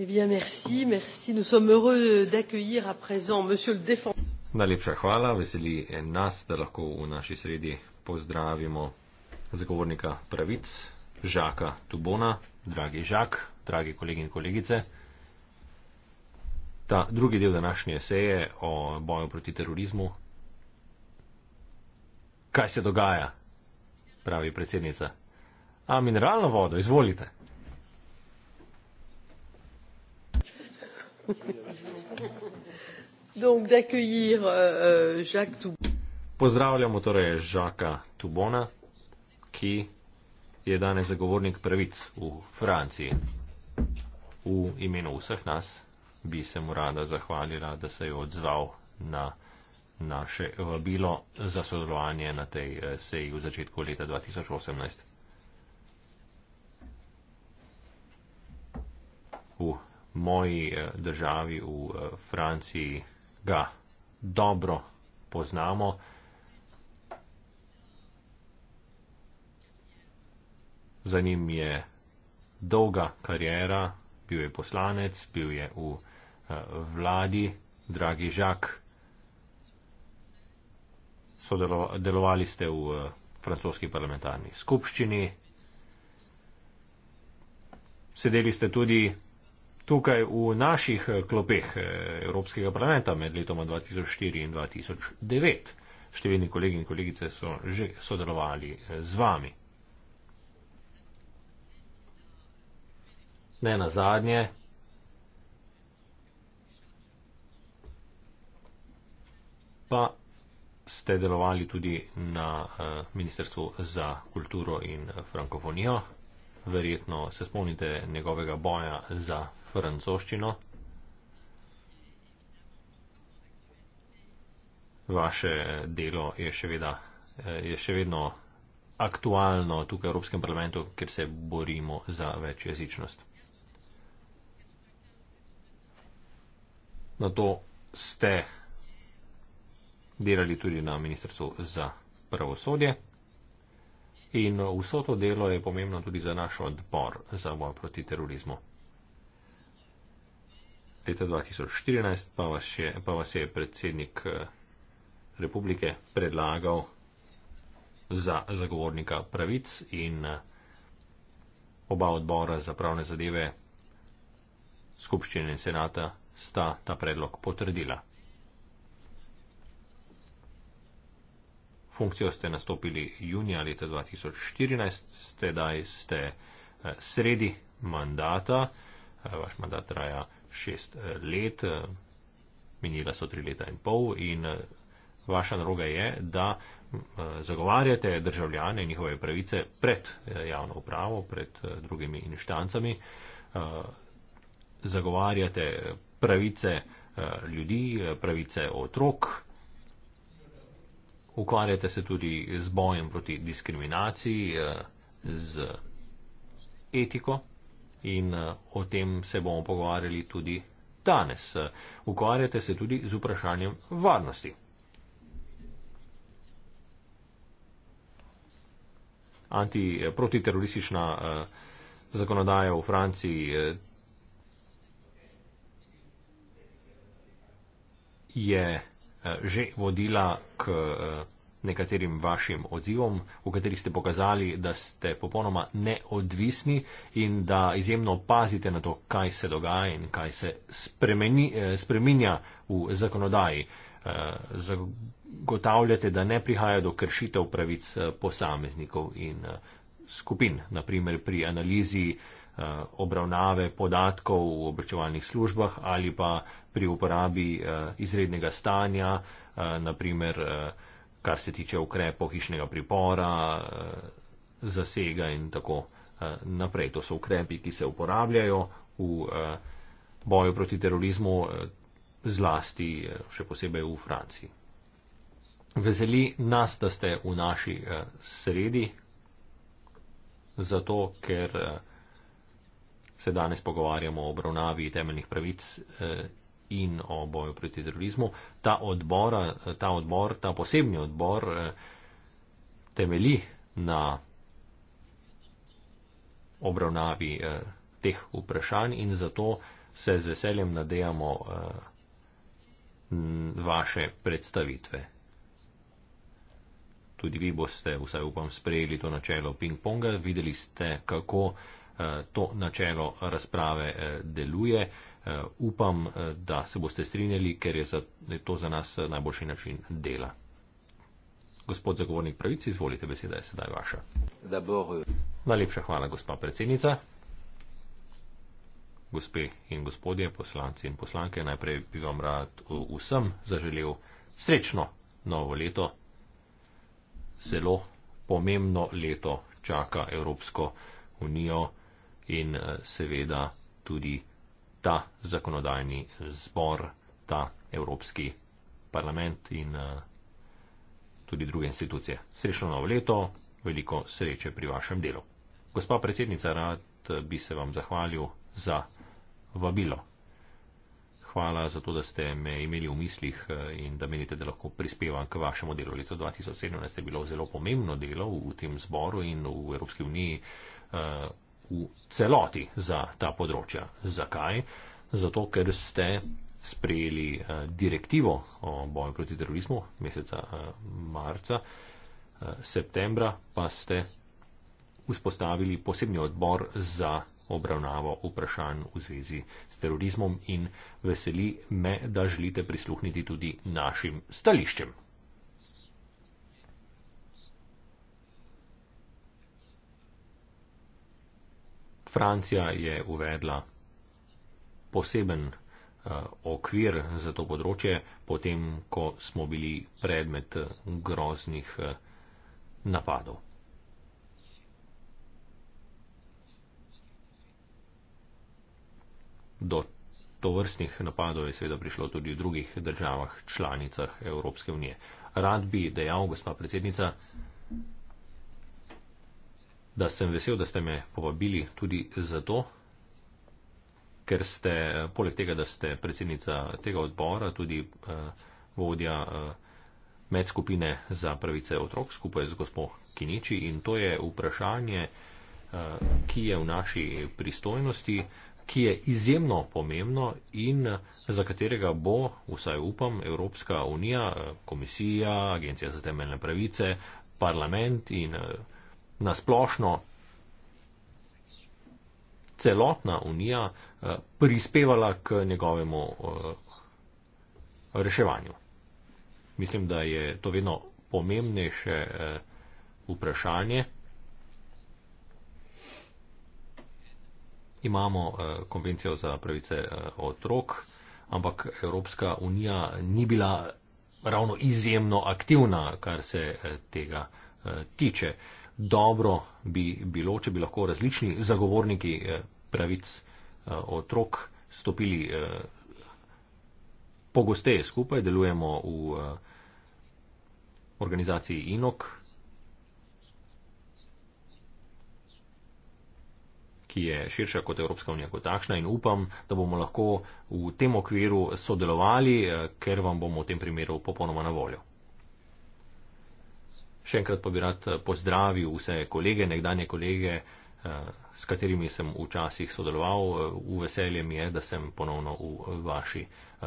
Eh bien, merci, merci. Nous sommes heureux d'accueillir à présent Monsieur le défenseur. Najlepša hvala, veseli nas, da lahko v naši sredi pozdravimo zagovornika pravic, Žaka Tubona, dragi Žak, dragi kolegi in kolegice. Ta drugi del današnje seje o boju proti terorizmu. Kaj se dogaja, pravi predsednica? A mineralno vodo, izvolite. Euh, euh, Pozdravljamo torej Žaka Tubona, ki je danes zagovornik pravic v Franciji. V imenu vseh nas bi se mu rada zahvalila, da se je odzval na naše vabilo za sodelovanje na tej eh, seji v začetku leta 2018 moji eh, državi v eh, Franciji ga dobro poznamo. Za njim je dolga karijera, bil je poslanec, bil je v eh, vladi, dragi Žak, sodelovali ste v francoski parlamentarni skupščini, sedeli ste tudi tukaj v naših eh, klopeh eh, Evropskega parlamenta med letoma 2004 in 2009. Številni kolegi in kolegice so že sodelovali eh, z vami. Ne na zadnje. Pa ste delovali tudi na Ministrstvu za kulturo in frankofonijo verjetno se spomnite njegovega boja za francoščino. Vaše delo je, veda, eh, je še vedno aktualno tukaj v Evropskem parlamentu, ker se borimo za večjezičnost. Na to ste delali tudi na Ministrstvu za pravosodje in vso to delo je pomembno tudi za naš odpor za boj proti terorizmu. Leta 2014 pa vas je, pa vas je predsednik eh, republike predlagal za zagovornika pravic in eh, oba odbora za pravne zadeve, skupščine in senata sta ta predlog potrdila. funkcijo ste nastopili junija leta 2014, ste daj eh, ste sredi mandata, eh, vaš mandat traja šest eh, let, minila so tri leta in pol in vaša naloga je, da zagovarjate državljane in njihove pravice pred javno upravo, pred drugimi inštancami, zagovarjate pravice ljudi, pravice otrok, ukvarjate se tudi z bojem proti diskriminaciji, eh, z etiko in eh, o tem se bomo pogovarjali tudi danes. Ukvarjate se tudi z vprašanjem varnosti. Antiprotiteroristična eh, zakonodaja v Franciji je. Yeah. Eh, že vodila k eh, nekaterim vašim odzivom, v katerih ste pokazali, da ste popolnoma neodvisni in da izjemno pazite na to, kaj se dogaja in kaj se spremeni, eh, spreminja v zakonodaji. Zagotavljate, da ne prihaja do kršitev pravic posameznikov in skupin, naprimer pri analizi Eh, obravnave podatkov v obveščevalnih službah ali pa pri uporabi eh, izrednega stanja, eh, naprimer kar se tiče ukrepov hišnega pripora, zasega in tako naprej. To so ukrepi, ki se uporabljajo v boju proti terorizmu, zlasti še posebej v Franciji. Veseli nas, da ste v naši sredi, zato ker se danes pogovarjamo o obravnavi temeljnih pravic eh, in o boju proti terorizmu. Ta, odbora, eh, ta odbor, ta posebni odbor eh, temeli na obravnavi teh vprašanj in zato se z veseljem nadejamo vaše predstavitve. Tudi vi boste, vsaj upam, sprejeli to načelo ping-ponga, videli ste, kako uh, Eh, to načelo razprave eh, deluje. Eh, upam, da se boste strinjali, ker je to za nas najboljši način dela. Gospod zagovornik pravici, izvolite, beseda je sedaj vaša. Euh, Najlepša hvala, gospa predsednica. Gospe in gospodje, poslanci in poslanke, najprej bi vam rad vsem zaželel srečno novo leto. Zelo pomembno leto čaka Evropsko unijo in eh, seveda tudi ta zakonodajni zbor, ta Evropski parlament in eh, tudi druge institucije. Srečno novo leto, veliko sreče pri vašem delu. Gospa predsednica, rad eh, bi se vam zahvalil za vabilo. Hvala za to, da ste me imeli v mislih in da menite, da lahko prispevam k vašemu delu. Leto 2017 je bilo zelo pomembno delo v tem zboru in v Evropski uniji. Uh, v celoti za ta področja. Zakaj? Zato, ker ste sprejeli eh, direktivo o boju proti terorizmu meseca eh, marca, eh, septembra pa ste vzpostavili posebni odbor za obravnavo vprašanj v zvezi s terorizmom in veseli me, da želite prisluhniti tudi našim stališčem Francija je uvedla poseben eh, okvir za to področje, potem ko smo bili predmet eh, groznih eh, napadov. Do tovrstnih napadov je seveda prišlo tudi v drugih državah, članicah Evropske unije. Rad bi dejal, gospa predsednica, da sem vesel, da ste me povabili tudi zato, ker ste, poleg tega, da ste predsednica tega odbora, tudi uh, vodja uh, medskupine za pravice otrok skupaj z gospod Kiniči in to je vprašanje, uh, ki je v naši pristojnosti, ki je izjemno pomembno in za katerega bo, vsaj upam, Evropska unija, komisija, Agencija za temeljne pravice, parlament in. Uh, na splošno celotna unija eh, prispevala k njegovemu eh, reševanju. Mislim, da je to vedno pomembnejše eh, vprašanje. Imamo konvencijo za pravice otrok, ampak Evropska unija ni bila ravno izjemno aktivna, kar se tega tiče dobro bi bilo, če bi lahko različni zagovorniki eh, pravic eh, otrok stopili eh, pogosteje skupaj. Delujemo v organizaciji INOK, ki je širša kot Evropska unija kot takšna in upam, da bomo lahko v tem okviru sodelovali, ker vam bomo v tem primeru popolnoma na voljo. Še enkrat pa bi rad eh, pozdravil vse kolege, nekdanje kolege, eh, s katerimi sem včasih sodeloval. Eh, v veselje mi je, da sem ponovno v vaši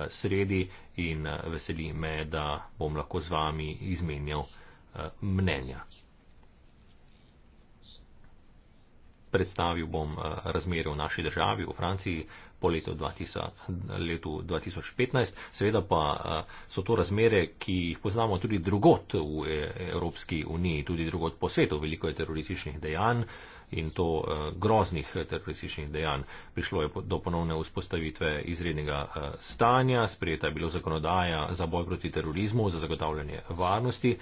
sredi in veseli me, da bom lahko z vami izmenjal mnenja. Predstavil bom razmere v naši državi, v Franciji, po letu 2000, letu 2015. Seveda pa eh, so to razmere, ki jih poznamo tudi drugot v eh, Evropski uniji, tudi drugot po svetu. Veliko je terorističnih dejanj in to eh, groznih terorističnih dejanj. Prišlo je do ponovne vzpostavitve izrednega stanja, sprejeta je bilo zakonodaja za boj proti terorizmu, za zagotavljanje varnosti.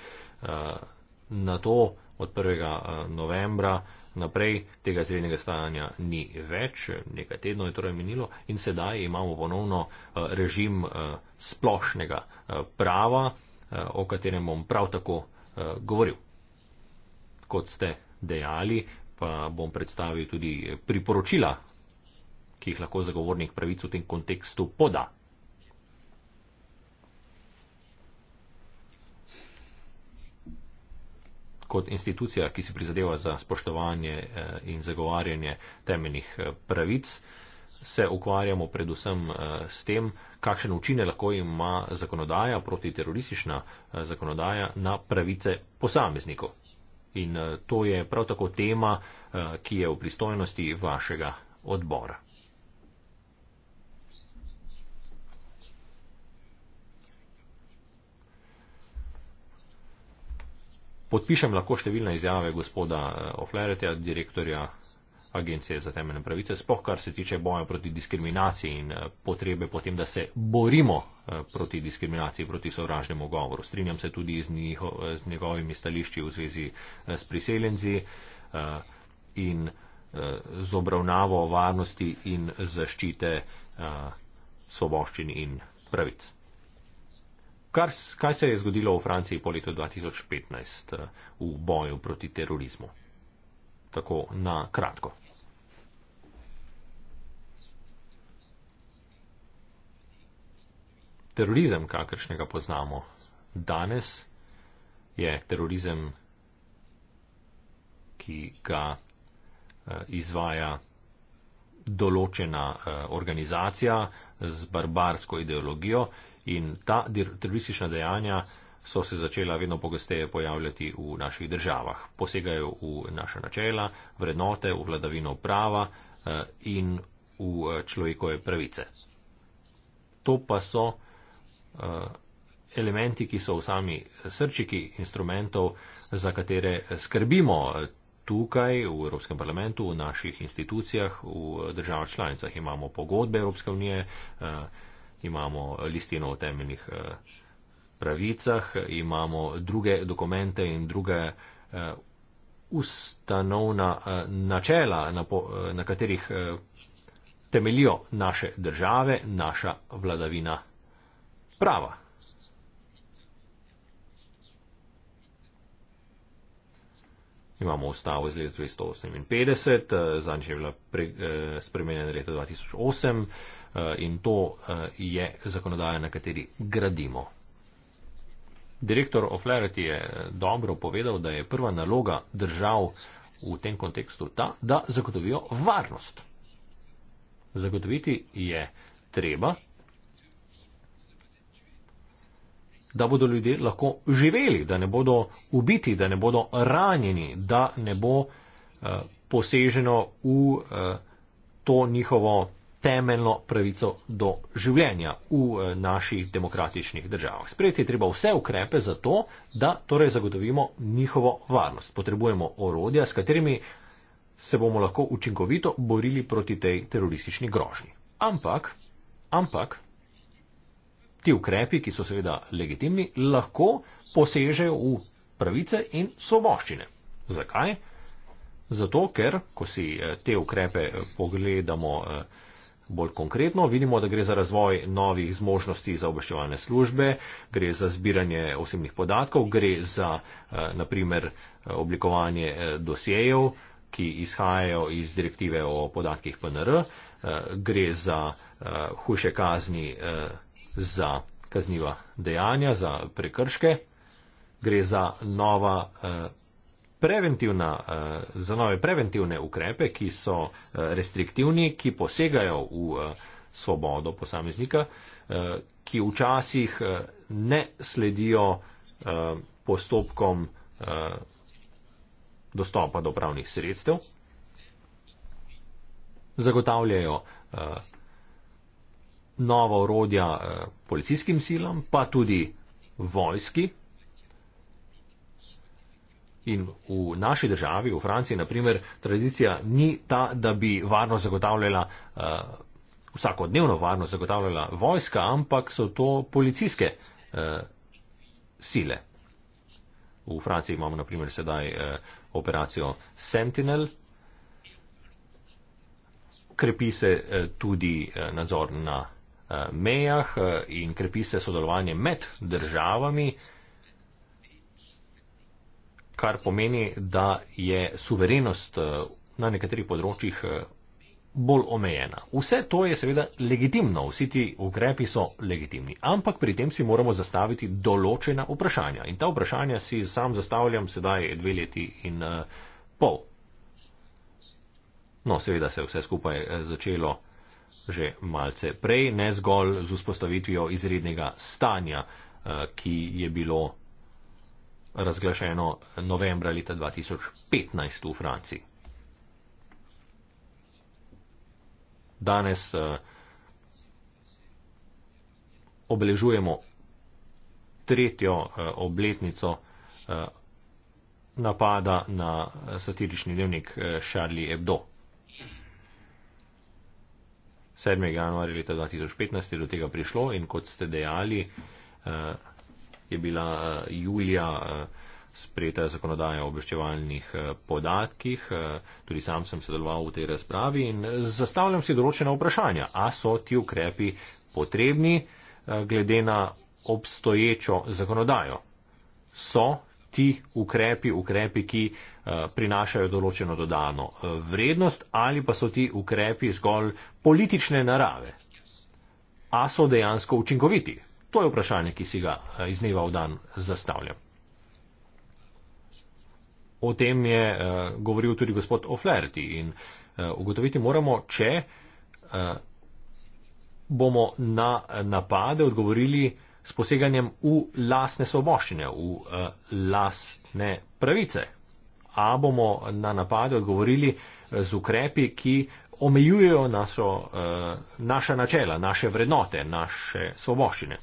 Na to od 1. novembra naprej tega srednjega stanja ni več, nekaj tednov je torej minilo in sedaj imamo ponovno eh, režim eh, splošnega eh, prava, o katerem bom prav tako govoril. Kot ste dejali, pa bom predstavil tudi priporočila, ki jih lahko zagovornik pravic v tem kontekstu poda. kot institucija, ki si prizadeva za spoštovanje eh, in zagovarjanje temeljnih eh, pravic, se ukvarjamo predvsem eh, s tem, kakšen učine lahko ima zakonodaja, protiteroristična zakonodaja, na pravice posameznikov. In to je prav tako tema, ki je v pristojnosti vašega odbora. Podpišem lahko številne izjave gospoda eh, Ofleretja, direktorja Agencije za temeljne pravice, spoh kar se tiče boja proti diskriminaciji in eh, potrebe potem, da se borimo eh, proti diskriminaciji, proti sovražnemu govoru. Strinjam se tudi z, njiho, z njegovimi stališči v zvezi s priseljenci in z obravnavo varnosti in zaščite svoboščin in pravic kar, kaj se je zgodilo v Franciji po letu 2015 eh, v boju proti terorizmu. Tako na kratko. Terorizem, kakršnega poznamo danes, je terorizem, ki ga eh, izvaja določena eh, organizacija z barbarsko ideologijo, in ta teroristična dejanja so se začela vedno pogosteje pojavljati v naših državah. Posegajo v naše načela, vrednote, v vladavino prava eh, in v eh, človekove pravice. To pa so eh, elementi, ki so v sami srčiki instrumentov, za katere skrbimo tukaj v Evropskem parlamentu, v naših institucijah, v državah članicah. Imamo pogodbe Evropske unije, imamo listino o temeljnih eh, pravicah, imamo druge dokumente in druge eh, ustanovna eh, načela, na, po, na katerih temeljijo naše države, naša vladavina prava. Imamo ustavo iz leta 1958, zanje je bila spremenjena leta 2008. Eh, in to eh, je zakonodaja, na kateri gradimo. Direktor O'Flaherty je eh, dobro povedal, da je prva naloga držav v tem kontekstu ta, da zagotovijo varnost. Zagotoviti je treba, da bodo ljudje lahko živeli, da ne bodo ubiti, da ne bodo ranjeni, da ne bo uh, poseženo v uh, to njihovo temeljno pravico do življenja v eh, naših demokratičnih državah. Sprejeti je treba vse ukrepe za to, da torej zagotovimo njihovo varnost. Potrebujemo orodja, s katerimi se bomo lahko učinkovito borili proti tej teroristični grožnji. Ampak, ampak, ti ukrepi, ki so seveda legitimni, lahko posežejo v pravice in svoboščine. Zakaj? Zato, ker, ko si eh, te ukrepe eh, pogledamo, Bolj konkretno vidimo, da gre za razvoj novih zmožnosti za obveščevalne službe, gre za zbiranje osebnih podatkov, gre za eh, naprimer eh, oblikovanje eh, dosejev, ki izhajajo iz direktive o podatkih PNR, gre za hujše kazni za kazniva dejanja, za prekrške, gre za nova preventivna, eh, za nove preventivne ukrepe, ki so eh, restriktivni, ki posegajo v eh, svobodo posameznika, ki včasih ne sledijo postopkom dostopa do pravnih sredstev, zagotavljajo nova orodja policijskim silam, pa tudi vojski In v naši državi, v Franciji, naprimer, tradicija ni ta, da bi varnost zagotavljala, uh, vsakodnevno varnost zagotavljala vojska, ampak so to policijske uh, sile. V Franciji imamo naprimer sedaj uh, operacijo Sentinel. Krepi se uh, tudi uh, nadzor na uh, mejah uh, in krepi se sodelovanje med državami. Uh, kar pomeni, da je suverenost eh, na nekaterih področjih eh, bolj omejena. Vse to je seveda legitimno, vsi ti ukrepi so legitimni, ampak pri tem si moramo zastaviti določena vprašanja. In ta vprašanja si sam zastavljam sedaj dve leti in uh, pol. No, seveda se je vse skupaj začelo že malce prej, ne zgolj z vzpostavitvijo izrednega stanja, uh, ki je bilo razglašeno novembra leta 2015 v Franciji. Danes uh, obeležujemo tretjo uh, obletnico uh, napada na satirični dnevnik uh, Charlie Hebdo. 7. januarja leta 2015 je do tega prišlo in kot ste dejali, uh, je bila eh, julija eh, sprejeta zakonodaja o obveščevalnih eh, podatkih. Tudi sam sem sodeloval v tej razpravi in zastavljam si določena vprašanja. A so ti ukrepi potrebni glede na obstoječo zakonodajo? So ti ukrepi, ukrepi, ki prinašajo določeno dodano vrednost ali pa so ti ukrepi zgolj politične narave? A so dejansko učinkoviti? To je vprašanje, ki si ga eh, iz dneva v dan zastavljam. O tem je uh, govoril tudi gospod O'Flaherty in uh, ugotoviti moramo, če uh, bomo na napade odgovorili s poseganjem v lastne svoboščine, v uh, lastne pravice. A bomo na napade odgovorili z ukrepi, ki omejujejo naso, uh, naša načela, naše vrednote, naše svoboščine.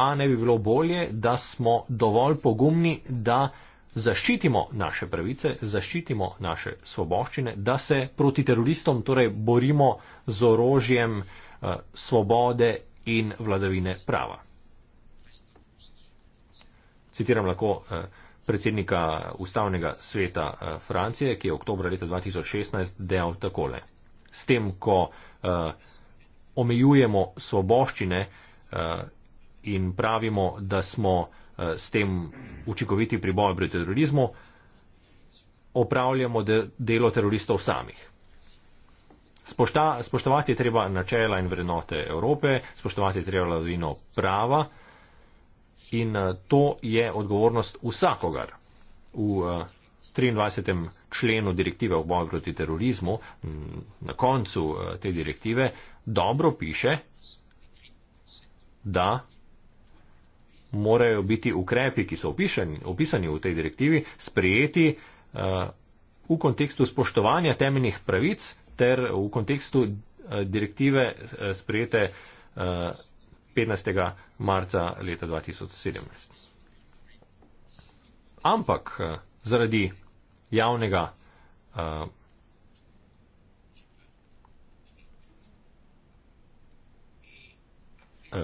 a ne bi bilo bolje, da smo dovolj pogumni, da zaščitimo naše pravice, zaščitimo naše svoboščine, da se proti teroristom torej borimo z orožjem eh, svobode in vladavine prava. Citiram lahko eh, predsednika ustavnega sveta eh, Francije, ki je oktober leta 2016 dejal takole. S tem, ko eh, omejujemo svoboščine, eh, in pravimo, da smo eh, s tem učinkoviti pri boju proti terorizmu, opravljamo delo teroristov samih. Spošta, spoštovati je treba načela in vrednote Evrope, spoštovati je treba vladavino prava in eh, to je odgovornost vsakogar. V 23. Eh, členu direktive o boju proti terorizmu, na koncu te direktive, dobro piše, da morajo biti ukrepi, ki so opišeni, opisani v tej direktivi, sprejeti uh, v kontekstu spoštovanja temeljnih pravic ter v kontekstu uh, direktive uh, sprejete uh, 15. marca leta 2017. Ampak uh, zaradi javnega uh,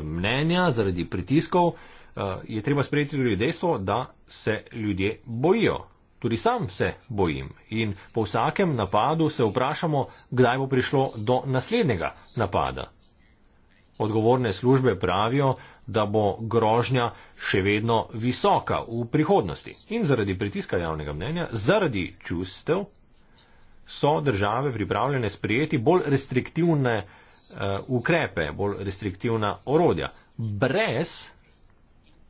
mnenja, zaradi pritiskov, Eh, je treba sprejeti tudi dejstvo, da se ljudje bojijo. Tudi sam se bojim. In po vsakem napadu se vprašamo, kdaj bo prišlo do naslednjega napada. Odgovorne službe pravijo, da bo grožnja še vedno visoka v prihodnosti. In zaradi pritiska javnega mnenja, zaradi čustev, so države pripravljene sprejeti bolj restriktivne uh, ukrepe, bolj restriktivna orodja. Brez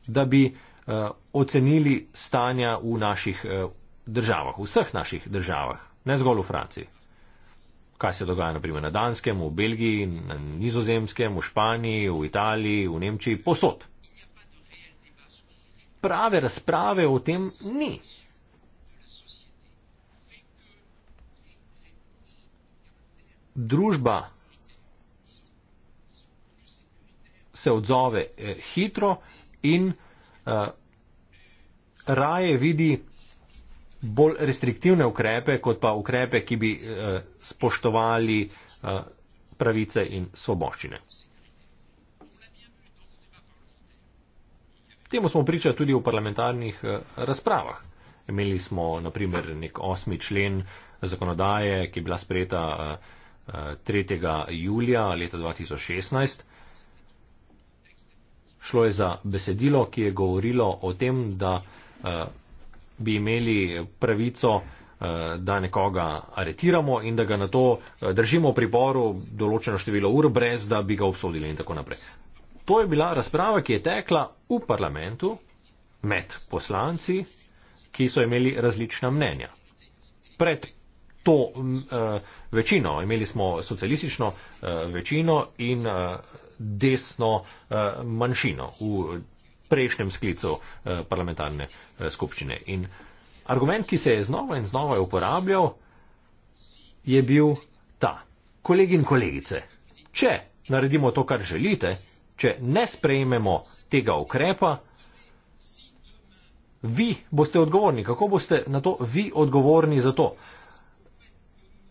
da bi uh, ocenili stanja v naših uh, državah, v vseh naših državah, ne zgolj v Franciji. Kaj se dogaja naprimer na Danskem, v Belgiji, na Nizozemskem, v Španiji, v Italiji, v Nemčiji, posod. Prave razprave o tem ni. Družba se odzove eh, hitro, in uh, raje vidi bolj restriktivne ukrepe, kot pa ukrepe, ki bi uh, spoštovali uh, pravice in svoboščine. Temu smo pričali tudi v parlamentarnih razpravah. Imeli smo naprimer nek osmi člen zakonodaje, ki je bila sprejeta 3. julija leta 2016, Šlo je za besedilo, ki je govorilo o tem, da eh, bi imeli pravico, eh, da nekoga aretiramo in da ga na to eh, držimo v priporu določeno število ur, brez da bi ga obsodili in tako naprej. To je bila razprava, ki je tekla v parlamentu med poslanci, ki so imeli različna mnenja. Pred to uh, večino, imeli smo socialistično uh, večino in uh, desno eh, manjšino v prejšnjem sklicu eh, parlamentarne eh, skupščine. In argument, ki se je znova in znova uporabljal, je bil ta. Kolegi in kolegice, če naredimo to, kar želite, če ne sprejmemo tega ukrepa, vi boste odgovorni. Kako boste na to vi odgovorni za to,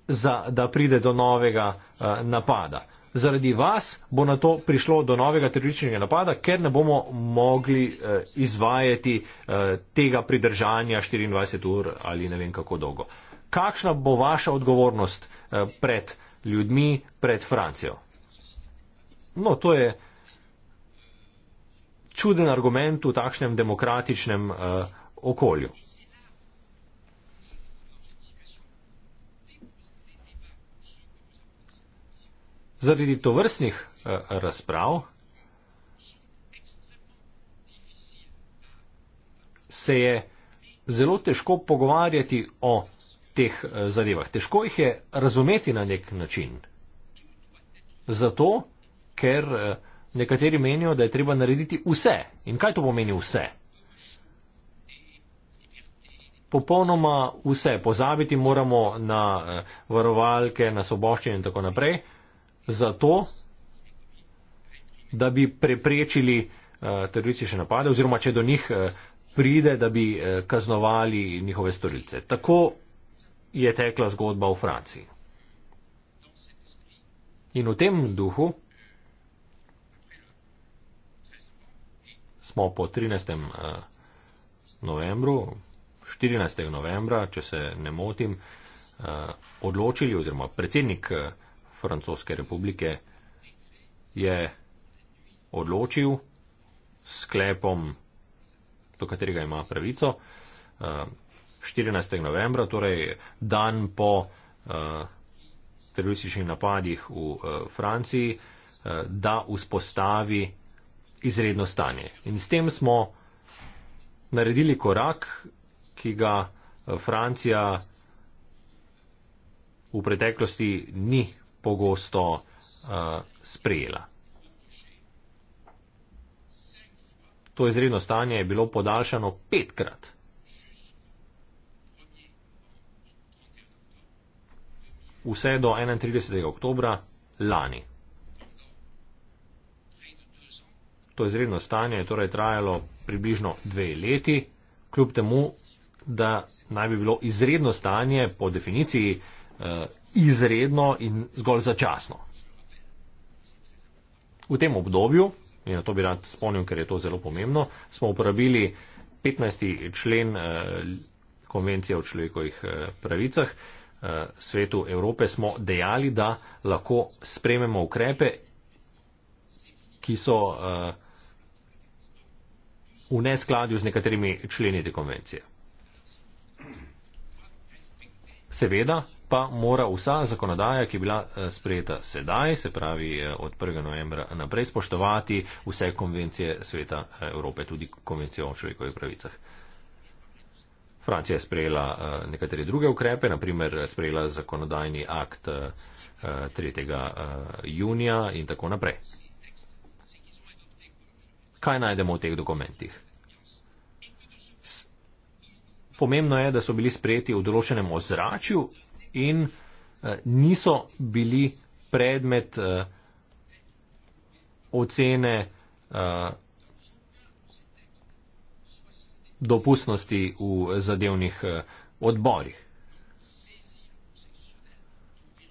za, da pride do novega uh, napada? Uh, zaradi vas bo na to prišlo do novega terorističnega napada, ker ne bomo mogli eh, izvajati eh, tega pridržanja 24 ur ali ne vem kako dolgo. Kakšna bo vaša odgovornost eh, pred ljudmi, pred Francijo? No, to je čuden argument v takšnem demokratičnem eh, okolju. zaradi to vrstnih eh, razprav se je zelo težko pogovarjati o teh eh, zadevah. Težko jih je razumeti na nek način. Zato, ker eh, nekateri menijo, da je treba narediti vse. In kaj to pomeni vse? Popolnoma vse. Pozabiti moramo na varovalke, na soboščine in tako naprej zato, da bi preprečili uh, teroristične napade oziroma, če do njih uh, pride, da bi uh, kaznovali njihove storilce. Tako je tekla zgodba v Franciji. In v tem duhu smo po 13. novembru, 14. novembra, če se ne motim, odločili oziroma predsednik Francoske republike, je odločil sklepom, do katerega ima pravico, 14. Eh, novembra, torej dan po eh, terorističnih napadih v eh, Franciji, da vzpostavi izredno stanje. In s tem smo naredili korak, ki ga Francija v preteklosti ni pogosto uh, sprejela. To izredno stanje je bilo podaljšano petkrat. Vse do 31. oktobra lani. To izredno stanje je torej trajalo približno dve leti, kljub temu, da naj bi bilo izredno stanje po definiciji eh, izredno in zgolj začasno. V tem obdobju, in na to bi rad spomnil, ker je to zelo pomembno, smo uporabili 15. člen eh, konvencije o človekovih eh, pravicah. Eh, Svetu Evrope smo dejali, da lahko sprememo ukrepe, ki so v neskladju z nekaterimi členi te konvencije. Seveda pa mora vsa zakonodaja, ki je bila eh, sprejeta sedaj, se pravi eh, od 1. novembra naprej, spoštovati vse konvencije sveta eh, Evrope, tudi konvencijo o človekovih pravicah. Francija je sprejela nekatere druge ukrepe, naprimer sprejela zakonodajni akt 3. junija in tako naprej. Kaj najdemo v teh dokumentih? pomembno je, da so bili sprejeti v določenem ozračju in eh, niso bili predmet eh, ocene eh, dopustnosti v zadevnih odborih.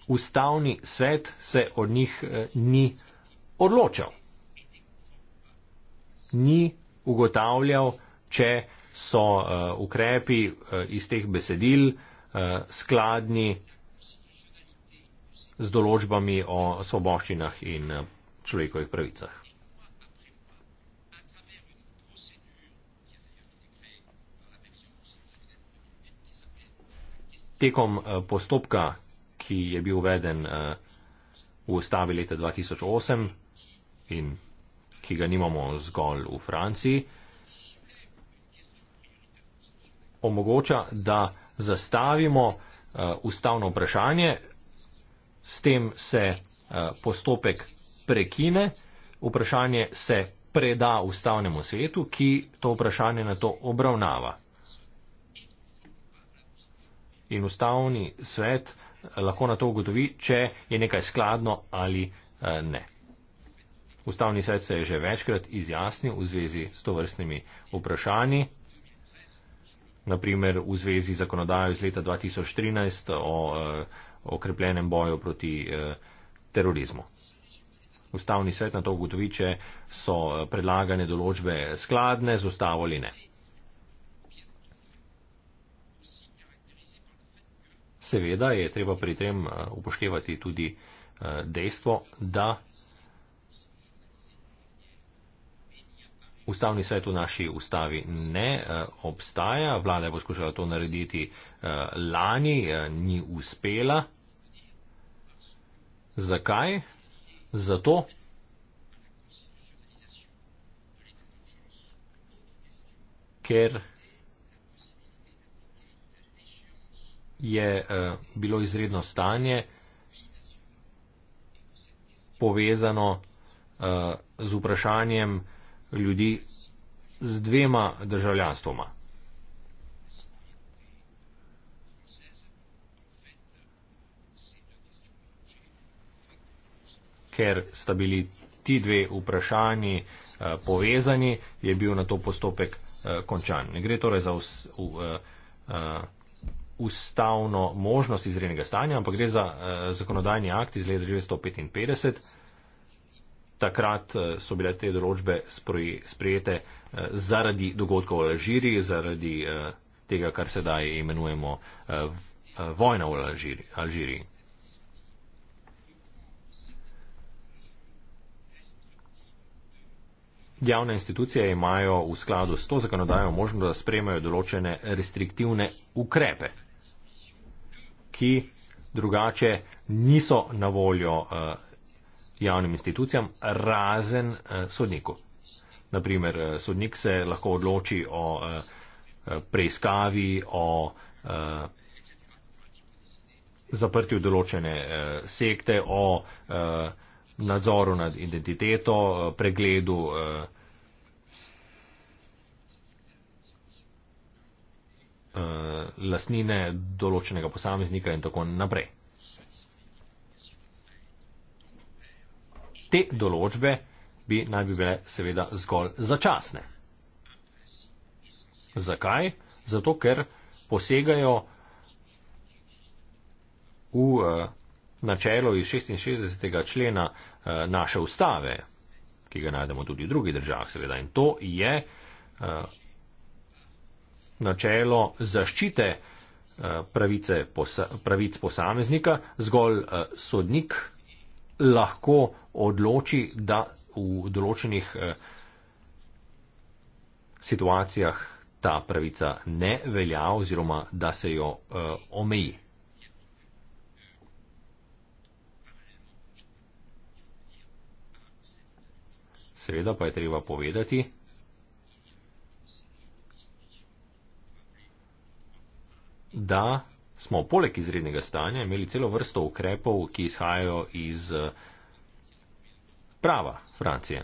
Ustavni svet se od njih ni odločal, ni ugotavljal, če so uh, ukrepi uh, iz teh besedil uh, skladni z določbami o svoboščinah in človekovih pravicah. Tekom postopka, ki je bil uveden v ustavi leta 2008 in ki ga nimamo zgolj v Franciji, omogoča, da zastavimo uh, ustavno vprašanje, s tem se uh, postopek prekine, vprašanje se preda ustavnemu svetu, ki to vprašanje na to obravnava. In ustavni svet eh, lahko na to ugotovi, če je nekaj skladno ali uh, ne. Ustavni svet se je že večkrat izjasnil v zvezi s to vrstnimi vprašanji naprimer v zvezi z zakonodajo iz leta 2013 o eh, okrepljenem boju proti eh, terorizmu. Ustavni svet na to ugotovi, če so eh, predlagane določbe skladne z ustavo ali ne. Seveda je treba pri tem upoštevati tudi dejstvo, da Ustavni svet v naši ustavi ne eh, obstaja, vlada je poskušala to narediti eh, lani, eh, ni uspela. Zakaj? Zato. Ker je bilo izredno stanje povezano z vprašanjem, ljudi z dvema državljanstvoma. Ker sta bili ti dve vprašanji eh, povezani, je bil na to postopek eh, končan. Ne gre torej za us, u, uh, eh, uh, eh, ustavno možnost izrednega stanja, ampak gre za uh, zakonodajni akt iz leta 1955 takrat eh, so bile te določbe sprejete eh, zaradi dogodkov v Alžiri, zaradi eh, tega, kar sedaj imenujemo vojna v Alžiri. Javne institucije imajo v skladu s to zakonodajo možno, da sprejmejo določene restriktivne ukrepe, ki drugače niso na voljo javnim institucijam, razen eh, sodniku. Naprimer, eh, sodnik se lahko odloči o eh, preiskavi, o zaprtju določene sekte, o nadzoru nad identiteto, pregledu lasnine določenega posameznika in tako naprej. te določbe bi naj bi bile seveda zgolj začasne. Zakaj? Zato, ker posegajo v eh, načelo iz 66. člena eh, naše ustave, ki ga najdemo tudi v drugih državah, seveda. In to je eh, načelo zaščite pravice, pravic posameznika, zgolj sodnik lahko odloči, da v določenih eh, situacijah ta pravica ne velja oziroma da se jo eh, omeji. Seveda pa je treba povedati, da smo poleg izrednega stanja imeli celo vrsto ukrepov, ki izhajajo iz eh, prava Francije.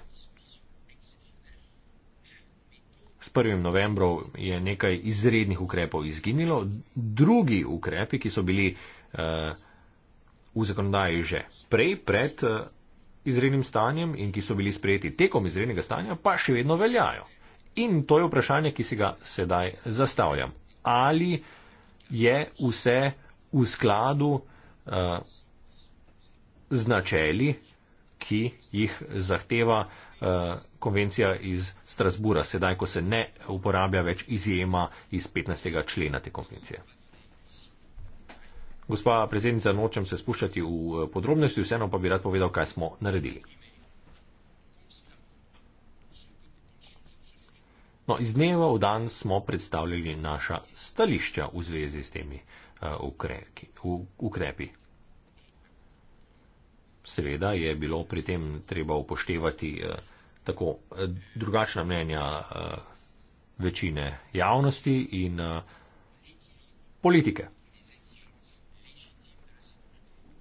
S 1. novembrom je nekaj izrednih ukrepov izginilo, drugi ukrepi, ki so bili uh, v zakonodaji že prej, pred uh, izrednim stanjem in ki so bili sprejeti tekom izrednega stanja, pa še vedno veljajo. In to je vprašanje, ki si ga sedaj zastavljam. Ali uh, je vse v skladu eh, z načeli, ki jih zahteva eh, konvencija iz Strasbura, sedaj, ko se ne uporablja več izjema iz 15. člena te konvencije. Gospa predsednica, nočem se spuščati v eh, podrobnosti, vseeno pa bi rad povedal, kaj smo naredili. No, iz dneva v dan smo predstavljali naša stališča v zvezi s temi uh, ukrepi. Seveda je bilo pri tem treba upoštevati uh, tako uh, drugačna mnenja uh, večine javnosti in uh, politike.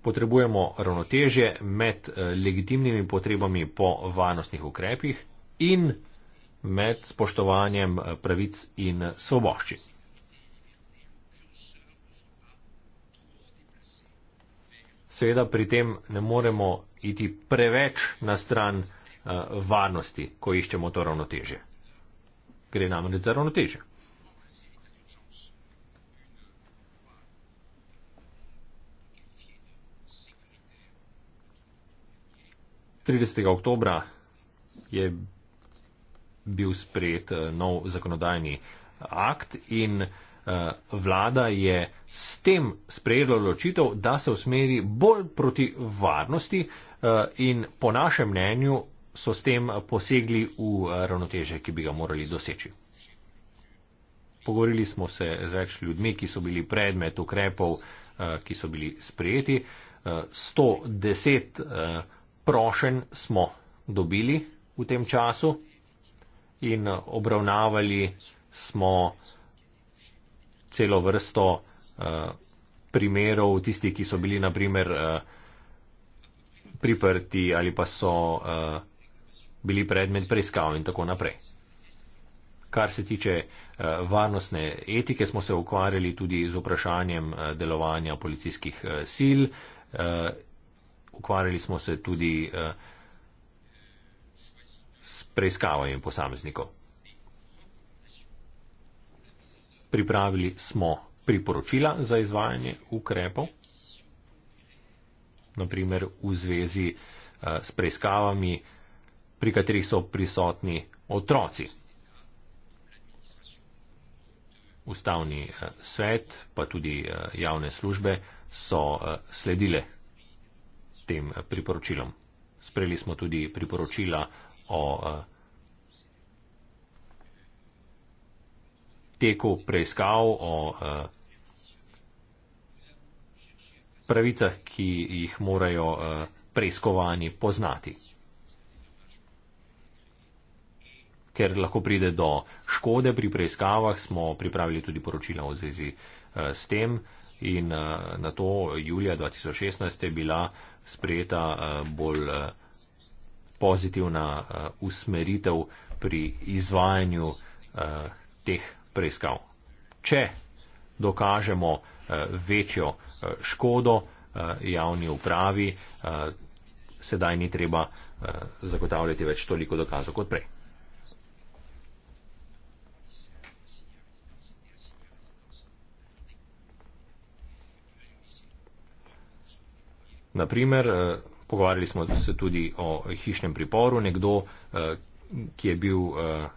Potrebujemo ravnotežje med legitimnimi potrebami po varnostnih ukrepih in med spoštovanjem eh, pravic in eh, svobošči. Seveda pri tem ne moremo iti preveč na stran eh, varnosti, ko iščemo to ravnotežje. Gre namreč za ravnotežje. Trideset oktobra je bil sprejet eh, nov zakonodajni akt in eh, vlada je s tem sprejela odločitev, da se usmeri bolj proti varnosti eh, in po našem mnenju so s tem posegli v ravnoteže, ki bi ga morali doseči. Pogovorili smo se z več ljudmi, ki so bili predmet ukrepov, ki so bili sprejeti. 110 prošen smo dobili v tem času, in obravnavali smo celo vrsto eh, primerov, tisti, ki so bili naprimer eh, priprti ali pa so eh, bili predmet preiskav in tako naprej. Kar se tiče varnostne etike, smo se ukvarjali tudi z vprašanjem delovanja policijskih sil. Ukvarjali smo se tudi uh, s preiskavami posameznikov. Pripravili smo priporočila za izvajanje ukrepov, naprimer v zvezi eh, s preiskavami, pri katerih so prisotni otroci. Ustavni eh, svet, pa tudi eh, javne službe so sledile tem priporočilom. Sprejeli smo tudi priporočila uh, teku preiskav, o uh, pravicah, ki jih morajo uh, preiskovani poznati. Ker lahko pride do škode pri preiskavah, smo pripravili tudi poročila v zvezi s tem in na to julija 2016 je bila sprejeta bolj pozitivna uh, usmeritev pri izvajanju uh, teh preiskav. Če dokažemo uh, večjo uh, škodo uh, javni upravi, uh, sedaj ni treba uh, zagotavljati več toliko dokazov kot prej. Naprimer, uh, Pogovarjali smo se tudi o hišnem priporu. Nekdo, eh, ki je bil eh,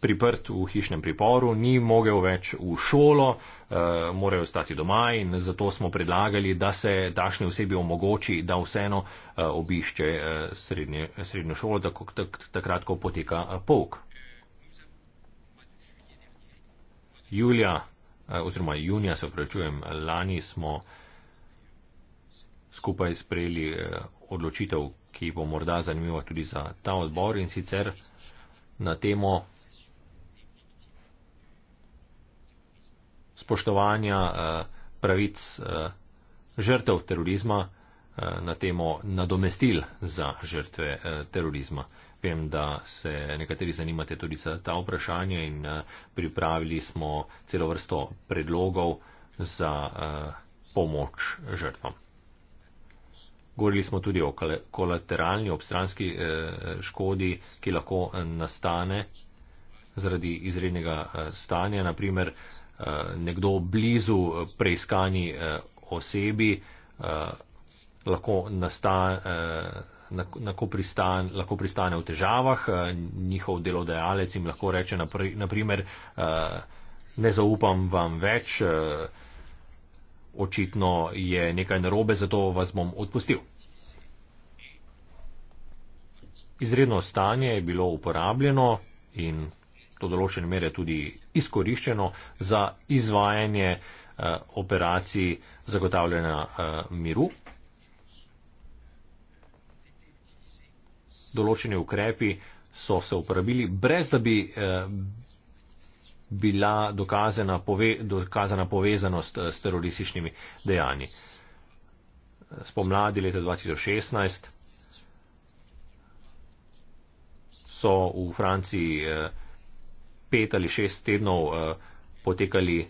priprt v hišnem priporu, ni mogel več v šolo, eh, morajo ostati doma in zato smo predlagali, da se tašni osebi omogoči, da vseeno obišče srednje, srednjo šolo, takrat, tak, tak, tak ko poteka pouk. Julija, oziroma junija, se opravičujem, lani smo skupaj sprejeli eh, odločitev, ki bo morda zanimiva tudi za ta odbor in sicer na temo spoštovanja eh, pravic eh, žrtev terorizma, na temo nadomestil za žrtve terorizma. Vem, da se nekateri zanimate tudi za ta vprašanja in pripravili smo celo vrsto predlogov za pomoč žrtvam. Govorili smo tudi o kolateralni, obstranski eh, škodi, ki lahko eh, nastane zaradi izrednega eh, stanja. Naprimer, nekdo blizu preiskani osebi lahko, nastane, lahko, pristane, lahko pristane v težavah, njihov delodajalec jim lahko reče, naprimer, ne zaupam vam več očitno je nekaj narobe, zato vas bom odpustil. Izredno stanje je bilo uporabljeno in to določene mere tudi izkoriščeno za izvajanje eh, operacij zagotavljanja eh, miru. Določeni ukrepi so se uporabili brez da bi eh, bila dokazana, pove, dokazana povezanost eh, s terorističnimi dejanji. Spomladi leta 2016 so v Franciji eh, pet ali šest tednov eh, potekali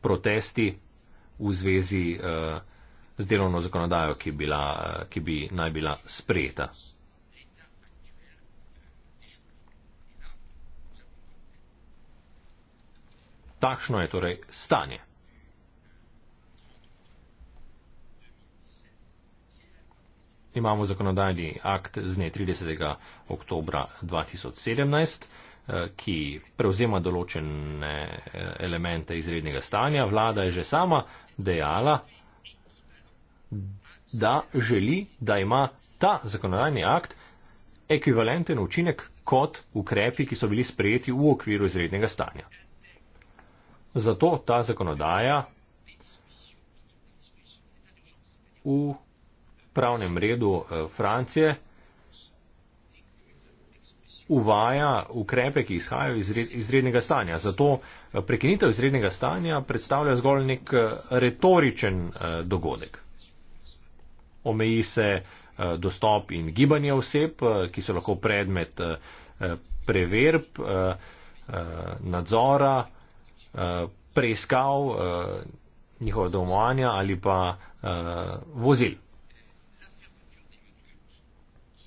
protesti v zvezi z delovno zakonodajo, ki, bila, ki bi naj bila sprejeta. Takšno je torej stanje. Imamo zakonodajni akt z dne 30. oktober 2017, ki prevzema določene eh, elemente izrednega stanja. Vlada je že sama dejala, da želi, da ima ta zakonodajni akt ekvivalenten učinek kot ukrepi, ki so bili sprejeti v okviru izrednega stanja. Zato ta zakonodaja v pravnem redu eh, Francije uvaja ukrepe, ki izhajajo iz izrednega stanja. Zato eh, prekinitev izrednega stanja predstavlja zgolj nek eh, retoričen dogodek. Omeji se dostop in gibanje oseb, ki so lahko predmet preverb, nadzora, Eh, preiskav eh, njihove domovanja ali pa eh, vozil.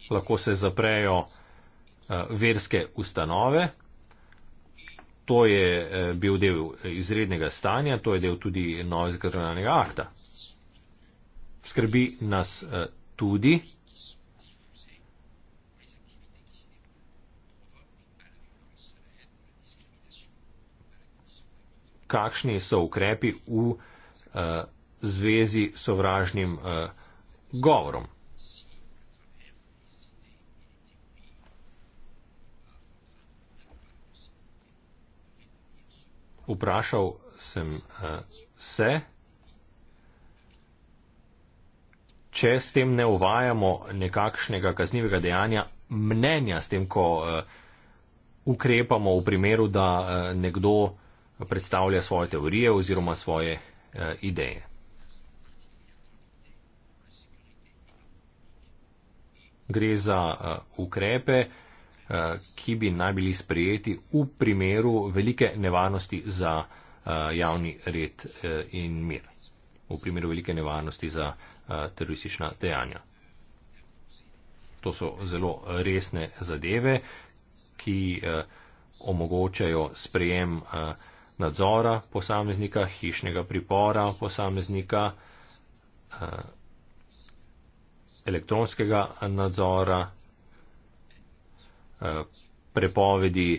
Lahko se zaprejo verske ustanove. To je bil del izrednega stanja, to je del tudi novega državnega akta. Skrbi nas tudi. kakšni so ukrepi v uh, zvezi s sovražnim uh, govorom. Vprašal sem uh, se, če s tem ne uvajamo nekakšnega kaznivega dejanja mnenja, s tem, ko uh, ukrepamo v primeru, da uh, nekdo uh, predstavlja svoje teorije oziroma svoje uh, ideje. Gre za uh, ukrepe, uh, ki bi naj bili sprejeti v primeru velike nevarnosti za uh, javni red uh, in mir, v primeru velike nevarnosti za uh, teroristična dejanja. To so zelo resne zadeve, ki uh, omogočajo sprejem uh, nadzora posameznika, hišnega pripora posameznika, eh, elektronskega nadzora, eh, prepovedi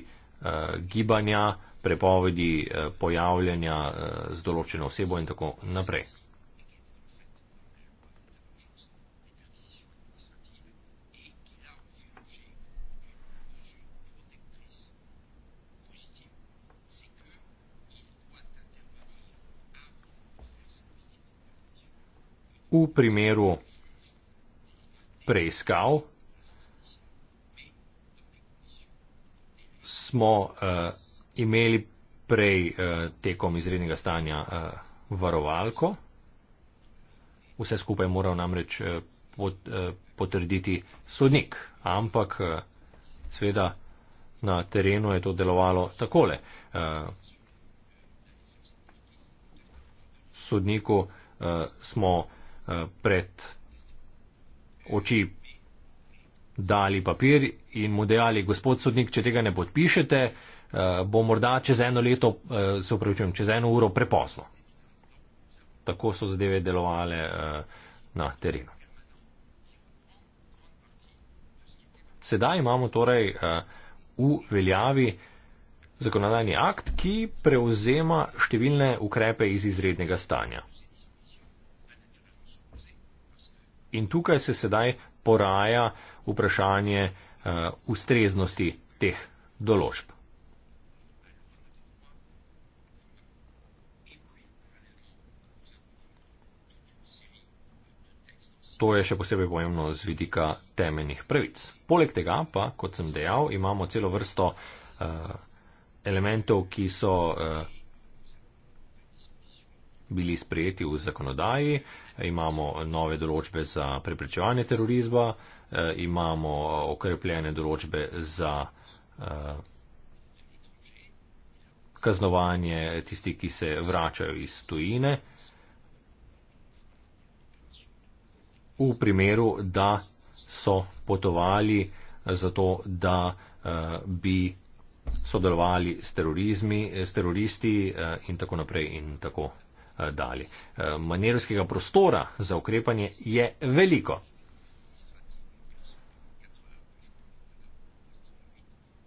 eh, gibanja, prepovedi pojavljanja z določeno osebo in tako naprej. v primeru preiskav smo uh, imeli prej uh, tekom izrednega stanja uh, varovalko. Vse skupaj moral namreč uh, pot, uh, potrditi sodnik, ampak uh, sveda na terenu je to delovalo takole. Uh, sodniku uh, smo uh, Eh, pred oči dali papir in mu dejali, gospod sodnik, če tega ne podpišete, eh, bo morda čez eno leto, eh, se upravičujem, čez eno uro prepozno. Tako so zadeve delovale na terenu. Sedaj imamo torej v veljavi zakonodajni akt, ki prevzema številne ukrepe iz izrednega stanja. In tukaj se sedaj poraja vprašanje uh, ustreznosti teh določb. To je še posebej pomembno z vidika temeljnih pravic. Poleg tega pa, kot sem dejal, imamo celo vrsto uh, elementov, ki so uh, bili sprejeti v zakonodaji, imamo nove določbe za preprečevanje terorizma, eh, imamo eh, okrepljene določbe za eh, kaznovanje tisti, ki se vračajo iz tujine. V primeru, da so potovali zato, da bi sodelovali s, s teroristi in tako naprej in tako Eh, dali. Eh, manevrskega prostora za ukrepanje je veliko.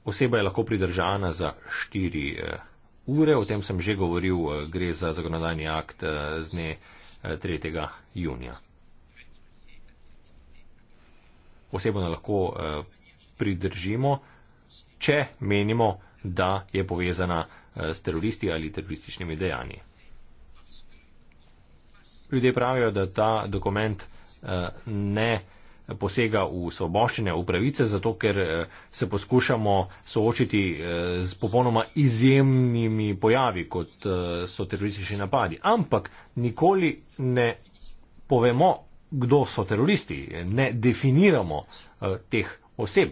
Oseba je lahko pridržana za štiri eh, ure, o tem sem že govoril, gre za zagonodajni akt z dne 3. junija. Osebo lahko pridržimo, če menimo, da je povezana s teroristi ali terorističnimi dejanji ljudje pravijo, da ta dokument eh, ne posega v svoboščine, v pravice, zato ker eh, se poskušamo soočiti eh, z popolnoma izjemnimi pojavi, kot so teroristični napadi. Ampak nikoli ne povemo, kdo so teroristi, ne definiramo teh oseb,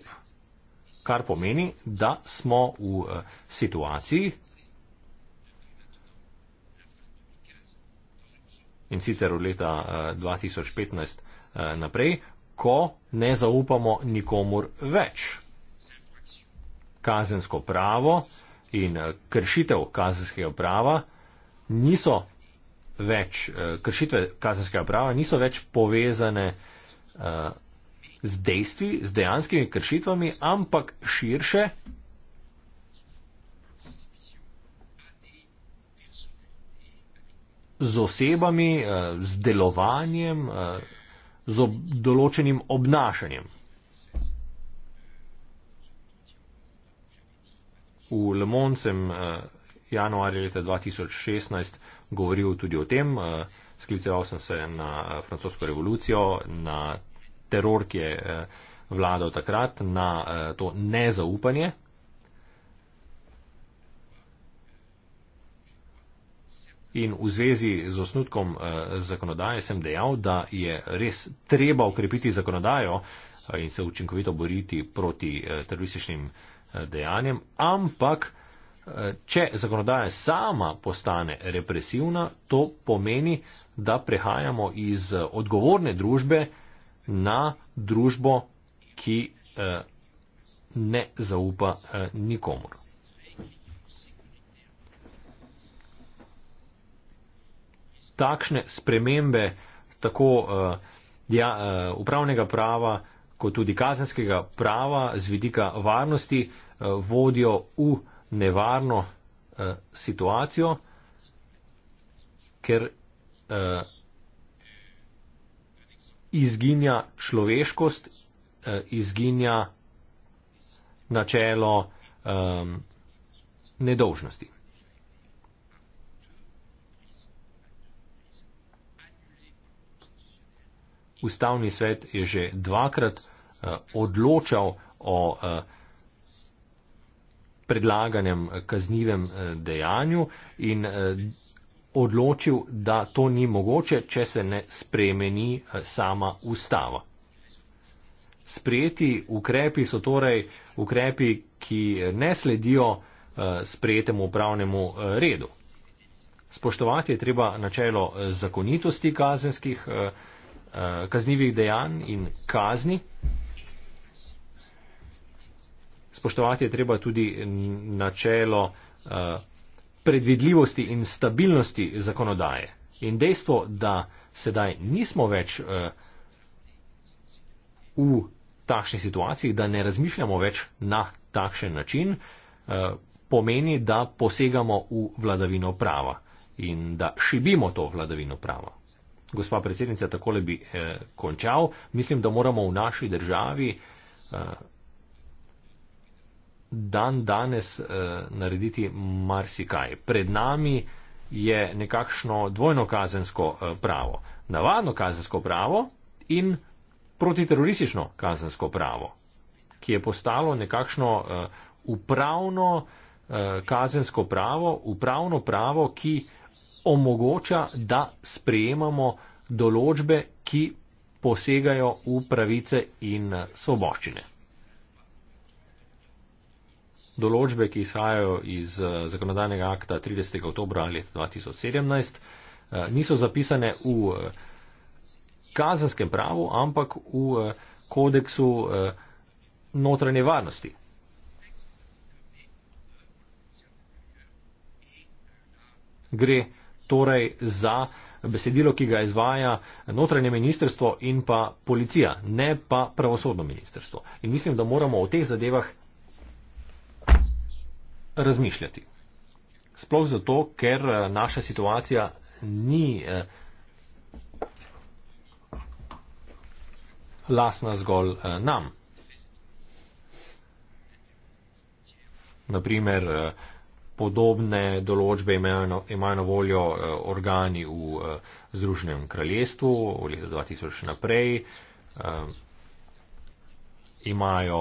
kar pomeni, da smo v situaciji, in sicer v leta 2015 eh, eh, naprej, ko ne zaupamo nikomur več. Kazensko pravo in eh, kršitev kazenskega prava niso več, kršitve kazenskega prava niso več povezane z dejstvi, z dejanskimi kršitvami, ampak širše z osebami, eh, z delovanjem, eh, z določenim obnašanjem. V Le Monde sem eh, januarja leta 2016 govoril tudi o tem, skliceval sem se na francosko revolucijo, na teror, ki je vladal takrat, na to nezaupanje In v zvezi z osnutkom eh, zakonodaje sem dejal, da je res treba ukrepiti zakonodajo eh, in se učinkovito boriti proti eh, terorističnim dejanjem, ampak če zakonodaja sama postane represivna, to pomeni, da prehajamo iz odgovorne družbe na družbo, ki ne zaupa nikomor. takšne spremembe tako uh, ja, uh, upravnega prava, kot tudi kazenskega prava z vidika varnosti uh, vodijo v nevarno uh, situacijo, ker uh, izginja človeškost, uh, izginja načelo um, nedolžnosti. Ustavni svet je že dvakrat eh, odločal o eh, predlaganem eh, kaznivem dejanju in odločil, da to ni mogoče, če se ne spremeni sama ustava. Sprejeti ukrepi so torej ukrepi, ki ne sledijo sprejetemu upravnemu redu. Spoštovati je treba načelo zakonitosti kazenskih Eh, kaznjivih dejanj in kazni. Spoštovati je treba tudi načelo eh, predvidljivosti in stabilnosti zakonodaje. In dejstvo, da sedaj nismo več eh, v takšni situaciji, da ne razmišljamo več na takšen način, pomeni, da posegamo v vladavino prava in da šibimo to vladavino prava gospa predsednica, takole bi eh, končal. Mislim, da moramo v naši državi eh, dan danes eh, narediti marsikaj. Pred nami je nekakšno dvojno kazensko eh, pravo. Navadno kazensko pravo in protiteroristično kazensko pravo, ki je postalo nekakšno eh, upravno eh, kazensko pravo, upravno pravo, ki omogoča, da sprejemamo določbe, ki posegajo v pravice in svoboščine. Določbe, ki izhajajo iz eh, zakonodajnega akta 30. oktobra leta 2017, eh, niso zapisane v eh, kazenskem pravu, ampak v kodeksu notranje varnosti. Gre torej za besedilo, ki ga izvaja notranje ministrstvo in pa policija, ne pa pravosodno ministrstvo. In mislim, da moramo o teh zadevah razmišljati. Sploh zato, ker eh, naša situacija ni eh, lasna zgolj eh, nam. Naprimer, podobne določbe imajo na voljo eh, organi v eh, Združenem kraljestvu v letu 2000 naprej. Eh, imajo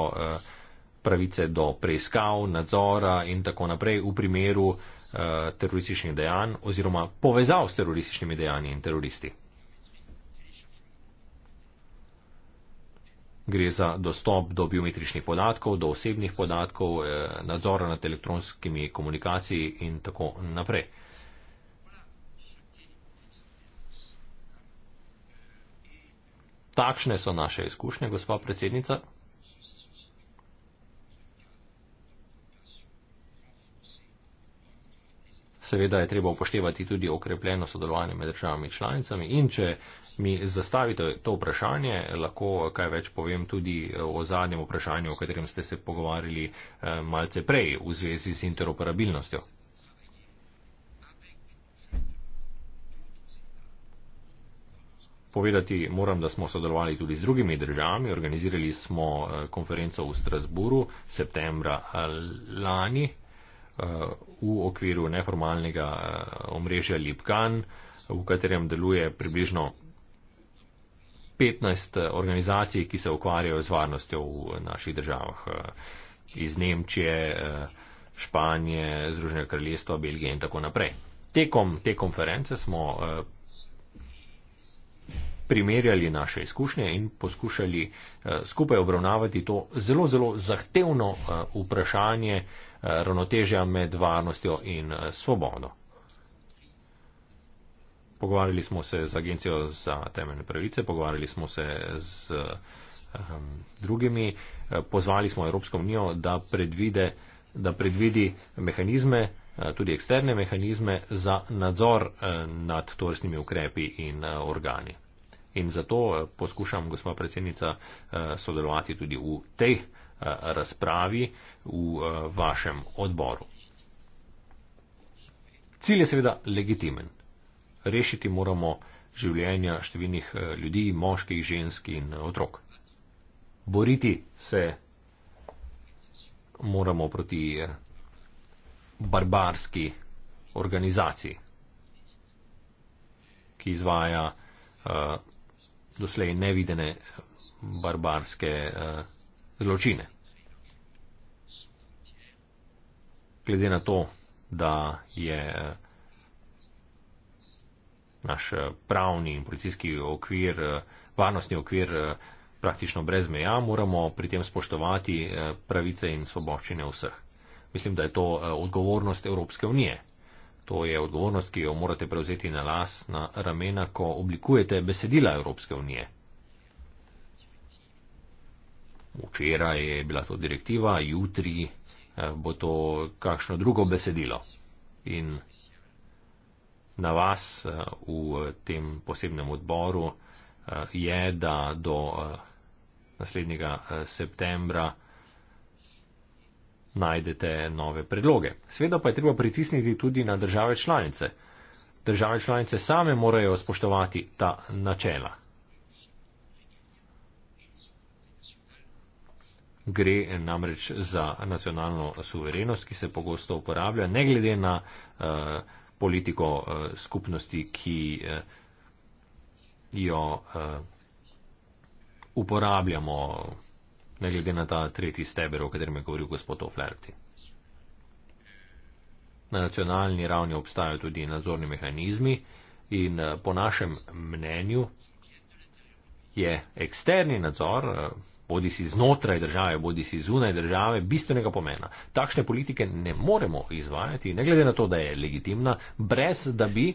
pravice do preiskav, nadzora in tako naprej v primeru terorističnih dejanj oziroma povezav s terorističnimi dejanji in teroristi. Gre za dostop do biometričnih podatkov, do osebnih podatkov, eh, nadzor nad elektronskimi komunikacijami in tako naprej. Takšne so naše izkušnje, gospa predsednica. Seveda je treba upoštevati tudi okrepljeno sodelovanje med državami članicami in če mi zastavite to vprašanje, lahko kaj več povem tudi eh, o zadnjem vprašanju, o katerem ste se pogovarjali eh, malce prej v zvezi z interoperabilnostjo. Povedati moram, da smo sodelovali tudi z drugimi državami. Organizirali smo eh, konferenco v Strasburu septembra lani v okviru neformalnega omrežja Lipkan, v katerem deluje približno 15 eh, organizacij, ki se ukvarjajo z varnostjo v eh, naših državah. Eh, iz Nemčije, Španije, Združenega kraljestva, Belgije in tako naprej. Tekom te konference smo primerjali naše izkušnje in poskušali skupaj obravnavati to zelo, zelo zahtevno vprašanje ravnotežja med varnostjo in svobodo. Pogovarjali smo se z Agencijo za temeljne pravice, pogovarjali smo se z um, drugimi, eh, pozvali smo Evropsko unijo, da, predvide, da predvidi mehanizme, eh, tudi eksterne mehanizme za nadzor eh, nad tovrstnimi ukrepi in organi. In zato poskušam, gospa predsednica, sodelovati tudi v tej razpravi v vašem odboru. Cilj je seveda legitimen rešiti moramo življenja številnih eh, ljudi, moških, žensk in eh, otrok. Boriti se moramo proti eh, barbarski organizaciji, ki izvaja doslej nevidene barbarske zločine. Glede na to, da je naš eh, pravni in policijski okvir, eh, varnostni okvir eh, praktično brez meja, moramo pri tem spoštovati pravice in svoboščine vseh. Mislim, da je to odgovornost Evropske unije. To je odgovornost, ki jo morate prevzeti na las, na ramena, ko oblikujete besedila Evropske unije. Včeraj je bila to direktiva, jutri bo to kakšno drugo besedilo. In na vas eh, v eh, tem posebnem odboru eh, je, da do naslednjega septembra najdete nove predloge. Sveda pa je treba pritisniti tudi na države članice. Države članice same morajo spoštovati ta načela. Gre namreč za nacionalno suverenost, ki se pogosto uporablja, ne glede na uh, politiko uh, skupnosti, ki uh, jo uh, uporabljamo, ne glede na ta tretji steber, o katerem je govoril gospod Oflerti. Na nacionalni ravni obstajajo tudi nadzorni mehanizmi in uh, po našem mnenju je eksterni nadzor. Uh, bodi si znotraj države, bodi si zunaj države, bistvenega pomena. Takšne politike ne moremo izvajati, ne glede na to, da je legitimna, brez da bi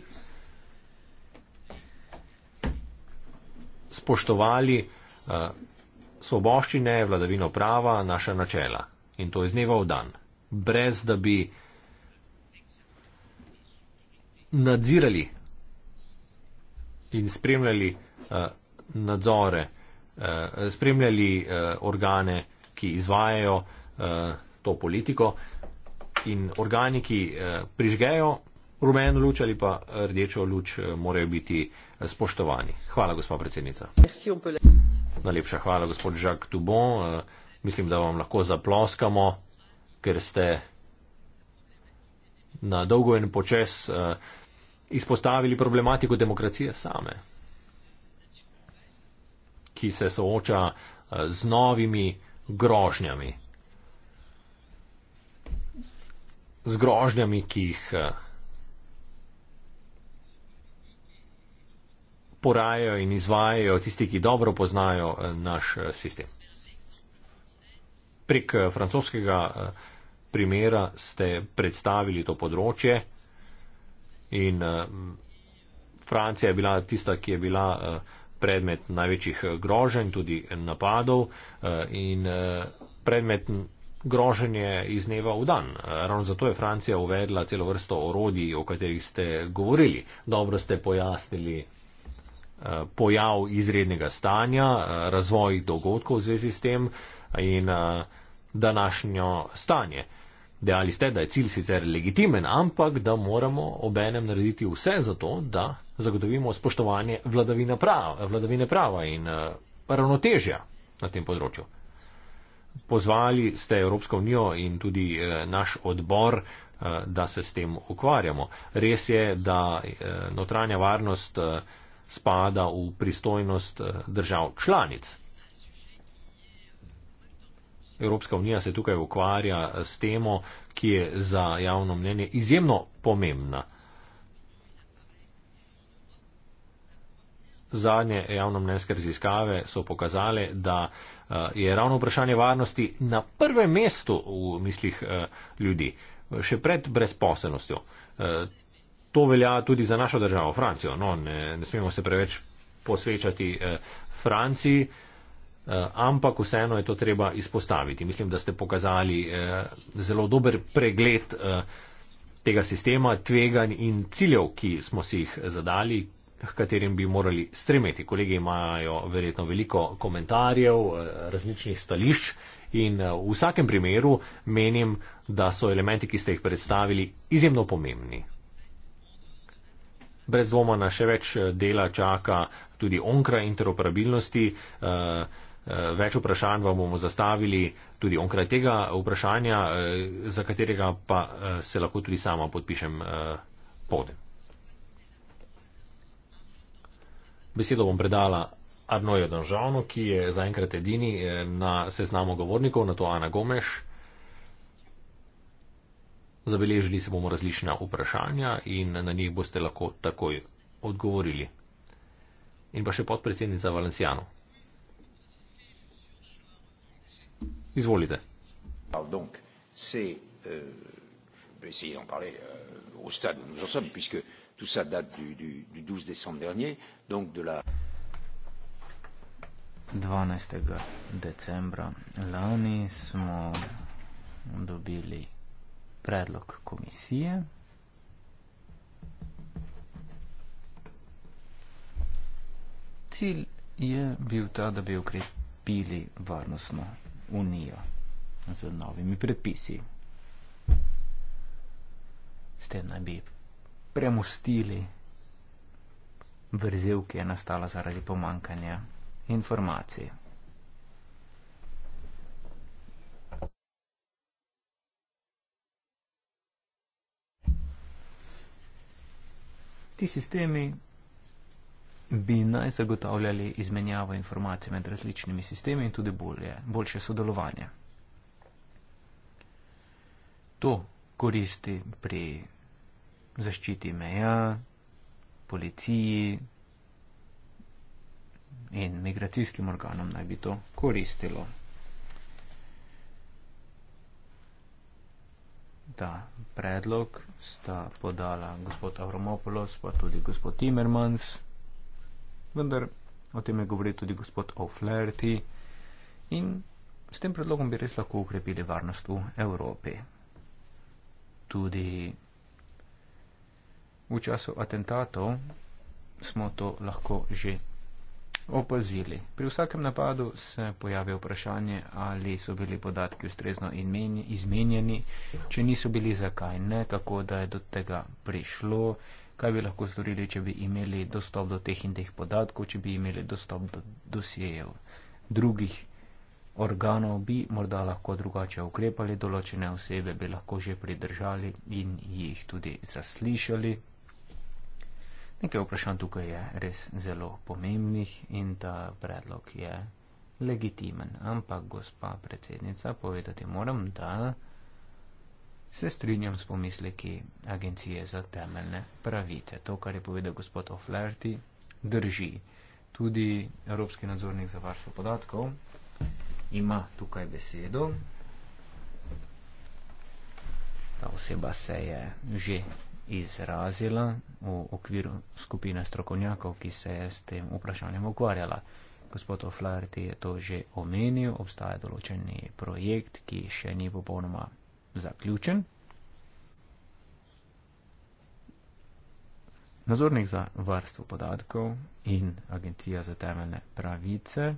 spoštovali uh, svoboščine, vladavino prava, naša načela. In to iz dneva v dan. Brez da bi nadzirali in spremljali uh, nadzore. Eh, spremljali eh, organe, ki izvajajo eh, to politiko in organi, ki prižgejo rumeno luč ali pa rdečo luč, morajo biti spoštovani. Hvala, gospa predsednica. Najlepša hvala, gospod Jacques Toubon. Mislim, da vam lahko zaploskamo, ker ste na dolgo in počes izpostavili problematiko demokracije same ki se sooča eh, z novimi grožnjami. Z grožnjami, ki jih eh, porajajo in izvajajo tisti, ki dobro poznajo eh, naš sistem. Prek francoskega primera ste predstavili to področje in Francija je bila tista, ki je bila predmet največjih eh, groženj, tudi eh, napadov eh, in predmet groženje iz dneva v dan. Ravno zato je Francija uvedla celo vrsto orodij, o katerih ste govorili. Dobro ste pojasnili pojav izrednega stanja, razvoj dogodkov v zvezi s tem in današnjo stanje. Dejali ste, da je cilj sicer legitimen, ampak da moramo obenem narediti vse za to, da zagotovimo spoštovanje vladavine prava, vladavine prava in uh, ravnotežja na tem področju. Pozvali ste Evropsko unijo in tudi uh, naš odbor, uh, da se s tem ukvarjamo. Res je, da uh, notranja varnost uh, spada v pristojnost uh, držav članic. Evropska unija se tukaj ukvarja s temo, ki je za javno mnenje izjemno pomembna. Zadnje javno mnenjske raziskave so pokazale, da eh, je ravno vprašanje varnosti na prvem mestu v mislih eh, ljudi, še pred brezposelnostjo. Eh, to velja tudi za našo državo, Francijo. No, ne, ne smemo se preveč posvečati Franciji. Eh, ampak vseeno je to treba izpostaviti. Mislim, da ste pokazali eh, zelo dober pregled eh, tega sistema, tveganj in ciljev, ki smo si jih zadali, h katerim bi morali stremeti. Kolegi imajo verjetno veliko komentarjev, različnih stališč in v vsakem primeru menim, da so elementi, ki ste jih predstavili, izjemno pomembni. Brez dvoma na še več dela čaka tudi onkraj interoperabilnosti. Uh, Eh, več vprašanj vam bomo zastavili tudi onkraj tega vprašanja, eh, za katerega pa eh, se lahko tudi sama podpišem pod. Besedo bom predala Arnoju Donžavnu, ki je zaenkrat edini na seznamu govornikov, na to Ana Gomeš. Zabeležili se bomo različna vprašanja in na njih boste lahko takoj odgovorili. In pa še podpredsednica Valencijanov. Izvolite. Dvanajstega decembra lani smo dobili predlog komisije. Cilj je bil ta, da bi okrepili varnostno unijo z novimi predpisi. S tem naj bi premustili vrzel, ki je nastala zaradi pomankanja informacij. Ti sistemi bi naj zagotavljali izmenjavo informacij med različnimi sistemi in tudi bolje, boljše sodelovanje. To koristi pri zaščiti meja, policiji in migracijskim organom naj bi to koristilo. Ta predlog sta podala gospod Avromopoulos, pa tudi gospod Timmermans vendar o tem je govoril tudi gospod O'Flaherty in s tem predlogom bi res lahko ukrepili varnost v Evropi. Tudi v času atentatov smo to lahko že opazili. Pri vsakem napadu se pojavi vprašanje, ali so bili podatki ustrezno izmenjeni, če niso bili, zakaj ne, kako da je do tega prišlo kaj bi lahko storili, če bi imeli dostop do teh in teh podatkov, če bi imeli dostop do dosjejev drugih organov, bi morda lahko drugače ukrepali, določene osebe bi lahko že pridržali in jih tudi zaslišali. Nekaj vprašanj tukaj je res zelo pomembnih in ta predlog je legitimen, ampak gospa predsednica, povedati moram, da. Se strinjam s pomisleki Agencije za temeljne pravice. To, kar je povedal gospod O'Flaherty, drži. Tudi Evropski nadzornik za varstvo podatkov ima tukaj besedo. Ta oseba se je že izrazila v okviru skupine strokovnjakov, ki se je s tem vprašanjem ukvarjala. Gospod O'Flaherty je to že omenil, obstaja določeni projekt, ki še ni popolnoma zaključen. Nazornik za varstvo podatkov in Agencija za temeljne pravice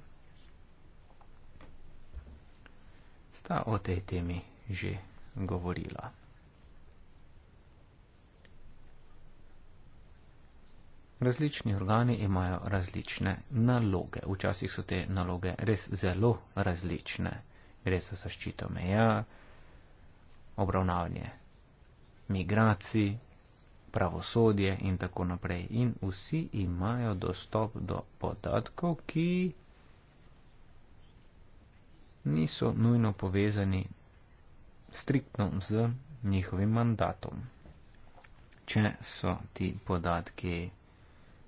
sta o tej temi že govorila. Različni organi imajo različne naloge. Včasih so te naloge res zelo različne. Gre za zaščito meja, obravnavanje migracij, pravosodje in tako naprej. In vsi imajo dostop do podatkov, ki niso nujno povezani striktno z njihovim mandatom. Če so ti podatki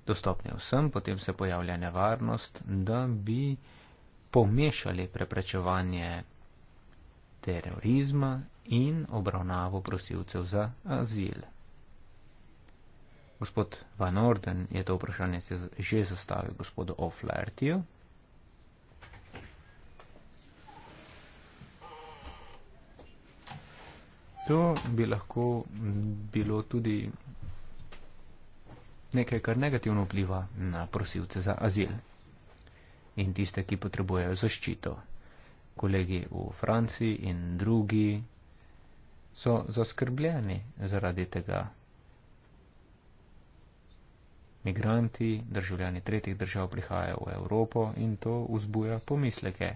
dostopni vsem, potem se pojavlja nevarnost, da bi pomešali preprečevanje terorizma in obravnavo prosilcev za azil. Gospod Van Orden je to vprašanje že zastavil gospodu Oflertiju. To bi lahko bilo tudi nekaj, kar negativno vpliva na prosilce za azil in tiste, ki potrebujejo zaščito kolegi v Franciji in drugi so zaskrbljeni zaradi tega. Migranti, državljani tretjih držav prihajajo v Evropo in to vzbuja pomisleke.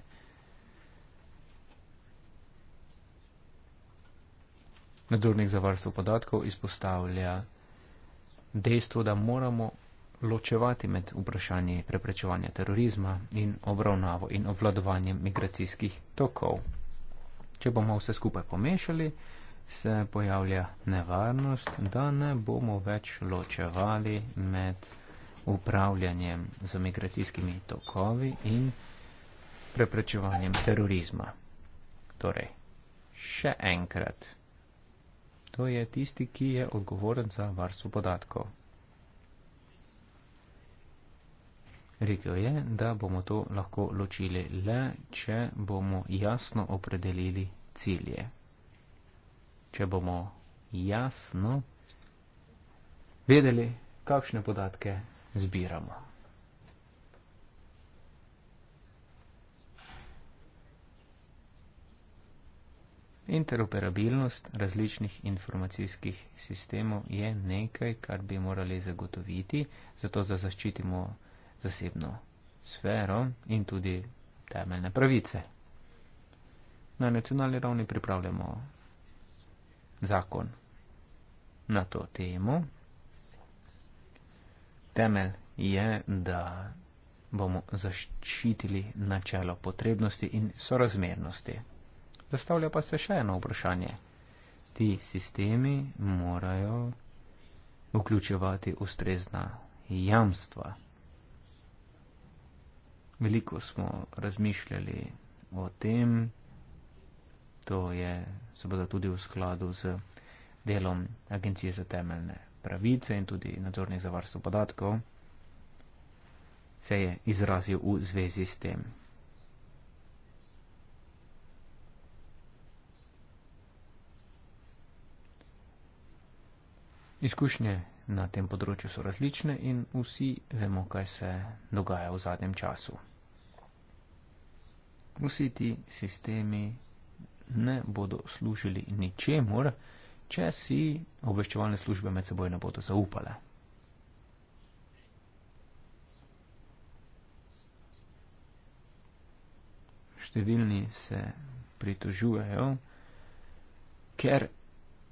Nadzornik za varstvo podatkov izpostavlja dejstvo, da moramo ločevati med vprašanji preprečevanja terorizma in obravnavo in obvladovanjem migracijskih tokov. Če bomo vse skupaj pomešali, se pojavlja nevarnost, da ne bomo več ločevali med upravljanjem z migracijskimi tokovi in preprečevanjem terorizma. Torej, še enkrat, to je tisti, ki je odgovoren za varstvo podatkov. Rekel je, da bomo to lahko ločili le, če bomo jasno opredelili cilje. Če bomo jasno vedeli, kakšne podatke zbiramo. Interoperabilnost različnih informacijskih sistemov je nekaj, kar bi morali zagotoviti, zato da zaščitimo informacije zasebno sfero in tudi temeljne pravice. Na nacionalni ravni pripravljamo zakon na to temo. Temelj je, da bomo zaščitili načelo potrebnosti in sorazmernosti. Zastavlja pa se še eno vprašanje. Ti sistemi morajo vključevati ustrezna jamstva. Veliko smo razmišljali o tem. To je seveda tudi v skladu z delom Agencije za temeljne pravice in tudi nadzornih za varstvo podatkov, se je izrazil v zvezi s tem. Izkušnje na tem področju so različne in vsi vemo, kaj se dogaja v zadnjem času. Vsi ti sistemi ne bodo služili ničemur, če si obveščevalne službe med seboj ne bodo zaupale. Številni se pritožujejo, ker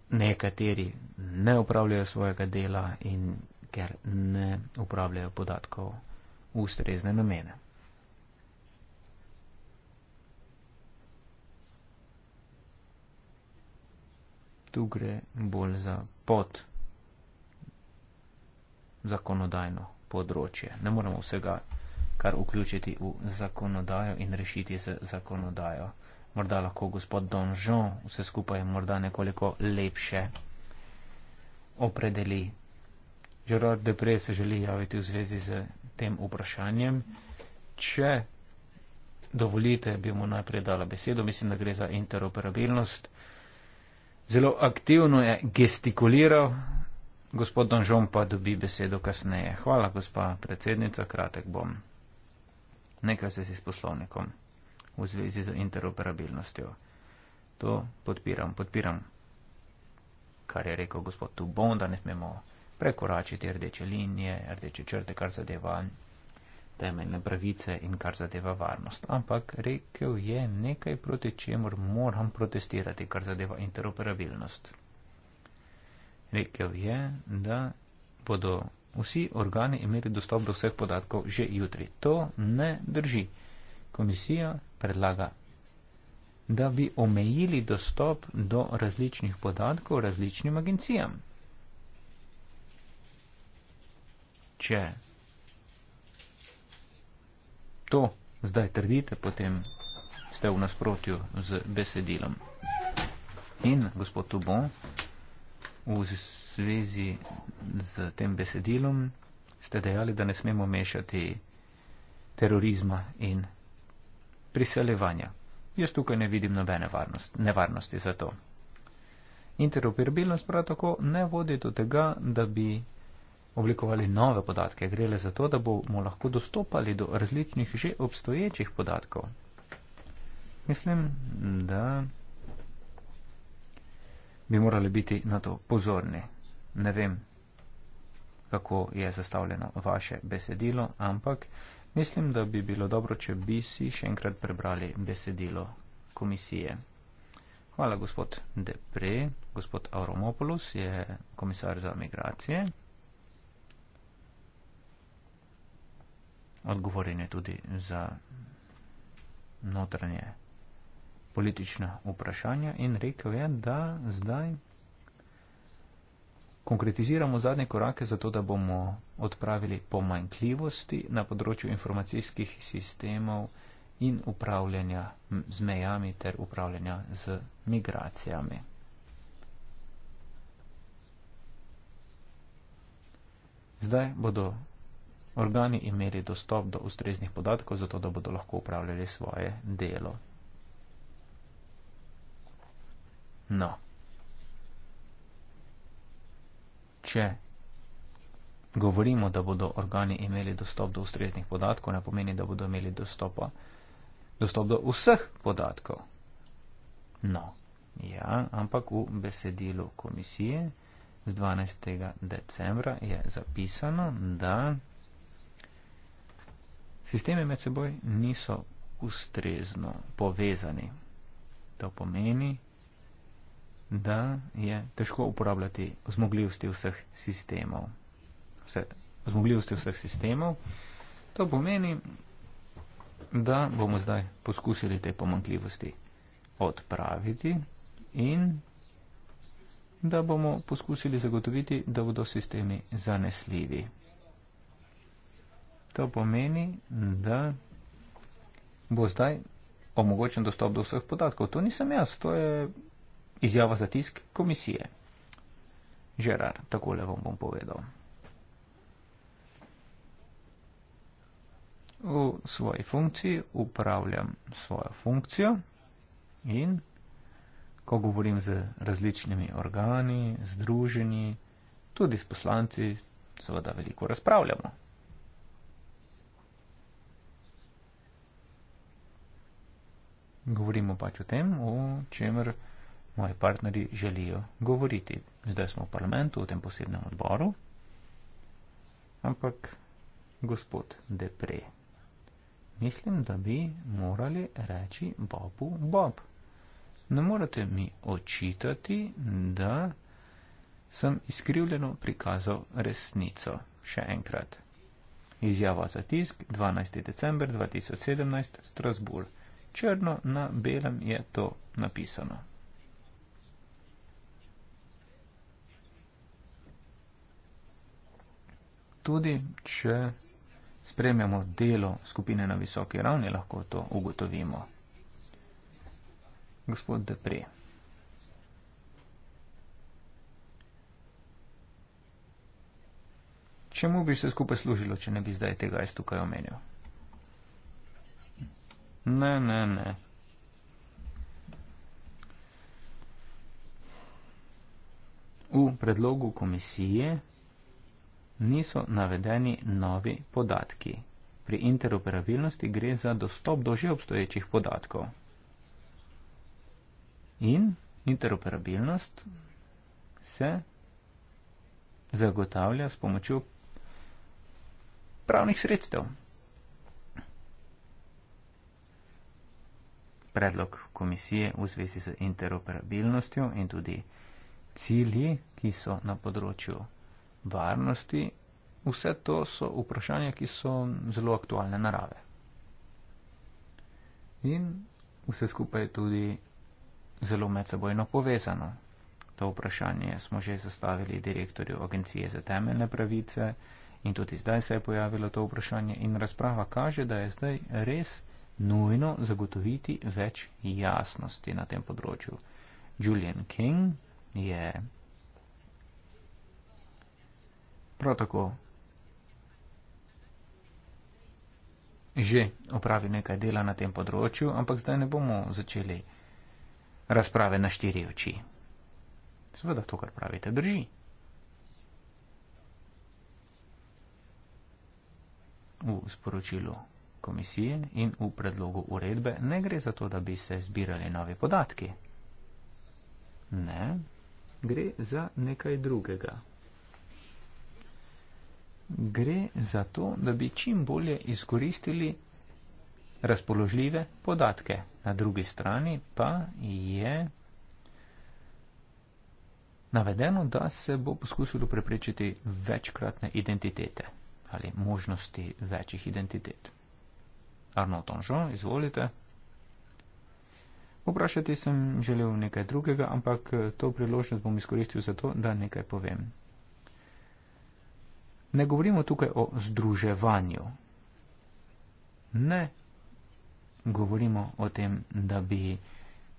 nekateri ne upravljajo svojega dela in ker ne upravljajo podatkov v ustrezne namene. Tu gre bolj za pod zakonodajno področje. Ne moremo vsega kar vključiti v zakonodajo in rešiti z zakonodajo. Morda lahko gospod Donžon vse skupaj morda nekoliko lepše opredeli. Gerard Depre se želi javiti v zvezi z tem vprašanjem. Če dovolite, bi mu najprej dala besedo. Mislim, da gre za interoperabilnost. Zelo aktivno je gestikuliral, gospod Donžon pa dobi besedo kasneje. Hvala, gospa predsednica, kratek bom. Nekaj se si s poslovnikom v zvezi z interoperabilnostjo. To podpiram, podpiram, kar je rekel gospod Tubon, da ne smemo prekoračiti rdeče linije, rdeče črte, kar zadeva temeljne pravice in kar zadeva varnost. Ampak rekel je nekaj, proti čemur moram protestirati, kar zadeva interoperabilnost. Rekel je, da bodo vsi organi imeli dostop do vseh podatkov že jutri. To ne drži. Komisija predlaga, da bi omejili dostop do različnih podatkov različnim agencijam. Če to zdaj trdite, potem ste v nasprotju z besedilom. In gospod Tubon v zvezi z tem besedilom ste dejali, da ne smemo mešati terorizma in priseljevanja. Jaz tukaj ne vidim nobene varnost, nevarnosti za to. Interoperabilnost prav tako ne vodi do tega, da bi oblikovali nove podatke. Gre le za to, da bomo lahko dostopali do različnih že obstoječih podatkov. Mislim, da bi morali biti na to pozorni. Ne vem, kako je zastavljeno vaše besedilo, ampak Mislim, da bi bilo dobro, če bi si še enkrat prebrali besedilo komisije. Hvala, gospod Depre. Gospod Avromopoulos je komisar za migracije. Odgovoren je tudi za notranje politična vprašanja in rekel je, da zdaj konkretiziramo zadnje korake za to, da bomo odpravili pomanjkljivosti na področju informacijskih sistemov in upravljanja z mejami ter upravljanja z migracijami. Zdaj bodo organi imeli dostop do ustreznih podatkov, zato da bodo lahko upravljali svoje delo. No. če govorimo, da bodo organi imeli dostop do ustreznih podatkov, ne pomeni, da bodo imeli dostopa, dostop do vseh podatkov. No, ja, ampak v besedilu komisije z 12. decembra je zapisano, da sisteme med seboj niso ustrezno povezani. To pomeni, da da je težko uporabljati zmogljivosti vseh sistemov. Vse, zmogljivosti vseh sistemov. To pomeni, da bomo zdaj poskusili te pomankljivosti odpraviti in da bomo poskusili zagotoviti, da bodo sistemi zanesljivi. To pomeni, da bo zdaj omogočen dostop do vseh podatkov. To nisem jaz, to je Izjava za tisk komisije. Žerar, takole vam bom povedal. V svoji funkciji upravljam svojo funkcijo in ko govorim z različnimi organi, združeni, tudi s poslanci, seveda veliko razpravljamo. Govorimo pač o tem, o čemer vsega moji partneri želijo govoriti. Zdaj smo v parlamentu, v tem posebnem odboru, ampak gospod Depre, mislim, da bi morali reči Bobu Bob. Ne morete mi očitati, da sem izkrivljeno prikazal resnico. Še enkrat. Izjava za tisk 12. december 2017 Strasbourg. Črno na belem je to napisano. tudi če spremljamo delo skupine na visoki ravni, lahko to ugotovimo. Gospod Depre. Čemu bi se skupaj služilo, če ne bi zdaj tega jaz tukaj omenil? Ne, ne, ne. V predlogu komisije niso navedeni novi podatki. Pri interoperabilnosti gre za dostop do že obstoječih podatkov. In interoperabilnost se zagotavlja s pomočjo pravnih sredstev. Predlog komisije v zvezi z interoperabilnostjo in tudi cilji, ki so na področju varnosti, vse to so vprašanja, ki so zelo aktualne narave. In vse skupaj je tudi zelo med sebojno povezano. To vprašanje smo že zastavili direktorju Agencije za temeljne pravice in tudi zdaj se je pojavilo to vprašanje in razprava kaže, da je zdaj res nujno zagotoviti več jasnosti na tem področju. Julian King je Prav tako že opravi nekaj dela na tem področju, ampak zdaj ne bomo začeli razprave na štiri oči. Seveda to, kar pravite, drži. V sporočilu komisije in v predlogu uredbe ne gre za to, da bi se zbirali nove podatki. Ne, gre za nekaj drugega gre za to, da bi čim bolje izkoristili razpoložljive podatke. Na drugi strani pa je navedeno, da se bo poskusilo preprečiti večkratne identitete ali možnosti večjih identitet. Arno Tonžo, izvolite. Vprašati sem želel nekaj drugega, ampak to priložnost bom izkoristil za to, da nekaj povem. Ne govorimo tukaj o združevanju. Ne govorimo o tem, da bi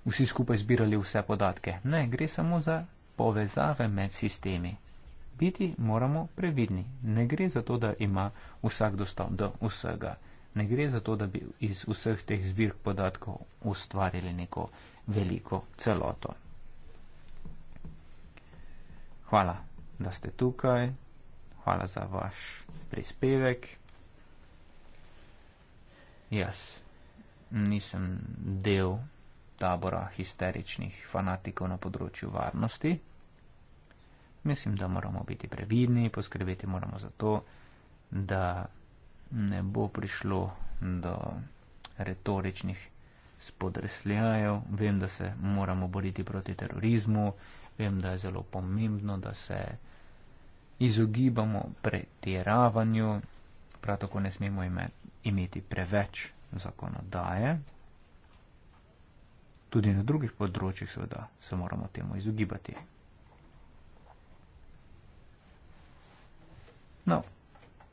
vsi skupaj zbirali vse podatke. Ne, gre samo za povezave med sistemi. Biti moramo previdni. Ne gre za to, da ima vsak dostop do vsega. Ne gre za to, da bi iz vseh teh zbirk podatkov ustvarili neko veliko celoto. Hvala, da ste tukaj hvala za vaš prispevek. Jaz nisem del tabora histeričnih fanatikov na področju varnosti. Mislim, da moramo biti previdni, poskrbeti moramo za to, da ne bo prišlo do retoričnih spodrsljajev. Vem, da se moramo boriti proti terorizmu, vem, da je zelo pomembno, da se izogibamo pretiravanju, prav tako ne smemo imeti preveč zakonodaje. Tudi na drugih področjih seveda se moramo temu izogibati. No,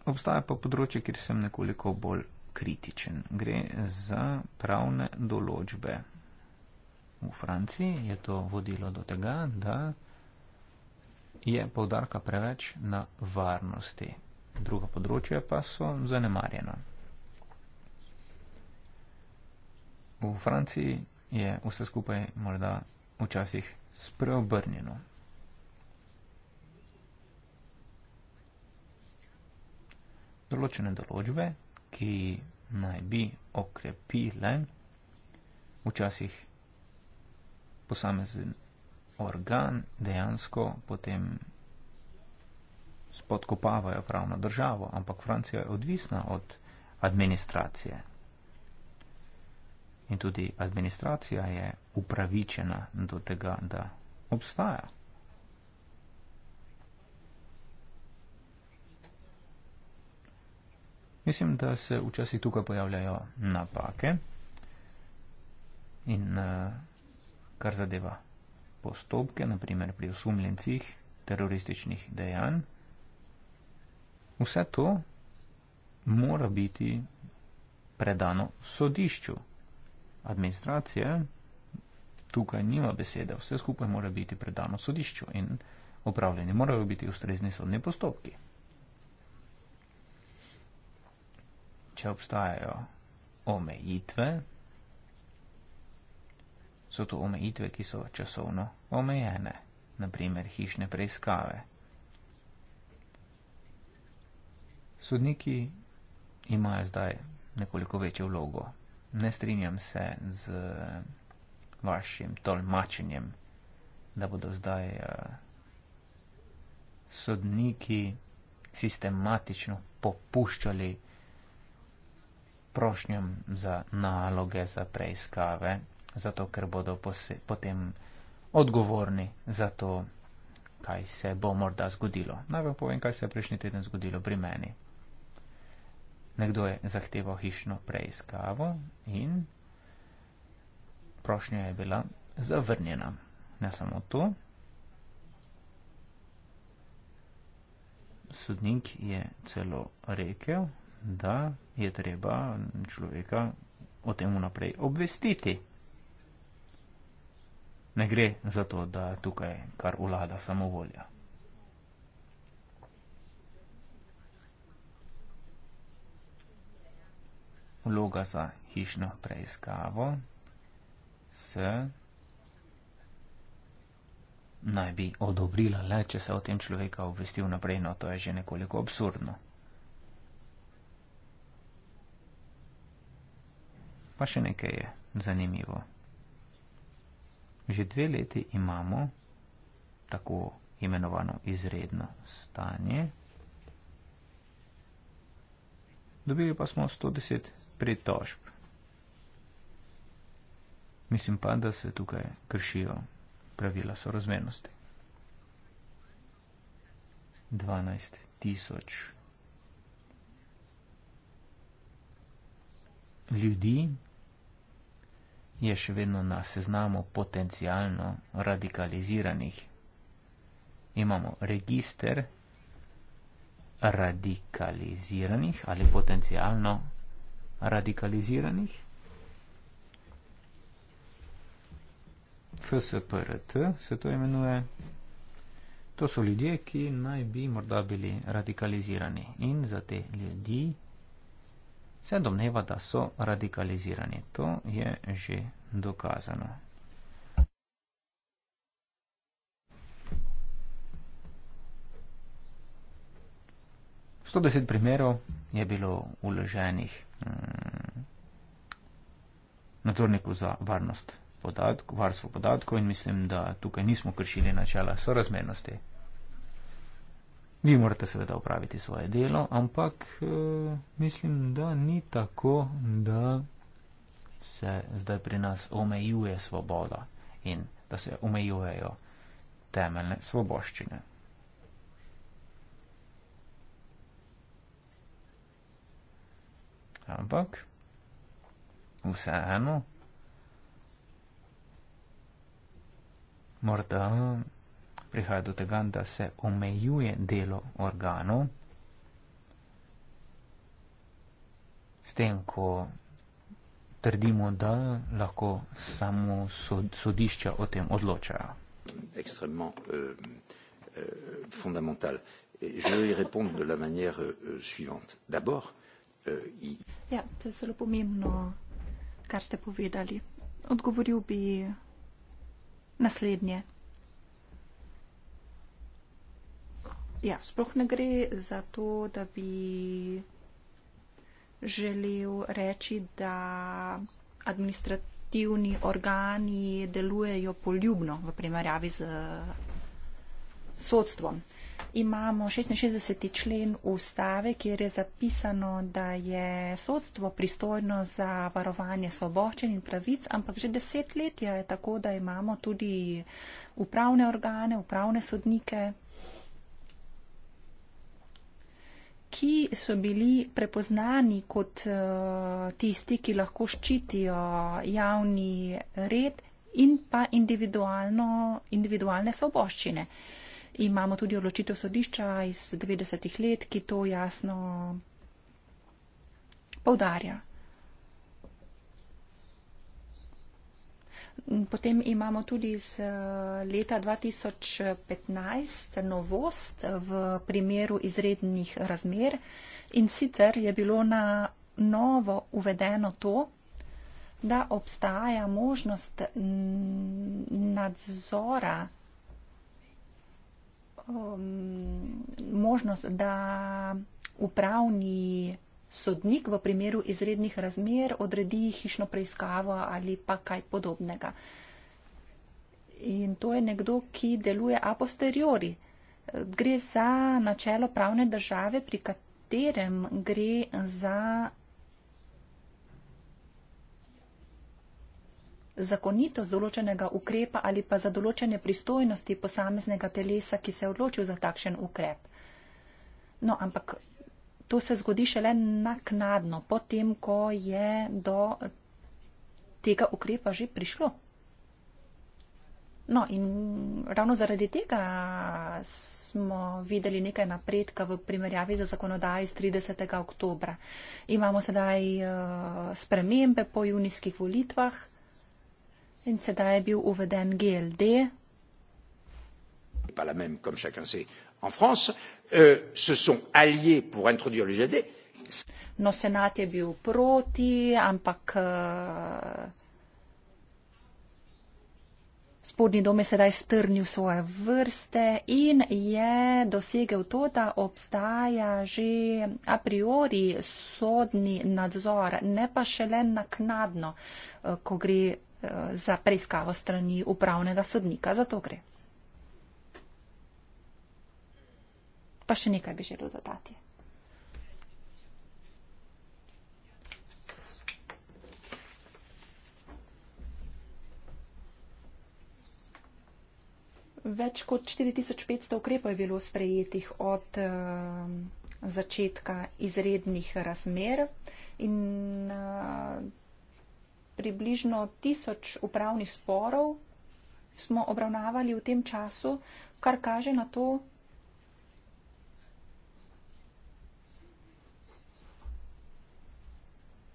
obstaja pa področje, kjer sem nekoliko bolj kritičen. Gre za pravne določbe. V Franciji je to vodilo do tega, da je povdarka preveč na varnosti. Druga področja pa so zanemarjena. V Franciji je vse skupaj morda včasih spreobrnjeno. Določene določbe, ki naj bi okrepile včasih posamezne organ dejansko potem spodkopavajo pravno državo, ampak Francija je odvisna od administracije. In tudi administracija je upravičena do tega, da obstaja. Mislim, da se včasih tukaj pojavljajo napake in eh, kar zadeva postopke, naprimer pri osumljencih terorističnih dejanj. Vse to mora biti predano sodišču. Administracija tukaj nima besede, vse skupaj mora biti predano sodišču in upravljeni morajo biti ustrezni sodni postopki. Če obstajajo omejitve, so to omejitve, ki so časovno omejene, naprimer hišne preiskave. Sodniki imajo zdaj nekoliko večjo vlogo. Ne strinjam se z vašim tolmačenjem, da bodo zdaj eh, sodniki sistematično popuščali prošnjam za naloge, za preiskave zato ker bodo pose, potem odgovorni za to, kaj se bo morda zgodilo. Naj vam povem, kaj se je prejšnji teden zgodilo pri meni. Nekdo je zahteval hišno preiskavo in prošnja je bila zavrnjena. Ne samo to. Sodnik je celo rekel, da je treba človeka o tem naprej obvestiti ne gre za to, da tukaj kar vlada samo volja. Vloga za hišno preiskavo se naj bi odobrila le, če se o tem človeka obvesti vnaprej, no to je že nekoliko absurdno. Pa še nekaj je zanimivo. Že dve leti imamo tako imenovano izredno stanje. Dobili pa smo 110 pritožb. Mislim pa, da se tukaj kršijo pravila sorazmernosti. 12 tisoč ljudi je še vedno na seznamu potencijalno radikaliziranih. Imamo register radikaliziranih ali potencijalno radikaliziranih. FSPRT se to imenuje. To so ljudje, ki naj bi morda bili radikalizirani. In za te ljudi se domneva, da so radikalizirani. To je že dokazano. Sto deset primerov je bilo uloženih mm, nadzorniku za varnost podatkov, varstvo podatkov in mislim, da tukaj nismo kršili načela sorazmernosti. Vi morate seveda upraviti svoje delo, ampak e, mislim, da ni tako, da se zdaj pri nas omejuje svoboda in da se omejujejo temeljne svoboščine. Ampak vseeno morda prihaja do tega, da se omejuje delo organov, s tem, ko trdimo, da lahko samo sod, sodišča o tem odločajo. Euh, euh, euh, ja, to je zelo pomembno, kar ste povedali. Odgovoril bi naslednje. ja, sploh ne gre za to, da bi želel reči, da administrativni organi delujejo poljubno v primerjavi z sodstvom. Imamo 66. člen ustave, kjer je zapisano, da je sodstvo pristojno za varovanje svoboščen in pravic, ampak že desetletja je tako, da imamo tudi upravne organe, upravne sodnike, ki so bili prepoznani kot eh, tisti, ki lahko ščitijo javni red in pa individualne svoboščine. Imamo tudi odločitev sodišča iz 90-ih let, ki to jasno. Poudarja. Potem imamo tudi z eh, leta 2015 novost v primeru izrednih razmer in sicer je bilo na novo uvedeno to, da obstaja možnost nadzora, um, možnost, da upravni sodnik v primeru izrednih razmer odredi hišno preiskavo ali pa kaj podobnega. In to je nekdo, ki deluje a posteriori. Gre za načelo pravne države, pri katerem gre za zakonitost določenega ukrepa ali pa za določene pristojnosti posameznega telesa, ki se je odločil za takšen ukrep. No, ampak To se zgodi šele naknadno, potem, ko je do tega ukrepa že prišlo. No in ravno zaradi tega smo videli nekaj napredka v primerjavi za zakonodaj z 30. oktobra. Imamo sedaj eh, spremembe po junijskih volitvah in sedaj je bil uveden GLD. Pa la même, comme chacun sait. En France, Euh, se sont alliés pour introduire le GD. No, senat je bil proti, ampak uh, spodnji dom je sedaj strnil svoje vrste in je dosegel to, da obstaja že a priori sodni nadzor, ne pa šele naknadno, uh, ko gre uh, za preiskavo strani upravnega sodnika. Za to gre. Pa še nekaj bi želel dodati. Več kot 4500 ukrepov je bilo sprejetih od uh, začetka izrednih razmer in uh, približno tisoč upravnih sporov smo obravnavali v tem času, kar kaže na to,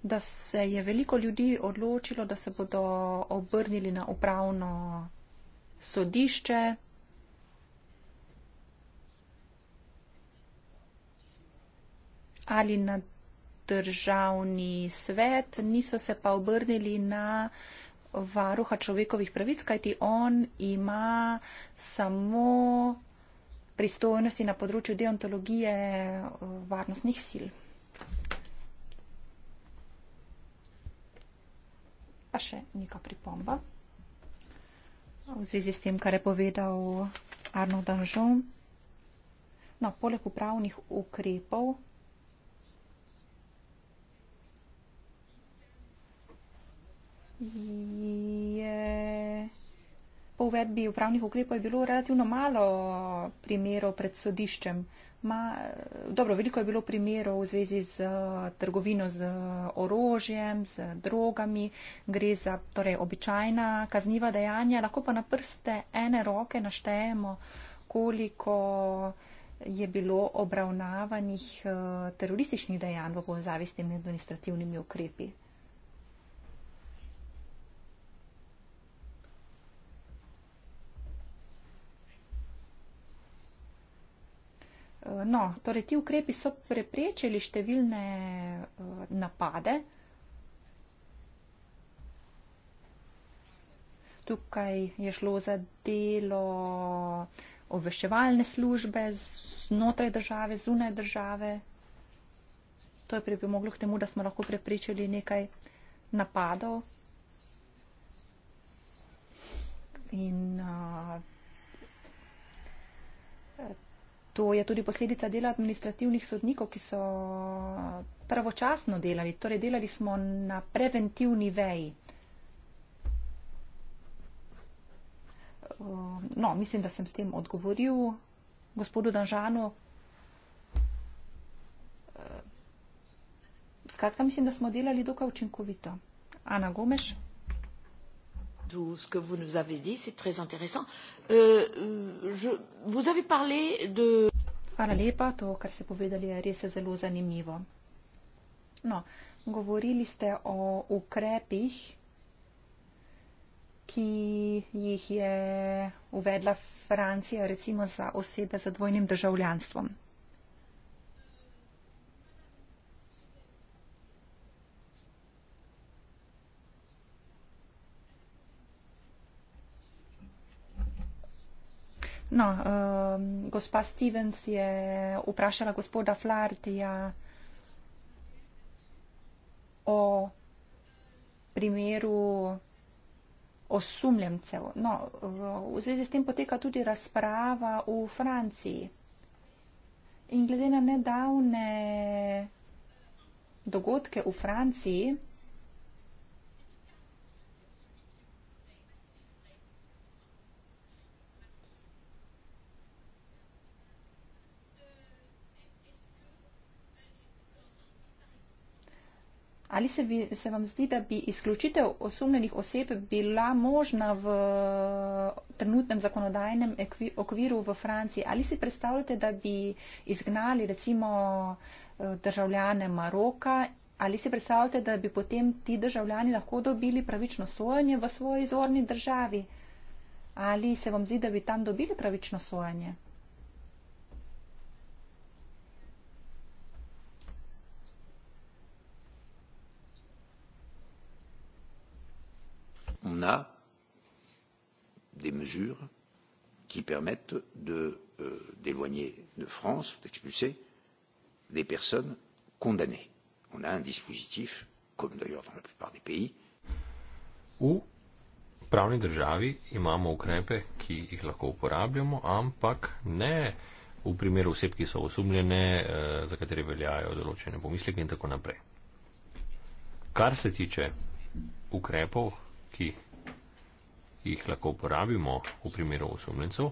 da se je veliko ljudi odločilo, da se bodo obrnili na upravno sodišče. ali na državni svet, niso se pa obrnili na varuha človekovih pravic, kajti on ima samo pristojnosti na področju deontologije varnostnih sil. Pa še neka pripomba v zvezi s tem, kar je povedal Arno Danžon. No, poleg upravnih ukrepov. Je... Po uvedbi upravnih ukrepov je bilo relativno malo primerov pred sodiščem ma, eh, dobro, veliko je bilo primerov v zvezi z eh, trgovino z eh, orožjem, z drogami, gre za torej, običajna kazniva dejanja, lahko pa na prste ene roke naštejemo, koliko je bilo obravnavanih terorističnih dejanj v povezavi s temi administrativnimi ukrepi. Eh, no, torej ti ukrepi so preprečili številne eh, napade. Tukaj je šlo za delo obveščevalne službe znotraj države, zunaj države. To je pripomoglo k temu, da smo lahko preprečili nekaj napadov. In, uh, To je tudi posledica dela administrativnih sodnikov, ki so pravočasno delali. Torej, delali smo na preventivni veji. Um, no, mislim, da sem s tem odgovoril gospodu Danžanu. Uh, skratka, mislim, da smo delali dokaj učinkovito. Ana Gomes tout ce que vous nous avez dit, c'est très intéressant. Euh, euh, je, vous avez parlé de. Hvala lepa, to, kar ste povedali, je res zelo zanimivo. No, govorili ste o ukrepih, ki jih je uvedla Francija, recimo za osebe z dvojnim državljanstvom. No, um, gospa Stevens je vprašala gospoda Flartija o primeru osumljencev. No, v zvezi s tem poteka tudi razprava v Franciji. In glede na nedavne dogodke v Franciji, Ali se, vi, se vam zdi, da bi izključitev osumljenih oseb bila možna v trenutnem zakonodajnem okviru v Franciji? Ali si predstavljate, da bi izgnali recimo eh, državljane Maroka? Ali si predstavljate, da bi potem ti državljani lahko dobili pravično sojanje v svoji izvorni državi? Ali se vam zdi, da bi tam dobili pravično sojanje? on a des mesures qui permettent euh, d'éloigner de, euh, de France, d'expulser des personnes condamnées. On a un dispositif, comme d'ailleurs dans la plupart des pays. U pravni državi imamo ukrepe, ki jih lahko uporabljamo, ampak ne v primeru oseb, ki so osumljene, eh, za katere veljajo določene pomisleke in tako naprej. Kar se tiče ukrepov, ki jih lahko uporabimo v primeru osumljencev.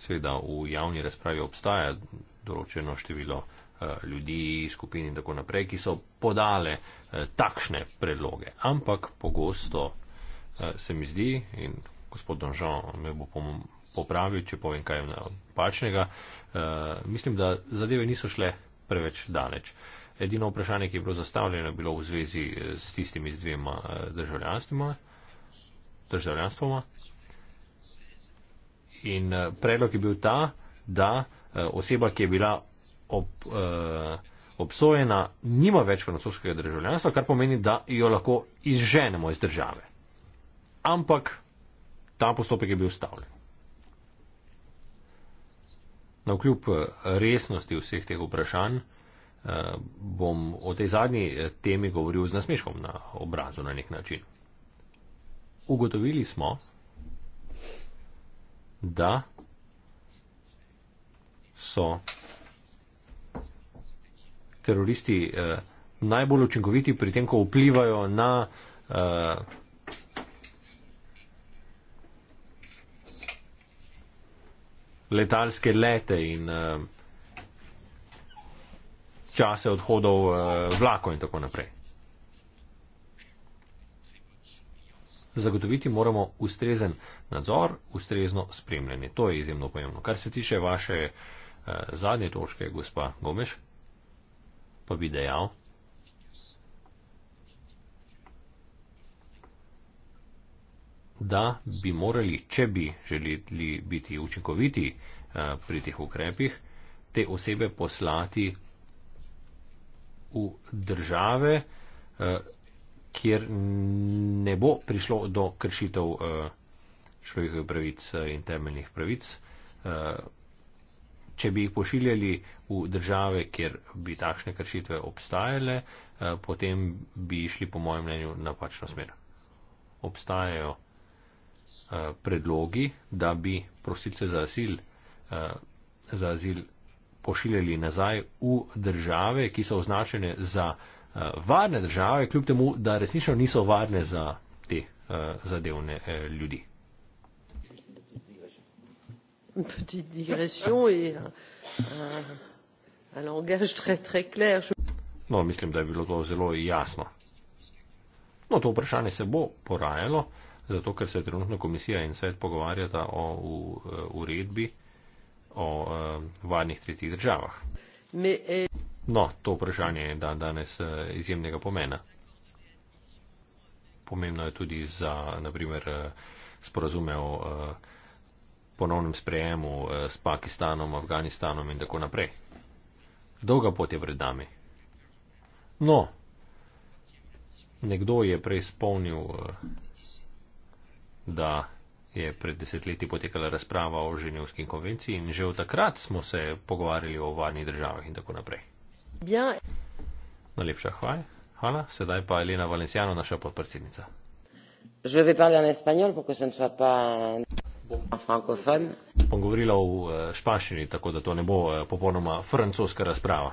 Seveda v javni razpravi obstaja določeno število eh, ljudi, skupin in tako naprej, ki so podale eh, takšne predloge. Ampak pogosto eh, se mi zdi, in gospod Donžan me bo popravil, če povem kaj napačnega, mislim, da zadeve niso šle preveč daleč. Edino vprašanje, ki je bilo zastavljeno, je bilo v zvezi s tistimi z dvema državljanstvima, državljanstvoma. In eh, predlog je bil ta, da eh, oseba, ki je bila ob, eh, obsojena, nima več francoskega državljanstva, kar pomeni, da jo lahko izženemo iz države. Ampak ta postopek je bil ustavljen. Na vkljub resnosti vseh teh vprašanj bom o tej zadnji temi govoril z nasmeškom na obrazu na nek način ugotovili smo, da so teroristi eh, najbolj učinkoviti pri tem, ko vplivajo na eh, letalske lete in eh, čase odhodov eh, vlako in tako naprej. zagotoviti moramo ustrezen nadzor, ustrezno spremljanje. To je izjemno pomembno. Kar se tiče vaše eh, zadnje točke, gospa Gomeš, pa bi dejal. da bi morali, če bi želeli biti učinkoviti eh, pri teh ukrepih, te osebe poslati v države, eh, kjer ne bo prišlo do kršitev eh, človekovih pravic eh, in temeljnih pravic. Eh, če bi jih pošiljali v države, kjer bi takšne kršitve obstajale, potem bi išli, po mojem mnenju, napačno smer. Obstajajo predlogi, da bi prosilce za azil, za azil pošiljali nazaj v države, ki so označene za Eh, varne države, kljub temu, da resnično niso varne za te eh, zadevne eh, ljudi. No, mislim, da je bilo to zelo jasno. No, to vprašanje se bo porajalo, zato ker se trenutno komisija in svet pogovarjata o u, uredbi o um, varnih tretjih državah. No, to vprašanje je dan danes eh, izjemnega pomena. Pomembno je tudi za, naprimer, eh, sporazume o eh, ponovnem sprejemu s Pakistanom, Afganistanom in tako naprej. Dolga pot je pred nami. No, nekdo je prej spomnil, da je pred desetletji potekala razprava o ženevski konvenciji in že v takrat smo se pogovarjali o varnih državah in tako naprej. Ja. Najlepša hvala. Hvala. Sedaj pa Elena Valenciano, naša podpredsednica. Bom govorila v eh, španščini, tako da to ne bo eh, popolnoma francoska razprava.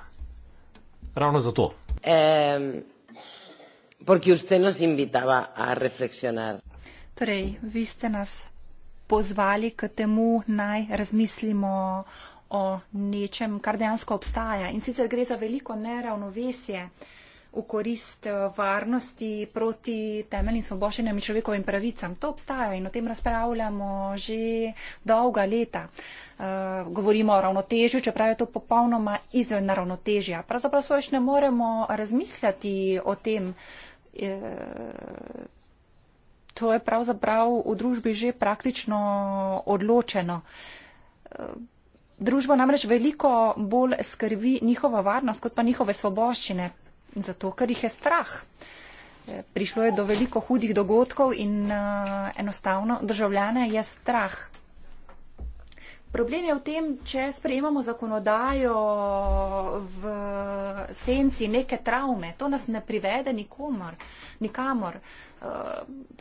Ravno zato. Torej, vi ste nas pozvali k temu, naj razmislimo o nečem, kar dejansko obstaja. In sicer gre za veliko neravnovesje v korist eh, varnosti proti temeljnim svoboščenjem in človekovim pravicam. To obstaja in o tem razpravljamo že dolga leta. Eh, govorimo o ravnotežju, čeprav je to popolnoma izven ravnotežja. Pravzaprav svoje še ne moremo razmisljati o tem. Eh, to je pravzaprav v družbi že praktično odločeno. Družbo namreč veliko bolj skrbi njihova varnost, kot pa njihove svoboščine, zato ker jih je strah. E, prišlo je do veliko hudih dogodkov in uh, enostavno državljane je strah. Problem je v tem, če sprejemamo zakonodajo v senci neke travme, to nas ne privede nikomor, nikamor. E,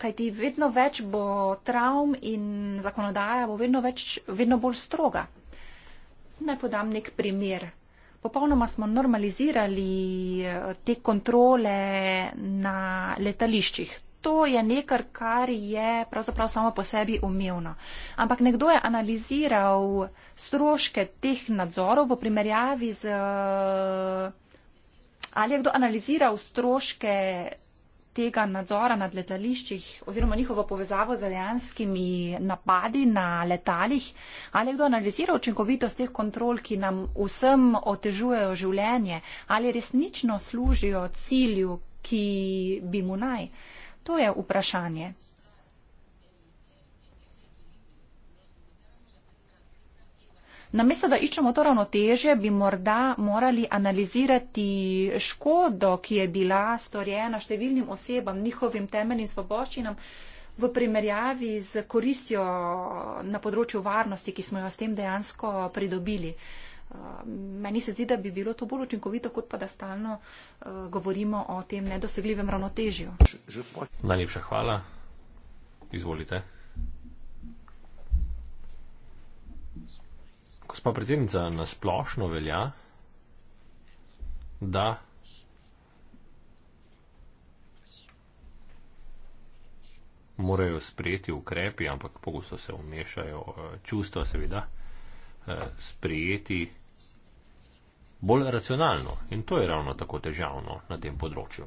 kajti vedno več bo travm in zakonodaja bo vedno, več, vedno bolj stroga. Naj podam nek primer. Popolnoma smo normalizirali eh, te kontrole na letališčih. To je nekaj, kar je pravzaprav samo po sebi umevno. Ampak nekdo je analiziral stroške teh nadzorov v primerjavi z. Eh, ali je kdo analiziral stroške tega nadzora nad letališčih oziroma njihovo povezavo z dejanskimi napadi na letalih? Ali je kdo analiziral učinkovitost teh kontrol, ki nam vsem otežujejo življenje? Ali resnično služijo cilju, ki bi mu naj? To je vprašanje. Namesto da iščemo to ravnoteže, bi morda morali analizirati škodo, ki je bila storjena številnim osebam, njihovim temeljnim svoboščinam v primerjavi z koristjo na področju varnosti, ki smo jo s tem dejansko pridobili. Uh, meni se zdi, da bi bilo to bolj učinkovito, kot pa da stalno uh, govorimo o tem nedosegljivem ravnotežju. Najlepša hvala. Izvolite. gospa predsednica, nasplošno velja, da morajo sprejeti ukrepi, ampak pogosto se umešajo eh, čustva, seveda, eh, sprejeti bolj racionalno. In to je ravno tako težavno na tem področju.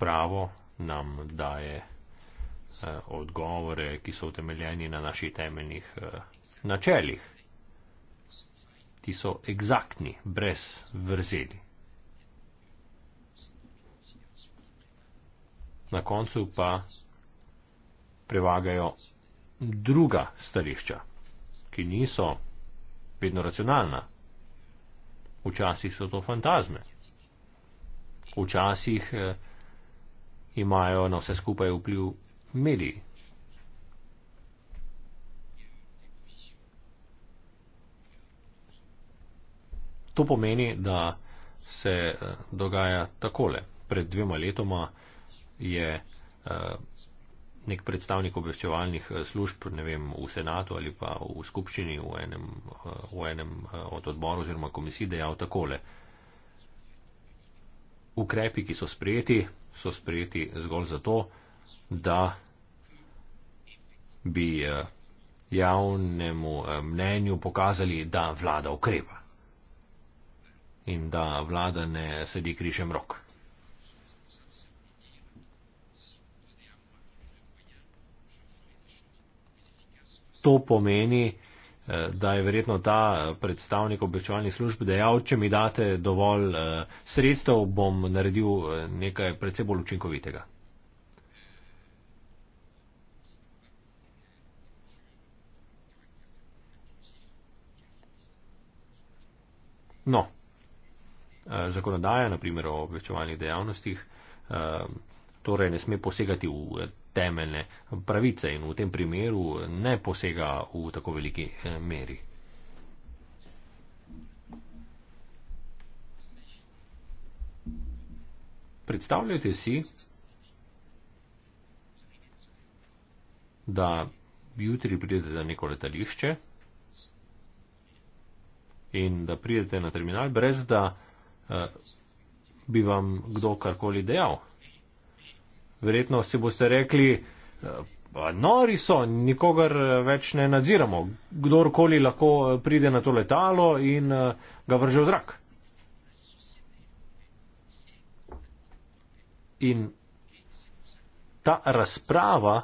Pravo nam daje. Eh, odgovore, ki so utemeljeni na naših temeljnih eh, načelih. Ti so egzaktni, brez vrzeli. Na koncu pa prevagajo druga stališča, ki niso vedno racionalna. Včasih so to fantazme. Včasih eh, imajo na vse skupaj vpliv imeli. To pomeni, da se eh, dogaja takole. Pred dvema letoma je eh, nek predstavnik obveščevalnih eh, služb, ne vem, v senatu ali pa v skupščini v enem, v enem od odborov oziroma komisij dejal takole. Ukrepi, ki so sprejeti, so sprejeti zgolj zato, da bi eh, javnemu eh, mnenju pokazali, da vlada ukrepa in da vlada ne sedi križem rok. To pomeni, eh, da je verjetno ta predstavnik obveščevalnih služb dejal, če mi date dovolj sredstev, bom naredil nekaj predvsej bolj učinkovitega. No, eh, zakonodaja, naprimer o obveščevalnih dejavnostih, eh, torej ne sme posegati v temeljne pravice in v tem primeru ne posega v tako veliki eh, meri. Predstavljajte si, da jutri pridete na neko letališče, in da pridete na terminal, brez da uh, bi vam kdo karkoli dejal. Verjetno si boste rekli, uh, nori so, nikogar eh, več ne nadziramo. Kdorkoli lahko pride na to letalo in uh, ga vrže v zrak. In ta razprava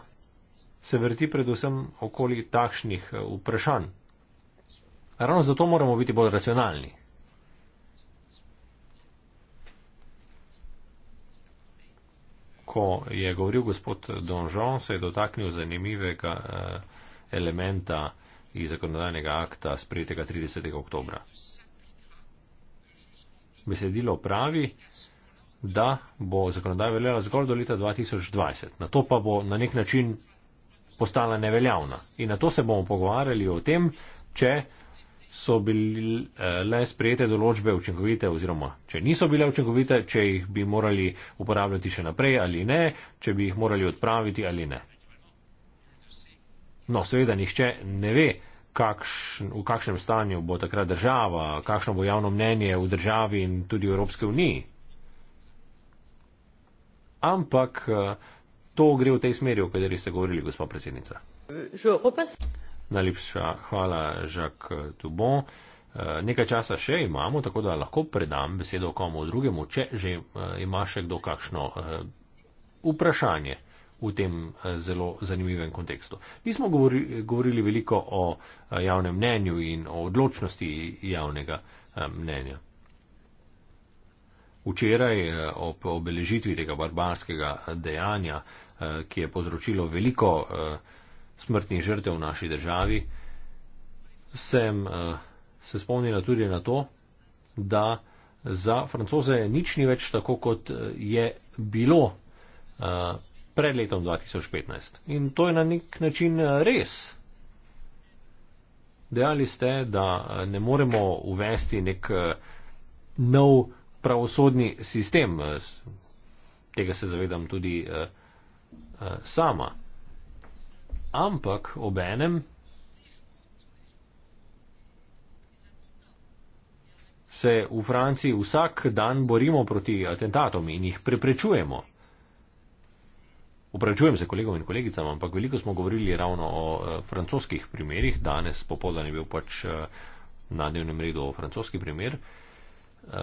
se vrti predvsem okoli takšnih vprašanj. Ravno zato moramo biti bolj racionalni. Ko je govoril gospod Donžon, se je dotaknil zanimivega eh, elementa iz zakonodajnega akta sprejetega 30. oktobra. Besedilo pravi, da bo zakonodaja veljala zgolj do leta 2020, na to pa bo na nek način postala neveljavna. In na to se bomo pogovarjali o tem, če so bile eh, sprejete določbe učinkovite oziroma če niso bile učinkovite, če jih bi morali uporabljati še naprej ali ne, če bi jih morali odpraviti ali ne. No, seveda nihče ne ve, kakšn, v kakšnem stanju bo takrat država, kakšno bo javno mnenje v državi in tudi v Evropske uniji. Ampak eh, to gre v tej smeri, o kateri ste govorili, gospod predsednica. Že opas. Najlepša hvala, Jacques Tubon. Eh, nekaj časa še imamo, tako da lahko predam besedo komu drugemu, če že eh, ima še kdo kakšno eh, vprašanje v tem zelo zanimivem kontekstu. Nismo govori, govorili veliko o javnem mnenju in o odločnosti javnega mnenja. Včeraj ob obeležitvi tega barbarskega dejanja, ki je povzročilo veliko smrtnih žrtev v naši državi, sem uh, se spomnila tudi na to, da za francoze nič ni več tako, kot eh, je bilo uh, pred letom 2015. In to je na nek način res. Dejali ste, da ne moremo uvesti nek uh, nov pravosodni sistem. Tega se zavedam tudi uh, uh, sama ampak obenem se v Franciji vsak dan borimo proti atentatom in jih preprečujemo. Upravičujem se kolegom in kolegicam, ampak veliko smo govorili ravno o e, francoskih primerih. Danes popoldan je bil pač e, na dnevnem redu o francoski primer. E,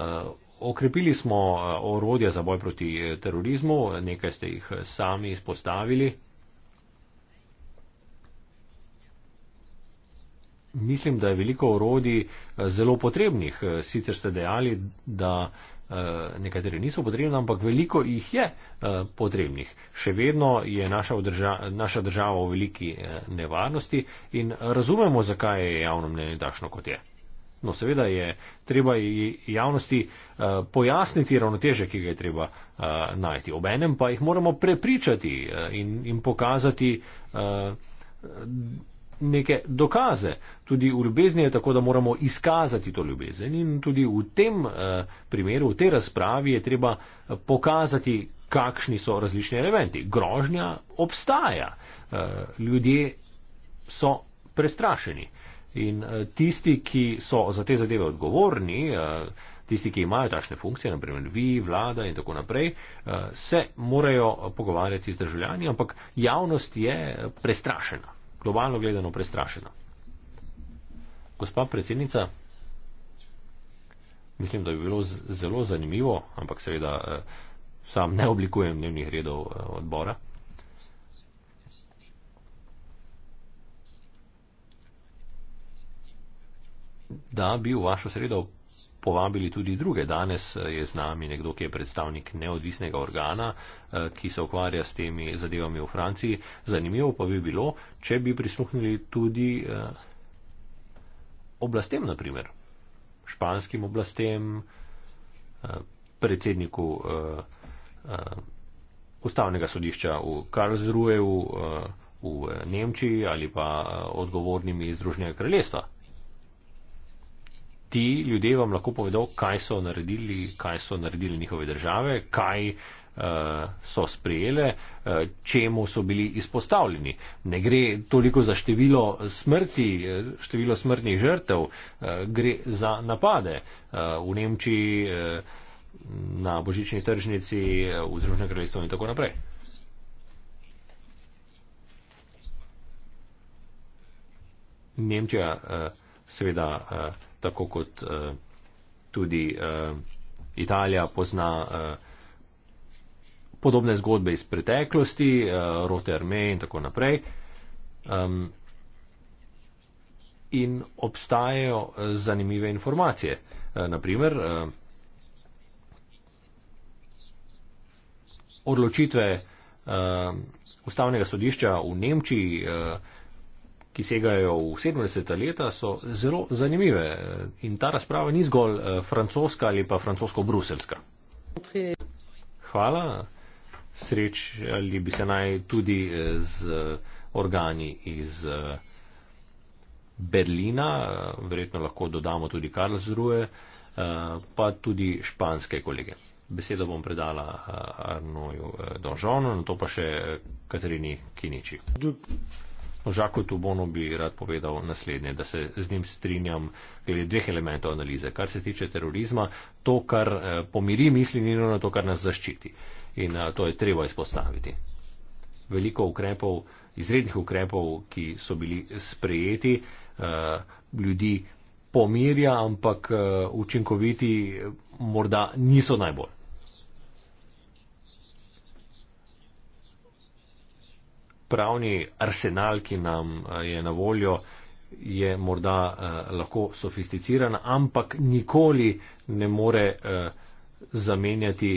okrepili smo e, orodja za boj proti terorizmu, nekaj ste jih sami izpostavili. E, mislim, da je veliko orodij eh, zelo potrebnih. Eh, sicer ste dejali, da eh, nekateri niso potrebni, ampak veliko jih je potrebnih. Še vedno je naša, vdrža, naša država v veliki nevarnosti in razumemo, zakaj je javno mnenje takšno, kot je. No, seveda je treba javnosti pojasniti ravnoteže, ki ga je treba najti. Obenem pa jih moramo prepričati in, in pokazati, neke dokaze. Tudi v ljubezni je tako, da moramo izkazati to ljubezen in tudi v tem eh, primeru, v tej razpravi je treba pokazati, kakšni so različni elementi. Grožnja obstaja, eh, ljudje so prestrašeni in eh, tisti, ki so za te zadeve odgovorni, tisti, ki imajo tašne funkcije, naprimer vi, vlada in tako naprej, se morajo pogovarjati z državljani, ampak javnost je prestrašena globalno gledano prestrašena. Gospa predsednica, mislim, da bi bilo zelo zanimivo, ampak seveda eh, sam ne oblikujem dnevnih redov eh, odbora. Da bi v vašo sredo povabili tudi druge. Danes eh, je z nami nekdo, ki je predstavnik neodvisnega organa, eh, ki se ukvarja s temi zadevami v Franciji. Zanimivo pa bi bilo, če bi prisluhnili tudi eh, oblastem, naprimer španskim oblastem, predsedniku ustavnega sodišča v Karlsruheju, v Nemčiji ali pa odgovornimi iz Združenega kraljestva ti ljudje vam lahko povedo, kaj so naredili, kaj so naredili njihove države, kaj eh, so sprejele, eh, čemu so bili izpostavljeni. Ne gre toliko za število smrti, eh, število smrtnih žrtev, gre za napade. V Nemčiji, na božični tržnici, v Združenem kraljestvu in tako naprej. Nemčija seveda tako kot eh, tudi eh, Italija pozna eh, podobne zgodbe iz preteklosti, rote armeje in tako naprej. In obstajajo zanimive informacije. Naprimer, odločitve ustavnega sodišča v Nemčiji, ki segajo v 70-ta leta, so zelo zanimive. In ta razprava ni zgolj eh, francoska ali pa francosko-bruselska. Hvala. Sreč ali bi se naj tudi eh, z eh, organi iz Berlina, verjetno lahko dodamo tudi Karlsruhe, pa tudi španske kolege. Besedo bom predala Arnoju Donžonu, na to pa še Katarini Kiniči. Dup. O Žaku Tubonu bi rad povedal naslednje, da se z njim strinjam glede dveh elementov analize. Kar se tiče terorizma, to, kar eh, pomiri misli, ni nujno to, kar nas zaščiti. In eh, to je treba izpostaviti. Veliko ukrepov, izrednih ukrepov, ki so bili sprejeti, eh, ljudi pomirja, ampak učinkoviti morda niso najbolj. pravni arsenal, ki nam eh, je na voljo, je morda eh, lahko sofisticiran, ampak nikoli ne more eh, zamenjati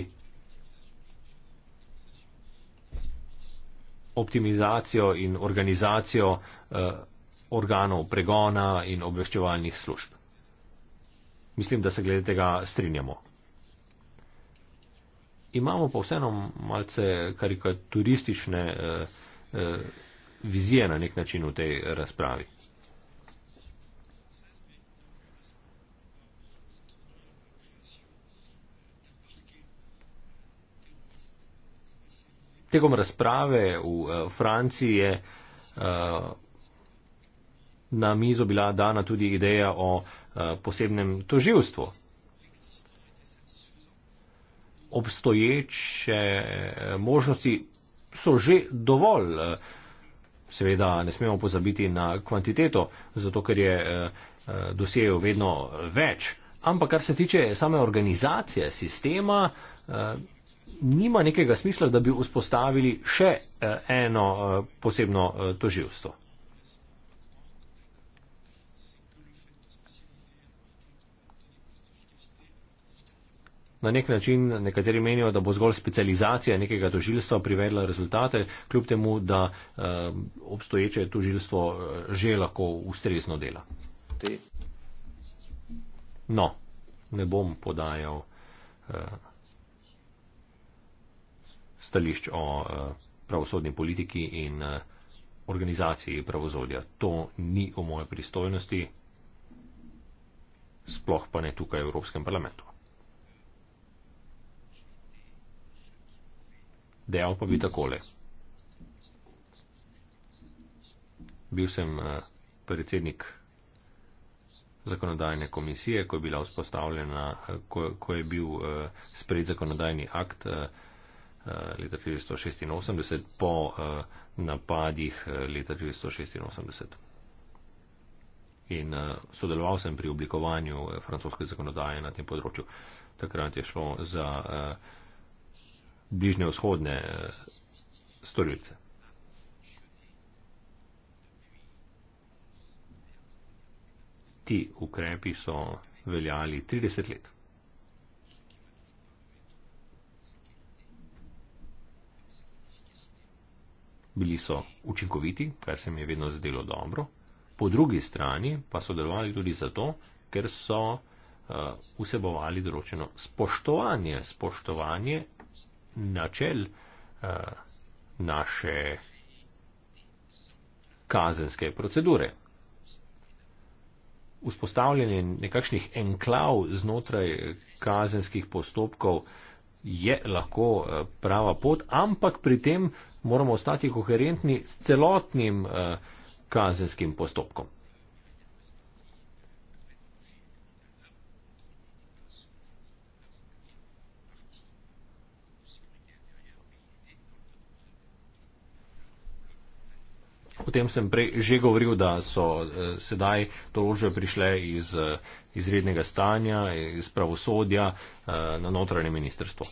optimizacijo in organizacijo organov pregona in obveščevalnih služb. Mislim, da se glede tega strinjamo. Imamo pa vseeno malce karikaturistične eh, eh, vizije na nek način v tej razpravi. Tekom razprave v eh, Franciji je eh, na mizo bila dana tudi ideja o eh, posebnem toživstvu. Obstoječe možnosti so že dovolj. Eh, seveda ne smemo pozabiti na kvantiteto, zato ker je eh, eh, dosejev vedno več. Ampak kar se tiče same organizacije sistema, nima nekega smisla, da bi vzpostavili še eno posebno toživstvo. Na nek način nekateri menijo, da bo zgolj specializacija nekega tožilstva privedla rezultate, kljub temu, da eh, obstoječe tožilstvo eh, že lahko ustrezno dela. Te. No, ne bom podajal eh, stališč o eh, pravosodni politiki in eh, organizaciji pravosodja. To ni v moje pristojnosti, sploh pa ne tukaj v Evropskem parlamentu. Dejal pa bi takole. Bil sem eh, predsednik zakonodajne komisije, ko je, bila vzpostavljena, eh, ko, ko je bil eh, sprejet zakonodajni akt leta 1986 po napadih leta 1986. In sodeloval sem pri oblikovanju francoske zakonodaje na tem področju. Takrat je šlo za uh, bližnje vzhodne eh, storilce. Ti ukrepi so veljali 30 let. Bili so učinkoviti, kar se mi je vedno zdelo dobro, po drugi strani pa so delovali tudi zato, ker so uh, vsebovali določeno spoštovanje, spoštovanje načel uh, naše kazenske procedure. Vzpostavljanje nekakšnih enklav znotraj kazenskih postopkov je lahko eh, prava pot, ampak pri tem moramo ostati koherentni s celotnim eh, kazenskim postopkom. O tem sem prej že govoril, da so eh, sedaj to orožje prišle iz eh, izrednega stanja, iz pravosodja eh, na notranje ministrstvo.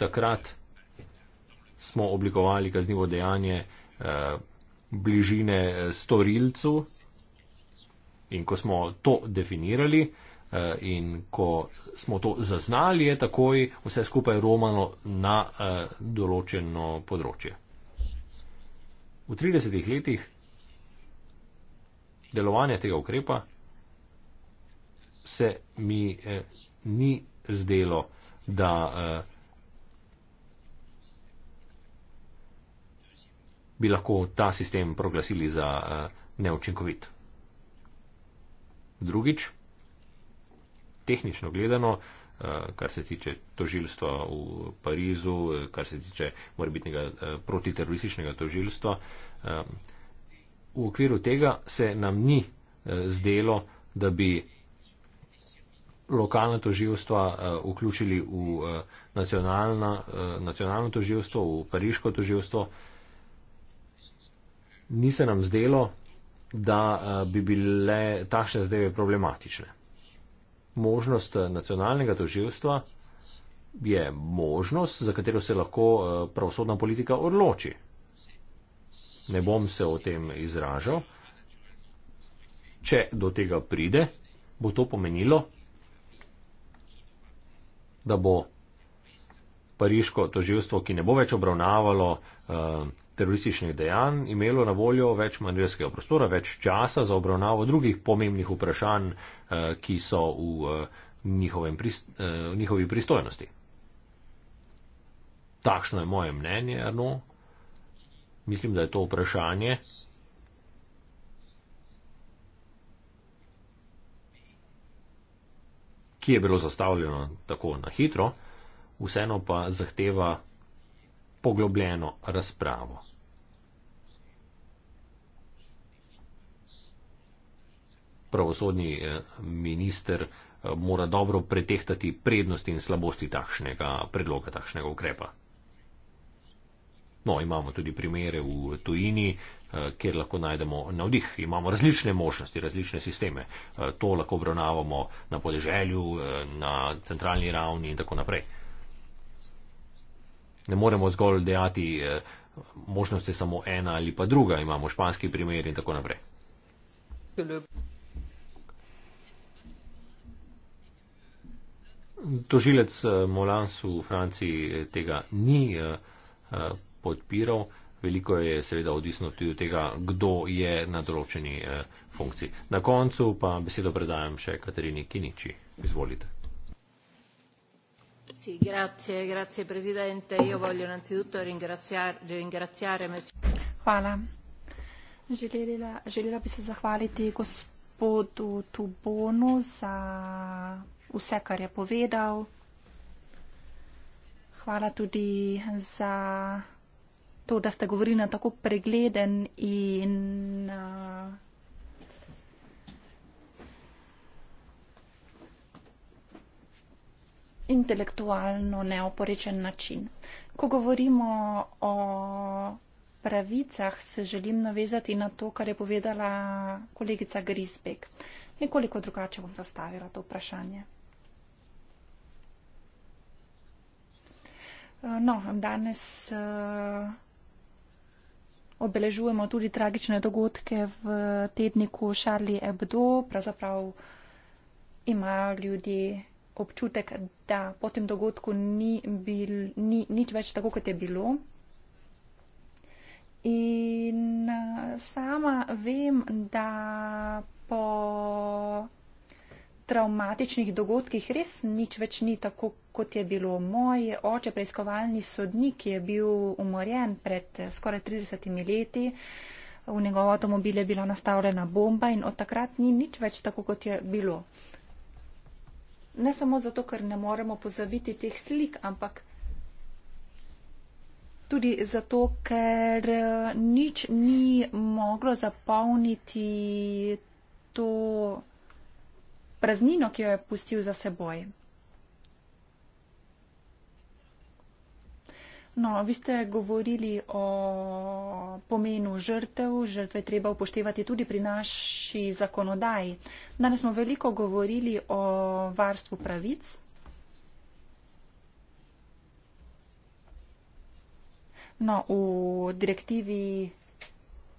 Takrat smo oblikovali kaznivo dejanje eh, bližine eh, storilcu in ko smo to definirali, eh, Eh, in ko smo to zaznali, je takoj vse skupaj romano na eh, določeno področje. V 30 letih delovanja tega ukrepa se mi eh, ni zdelo, da bi lahko ta sistem proglasili za neučinkovit. Drugič, tehnično gledano, eh, kar se tiče tožilstva v Parizu, eh, kar se tiče morbitnega eh, protiterorističnega tožilstva. V okviru tega se nam ni zdelo, da bi lokalne toživstva vključili v nacionalno toživstvo, v pariško toživstvo. Ni se nam zdelo, da bi bile tašne zdeve problematične možnost eh, nacionalnega toživstva je možnost, za katero se lahko eh, pravosodna politika odloči. Ne bom se o tem izražal. Če do tega pride, bo to pomenilo, da bo pariško toživstvo, ki ne bo več obravnavalo uh, terorističnih dejanj imelo na voljo več manjerskega prostora, več časa za obravnavo drugih pomembnih vprašanj, eh, ki so v eh, pri, eh, njihovi pristojnosti. Takšno je moje mnenje, Arno. Mislim, da je to vprašanje. ki je bilo zastavljeno tako na hitro, vseeno pa zahteva poglobljeno razpravo. Pravosodni eh, minister eh, mora dobro pretehtati prednosti in slabosti takšnega predloga, takšnega ukrepa. No, imamo tudi primere v tujini, eh, kjer lahko najdemo navdih. Imamo različne možnosti, različne sisteme. To lahko obravnavamo na podeželju, na centralni ravni in tako naprej ne moremo zgolj dejati, eh, možnost je samo ena ali pa druga, imamo španski primer in tako naprej. Tožilec eh, Molans v Franciji eh, tega ni podpiral. Veliko je seveda odvisno tudi od tega, kdo je na določeni funkciji. Na koncu pa besedo predajam še Katarini Kiniči. Izvolite. Sì, grazie, grazie Presidente. Io voglio innanzitutto ringraziare, ringraziare Hvala. Želela, želela bi se zahvaliti gospodu Tubonu za vse, kar je povedal. Hvala tudi za to, da ste govorili na tako pregleden in uh, intelektualno neoporečen način. Ko govorimo o pravicah, se želim navezati na to, kar je povedala kolegica Grisbek. Nekoliko drugače bom zastavila to vprašanje. No, danes eh, obeležujemo tudi tragične dogodke v tedniku Charlie Hebdo, pravzaprav imajo ljudje občutek, da po tem dogodku ni, bil, ni nič več tako, kot je bilo. In eh, sama vem, da po traumatičnih dogodkih res nič več ni tako, kot je bilo. Moj oče, preiskovalni sodnik, je bil umorjen pred eh, skoraj 30 leti, v njegov avtomobil je bila nastavljena bomba in od takrat ni nič več tako, kot je bilo ne samo zato, ker ne moremo pozabiti teh slik, ampak tudi zato, ker eh, nič ni moglo zapolniti to praznino, ki jo je pustil za seboj. No, vi ste govorili o pomenu žrtev. Žrtve treba upoštevati tudi pri naši zakonodaji. Danes smo veliko govorili o varstvu pravic. No, v direktivi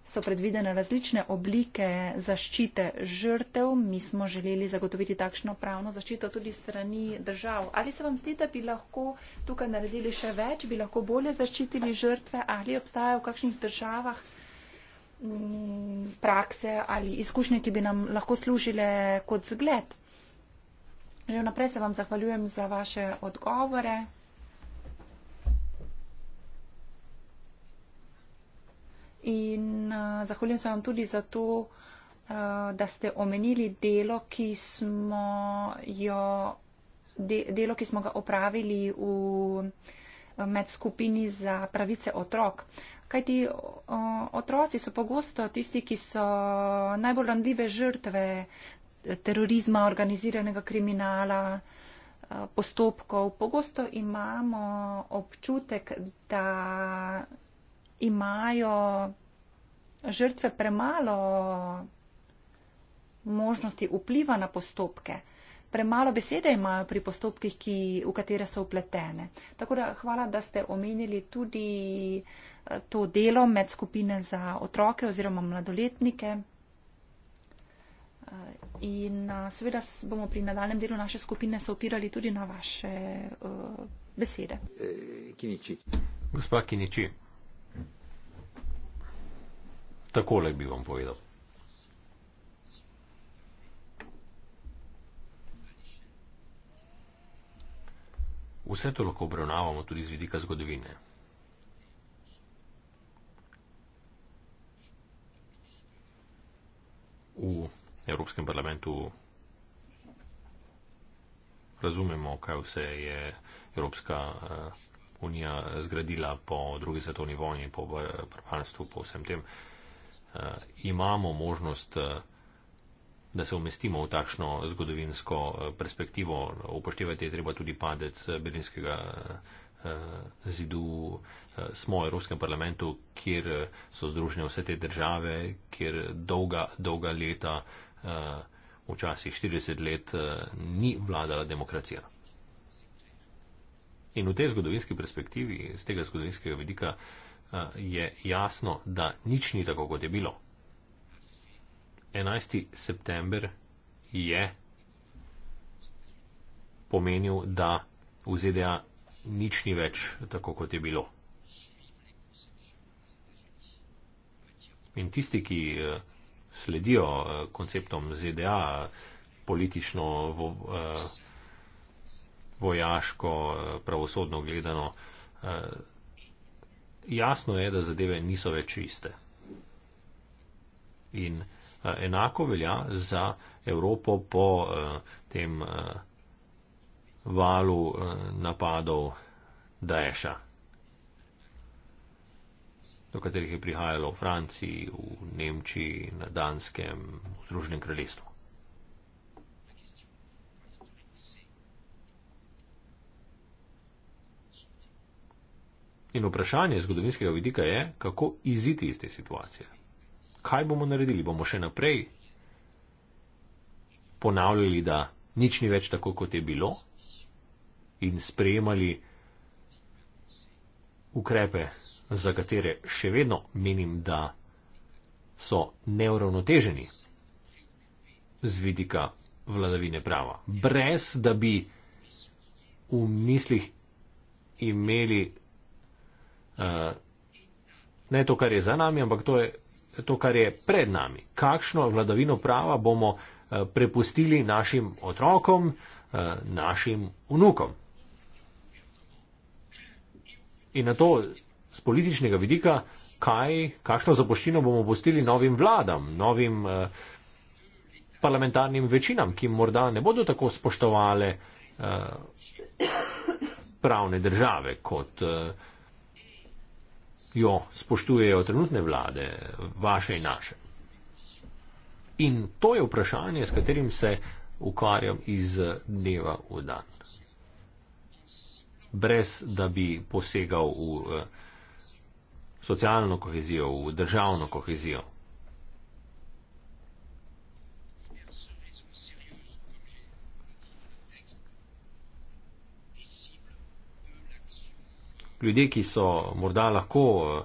so predvidene različne oblike zaščite žrtev. Mi smo želeli zagotoviti takšno pravno zaščito tudi strani držav. Ali se vam zdi, da bi lahko tukaj naredili še več, bi lahko bolje zaščitili žrtve ali obstajajo v kakšnih državah mm, prakse ali izkušnje, ki bi nam lahko služile kot zgled? Že vnaprej se vam zahvaljujem za vaše odgovore. In uh, zahvaljujem se vam tudi za to, uh, da ste omenili delo ki, smo jo, de, delo, ki smo ga opravili v eh, medskupini za pravice otrok. Kajti uh, otroci so pogosto tisti, ki so najbolj randljive žrtve terorizma, organiziranega kriminala, postopkov. Pogosto imamo občutek, da imajo žrtve premalo možnosti vpliva na postopke. Premalo besede imajo pri postopkih, ki, v katere so upletene. Tako da hvala, da ste omenili tudi eh, to delo med skupine za otroke oziroma mladoletnike. Eh, in eh, seveda bomo pri nadaljem delu naše skupine se opirali tudi na vaše uh, besede. Gospa Kiniči, Takole bi vam povedal. Vse to lahko obravnavamo tudi z vidika zgodovine. V Evropskem parlamentu razumemo, kaj vse je Evropska eh, unija zgradila po drugi svetovni vojni, po eh, prvanstvu, po vsem tem. Eh, imamo možnost, eh, da se umestimo v takšno zgodovinsko eh, perspektivo. Upoštevati je treba tudi padec berlinskega zidu. Smo v Evropskem parlamentu, kjer so združene vse te države, kjer dolga, dolga leta, včasih 40 let, ni vladala demokracija. In v tej zgodovinski perspektivi, z tega zgodovinskega vidika, uh, je jasno, da nič ni tako, kot je bilo. 11. september je pomenil, da v ZDA nič ni več tako, kot je bilo. In tisti, ki e, sledijo e, konceptom ZDA, politično, vo, e, vojaško, pravosodno gledano, jasno je, da zadeve niso več iste. In a, eh, enako velja za Evropo po a, eh, tem a, eh, valu a, napadov Daesha, do katerih je prihajalo v Franciji, v Nemčiji, na Danskem, v Združenem kraljestvu. In vprašanje iz zgodovinskega vidika je, kako iziti iz te situacije. Kaj bomo naredili? Bomo še naprej ponavljali, da nič ni več tako, kot je bilo in sprejemali ukrepe, za katere še vedno menim, da so neuravnoteženi z vidika vladavine prava, brez da bi v mislih imeli Eh, ne to, kar je za nami, ampak to, je, to kar je pred nami. Kakšno vladavino prava bomo eh, prepustili našim otrokom, eh, našim vnukom. In na to z političnega vidika, kaj, kakšno zapoščino bomo postili novim vladam, novim eh, parlamentarnim večinam, ki morda ne bodo tako spoštovale eh, pravne države kot eh, jo spoštujejo trenutne vlade, vaše in naše. In to je vprašanje, s katerim se ukvarjam iz dneva v dan. Brez da bi posegal v eh, socialno kohezijo, v državno kohezijo. ljudje, ki so morda lahko eh,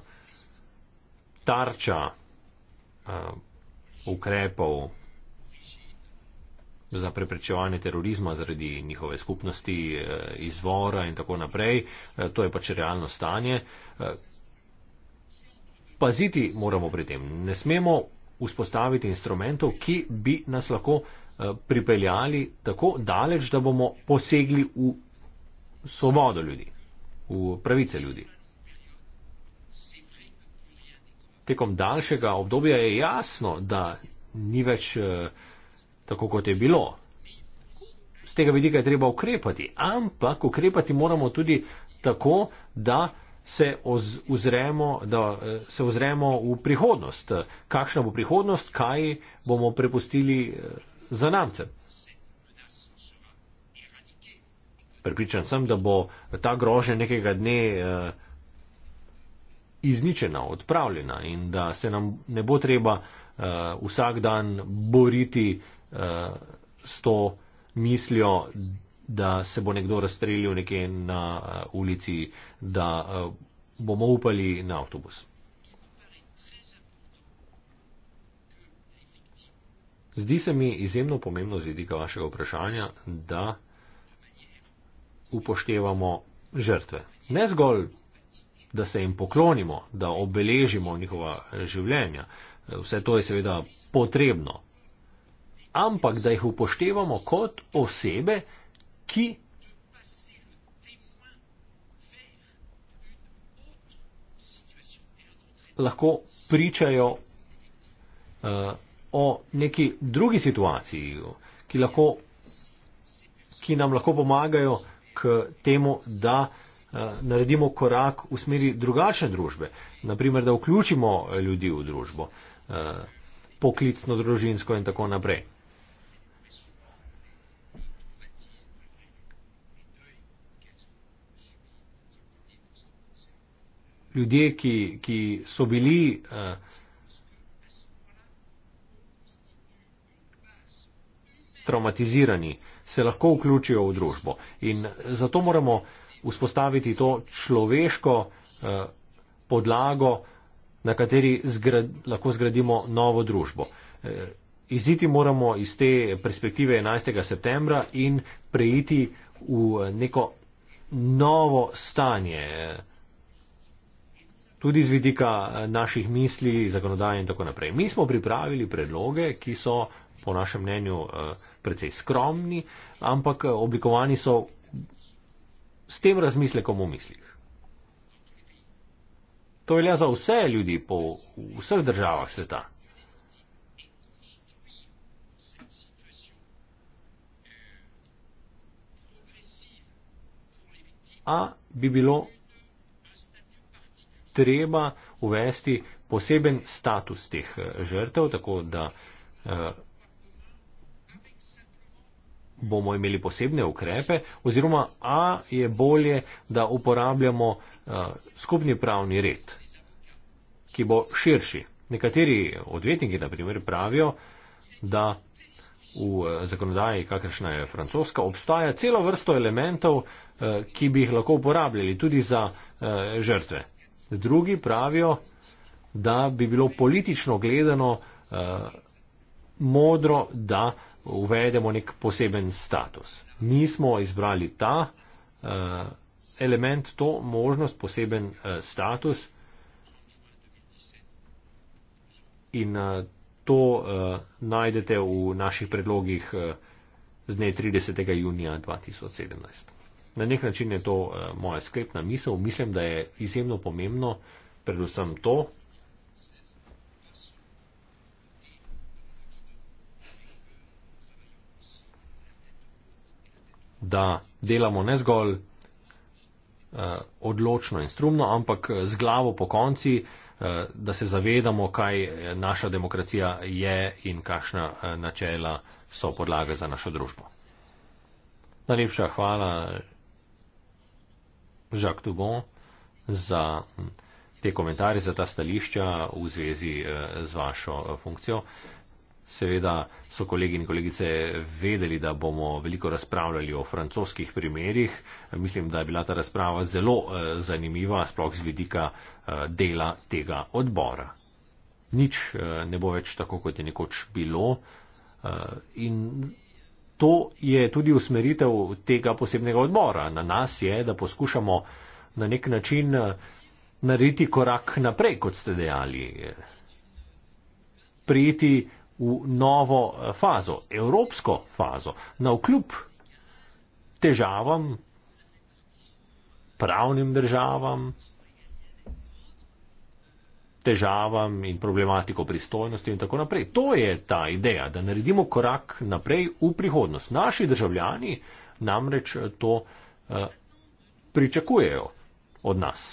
tarča eh, ukrepov za preprečevanje terorizma zaradi njihove skupnosti, eh, izvora in tako naprej. To je pač realno stanje. Paziti moramo pri tem. Ne smemo vzpostaviti instrumentov, ki bi nas lahko pripeljali tako daleč, da bomo posegli v svobodo ljudi v pravice ljudi. Tekom daljšega obdobja je jasno, da ni več eh, tako, kot je bilo. Z tega vidika je treba ukrepati, ampak ukrepati moramo tudi tako, da se, ozremo, da eh, se ozremo v prihodnost. Kakšna bo prihodnost, kaj bomo prepustili eh, zanamcem. Pripričan sem, da bo ta grožnja nekega dne eh, izničena, odpravljena in da se nam ne bo treba eh, vsak dan boriti eh, s to mislijo, da se bo nekdo razstrelil nekje na eh, ulici, da eh, bomo upali na avtobus. Zdi se mi izjemno pomembno z vidika vašega vprašanja, da upoštevamo žrtve. Ne zgolj, da se jim poklonimo, da obeležimo njihova življenja, vse to je seveda potrebno, ampak da jih upoštevamo kot osebe, ki lahko pričajo uh, o neki drugi situaciji, ki, lahko, ki nam lahko pomagajo, k temu, da eh, naredimo korak v smeri drugačne družbe. Naprimer, da vključimo eh, ljudi v družbo, eh, poklicno, družinsko in tako naprej. Ljudje, ki, ki so bili eh, traumatizirani, eh, se lahko vključijo v družbo. In zato moramo vzpostaviti to človeško eh, podlago, na kateri zgrad, lahko zgradimo novo družbo. Eh, iziti moramo iz te perspektive 11. septembra in preiti v eh, neko novo stanje, tudi z vidika naših misli, zakonodaje in tako naprej. Mi smo pripravili predloge, ki so po našem mnenju eh, precej skromni, ampak eh, oblikovani so s tem razmislekom v mislih. To velja za vse ljudi po vseh državah sveta. A bi bilo treba uvesti poseben status teh eh, žrtev, tako da bomo imeli posebne ukrepe, oziroma A je bolje, da uporabljamo uh, skupni pravni red, ki bo širši. Nekateri odvetniki, na primer, pravijo, da v uh, zakonodaji, kakršna je francoska, obstaja celo vrsto elementov, uh, ki bi jih lahko uporabljali tudi za uh, žrtve. Drugi pravijo, da bi bilo politično gledano uh, modro, da uh, uvedemo nek poseben status. Mi smo izbrali ta uh, element, to možnost, poseben uh, status in uh, to uh, najdete v naših predlogih uh, z dne 30. junija 2017. Na nek način je to uh, moja sklepna misel. Mislim, da je izjemno pomembno predvsem to, da delamo ne zgolj eh, odločno in strumno, ampak eh, z glavo po konci, eh, da se zavedamo, kaj eh, naša demokracija je in kakšna eh, načela so podlaga za našo družbo. Najlepša hvala Jacques Dubon za hm, te komentarje, za ta stališča v zvezi eh, z vašo eh, funkcijo. Eh, Seveda so kolegi in kolegice vedeli, da bomo veliko razpravljali o francoskih primerjih. Mislim, da je bila ta razprava zelo eh, zanimiva, sploh z vidika eh, dela tega odbora. Nič eh, ne bo več tako, kot je nekoč bilo. In to je tudi usmeritev tega posebnega odbora. Na nas je, da poskušamo na nek način narediti korak naprej, kot ste dejali. Prijeti v novo eh, fazo, evropsko fazo, na vkljub težavam, pravnim državam, težavam in problematiko pristojnosti in tako naprej. To je ta ideja, da naredimo korak naprej v prihodnost. Naši državljani namreč to eh, pričakujejo od nas.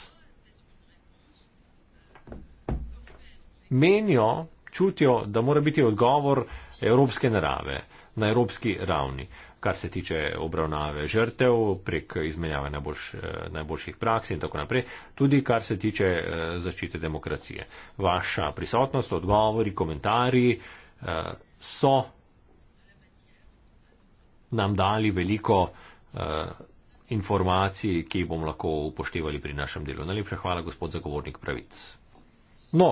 Menijo, čutijo, da mora biti odgovor evropske narave na evropski ravni, kar se tiče obravnave žrtev prek izmenjave najboljš, eh, najboljših praks in tako naprej, tudi kar se tiče eh, zaščite demokracije. Vaša prisotnost, odgovori, komentarji eh, so nam dali veliko informacij, ki jih bomo lahko upoštevali pri našem delu. Najlepša hvala, gospod zagovornik pravic. No,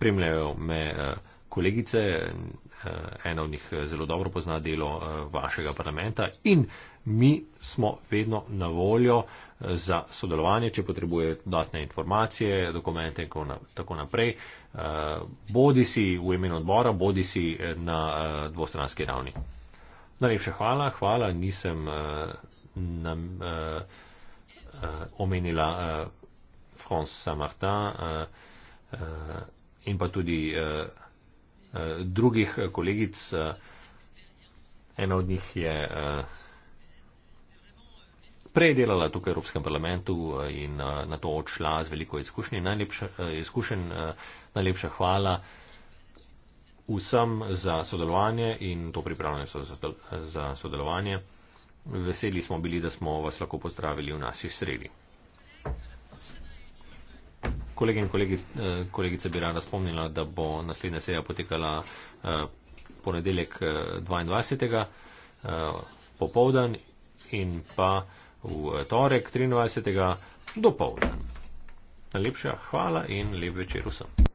spremljajo me eh, kolegice, eh, ena od njih eh, zelo dobro pozna delo vašega parlamenta in mi smo vedno na voljo za sodelovanje, če potrebuje dodatne informacije, dokumente in tako naprej, bodi si v imenu odbora, bodi si na dvostranski ravni. Najlepša hvala, hvala, nisem nam, omenila Franz Samartin. Uh, in pa tudi uh, uh, drugih kolegic. Uh, ena od njih je uh, prej delala tukaj v Evropskem parlamentu in uh, na to odšla z veliko izkušnji. Najlepša, uh, izkušen, uh, najlepša hvala vsem za sodelovanje in to pripravljenost za sodelovanje. Veseli smo bili, da smo vas lahko pozdravili v naši sredi kolege in kolegi, eh, kolegice bi rada spomnila, da bo naslednja seja potekala eh, ponedeljek 22. Eh, popovdan in pa v torek 23. dopovdan. Najlepša hvala in lep večer vsem.